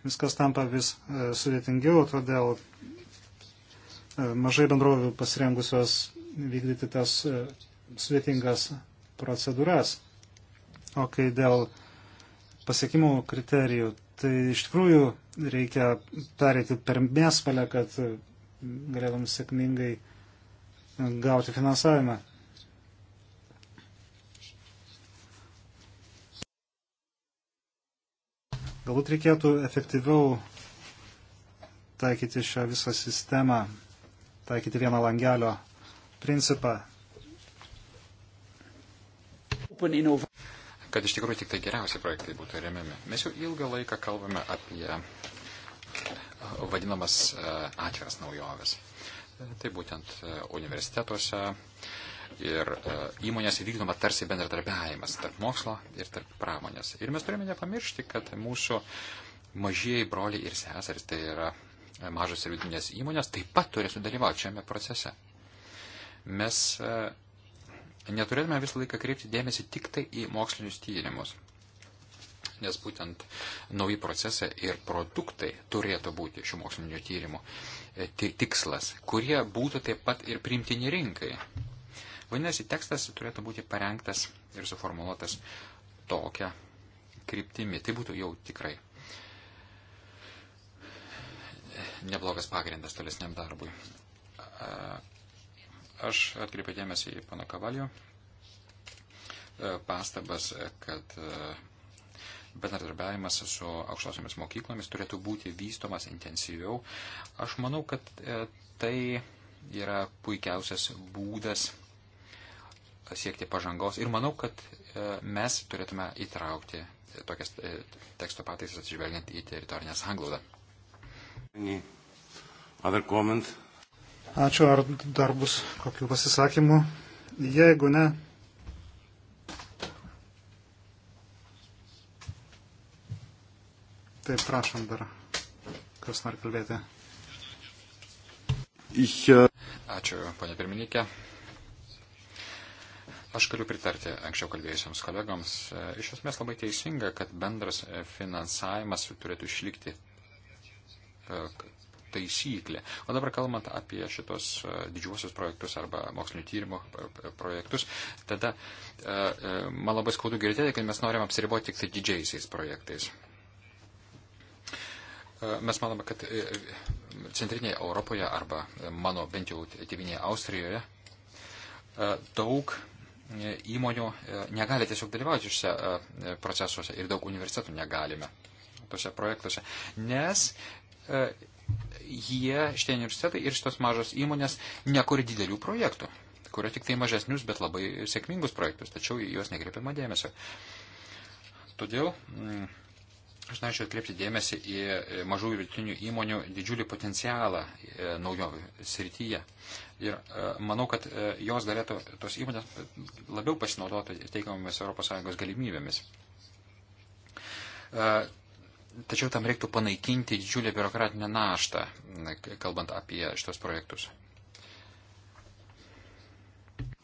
viskas tampa vis e, sudėtingiau, todėl e, mažai bendrovių pasirengusios vykdyti tas sudėtingas procedūras. O kai dėl pasiekimų kriterijų, tai iš tikrųjų reikia pereiti per mėspalę, kad galėtum sėkmingai gauti finansavimą. Galbūt reikėtų efektyviau taikyti šią visą sistemą, taikyti vieną langelio principą kad iš tikrųjų tik tai geriausi projektai būtų remiami. Mes jau ilgą laiką kalbame apie uh, vadinamas uh, atviras naujoves. Uh, tai būtent universitetuose ir įmonės vykdoma tarsi bendradarbiavimas tarp mokslo ir tarp pramonės. Ir mes turime nepamiršti, kad mūsų mažieji broliai ir seserys, tai yra mažos ir vidutinės įmonės, taip pat turi sudalyvauti šiame procese. Mes neturėtume visą laiką kreipti dėmesį tik tai į mokslinius tyrimus, nes būtent nauji procesai ir produktai turėtų būti šių mokslinio tyrimų e, tikslas, kurie būtų taip pat ir primtini rinkai. Vadinasi, tekstas turėtų būti parengtas ir suformuoluotas tokia kryptimi. Tai būtų jau tikrai e, neblogas pagrindas tolesniam darbui. Aš atkreipiu dėmesį į pana Kavalių e, pastabas, kad e, bendradarbiavimas su aukštosiamis mokyklomis turėtų būti vystomas intensyviau. Aš manau, kad e, tai yra puikiausias būdas siekti pažangos ir manau, kad mes turėtume įtraukti tokias teksto pataisas atsižvelgiant į teritorinę sanglaudą. Other comment? Ačiū, ar dar bus kokių pasisakymų? Jeigu ne, tai prašom dar, kas nori kalbėti. Äh, Ačiū, ponė pirmininkė. Aš galiu pritarti anksčiau kalbėjusiems kolegams. Iš esmės labai teisinga, kad bendras finansavimas turėtų išlikti e, taisyklė. O dabar kalbant apie šitos e, didžiuosius projektus arba mokslinio tyrimo projektus, tada e, e, man labai skaudu girdėti, kad mes norim apsiriboti tik tai didžiaisiais projektais. Mes manome, kad centrinėje Europoje arba mano bent jau tėvinėje Austrijoje daug įmonių negali tiesiog dalyvauti šiuose procesuose ir daug universitetų negalime tose projektuose, nes jie, šitie universitetai ir šitos mažos įmonės nekuri didelių projektų, kuria tik tai mažesnius, bet labai sėkmingus projektus, tačiau juos nekreipiama dėmesio. Todėl m, mm, aš norėčiau atkreipti dėmesį į mažų ir vidutinių įmonių didžiulį potencialą e, naujovių srityje. Ir e, manau, kad e, jos galėtų, tos įmonės labiau pasinaudoti teikiamomis ES galimybėmis e, Tačiau tam reiktų panaikinti didžiulę biurokratinę naštą, kalbant apie šitos projektus.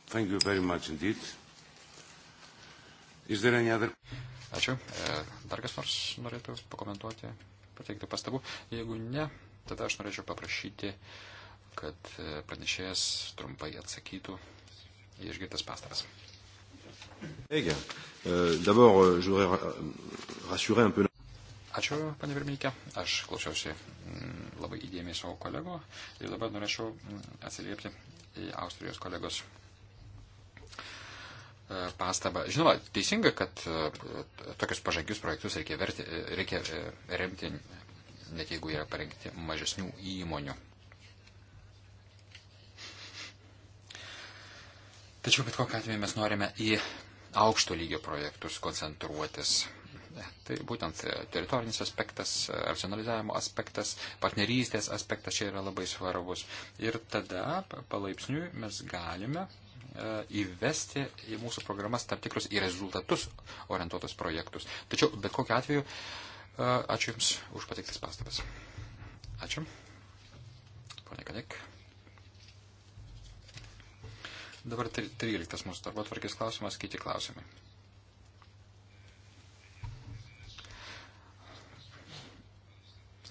Thank you very much indeed. Is there any other... Ačiū. E, dar kas nors norėtų pakomentuoti, pateikti pastabų? Jeigu ne, tada aš norėčiau paprašyti, kad e, pranešėjas trumpai atsakytų į išgirtas pastabas. Taigi, euh, d'abord, euh, je voudrais euh, rassurer un peu Ačiū, panė Virminkė. Aš klausiausi mm, labai įdėmiai savo kolego ir dabar norėčiau mm, atsiliepti į Austrijos kolegos e, pastabą. Žinoma, teisinga, kad e, tokius pažangius projektus reikia, verti, e, reikia remti, net jeigu jie yra parengti mažesnių įmonių. Tačiau bet kokiu atveju mes norime į aukšto lygio projektus koncentruotis. Tai būtent teritorinis aspektas, racionalizavimo aspektas, partnerystės aspektas čia yra labai svarbus. Ir tada palaipsniui mes galime e, įvesti į mūsų programas tam tikrus į rezultatus orientuotus projektus. Tačiau bet kokiu atveju, e, ačiū Jums už pateiktas pastabas. Ačiū. Pone Kadek. Dabar 13 mūsų darbo tvarkės klausimas, kiti klausimai.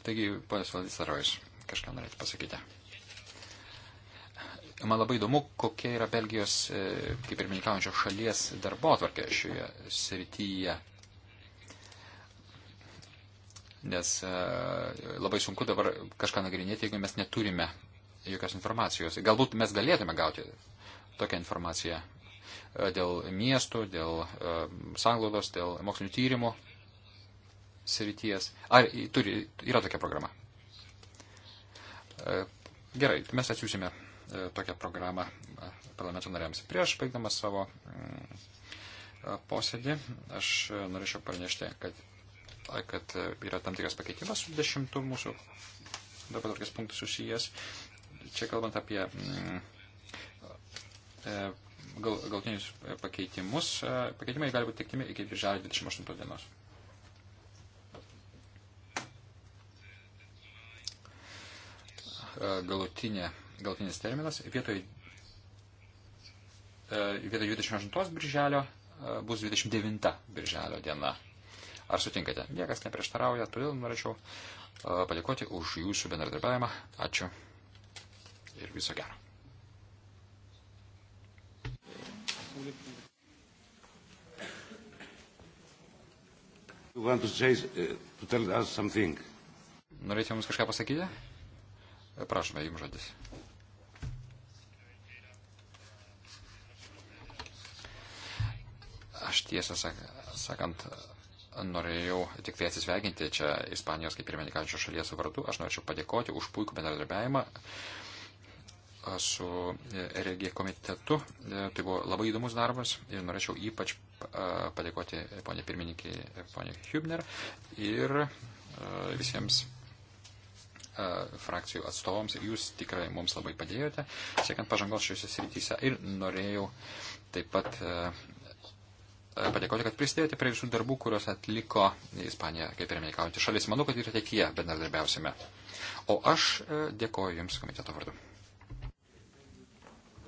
Taigi, ponas Valdis Arojus, kažką norėtų pasakyti. Man labai įdomu, kokia yra Belgijos, e, kaip ir minkaujančios šalies, darbo atvarkė šioje srityje. Nes e, labai sunku dabar kažką nagrinėti, jeigu mes neturime jokios informacijos. Galbūt mes galėtume gauti tokią informaciją e, dėl miestų, dėl sanglaudos, dėl mokslinių tyrimų, srities. Ar turi, yra tokia programa? E, gerai, tai mes atsiūsime e, tokią programą e, parlamento nariams. Prieš baigdamas savo mm, posėdį, aš norėčiau pranešti, kad, kad yra tam tikras pakeitimas su dešimtu mūsų dabar tokias punktus susijęs. Čia kalbant apie mm, gal, galtinius pakeitimus, pakeitimai gali būti tiktimi iki birželio 28 dienos. E, galutinė, galutinis terminas. Vietoj, e, vietoj 28 birželio e, bus 29 birželio diena. Ar sutinkate? Niekas neprieštarauja, todėl norėčiau padėkoti už jūsų bendradarbiavimą. Ačiū ir viso gero. Uh, norėčiau Jums kažką pasakyti? Prašome, jums žodis. Aš tiesą sakant, norėjau tik tai atsisveikinti čia Ispanijos kaip pirmininkančio šalies vardu. Aš norėčiau padėkoti už puikų bendradarbiavimą su regija komitetu. Tai buvo labai įdomus darbas ir norėčiau ypač padėkoti ponė pirmininkiai, ponė Hübner ir visiems E, frakcijų atstovams ir jūs tikrai mums labai padėjote, siekiant pažangos šiuose srityse. Ir norėjau taip pat e, e, padėkoti, kad prisidėjote prie visų darbų, kuriuos atliko Ispanija kaip pirmininkaujantį šalis. Manau, kad ir ateityje bendradarbiausime. O aš dėkoju Jums komiteto vardu.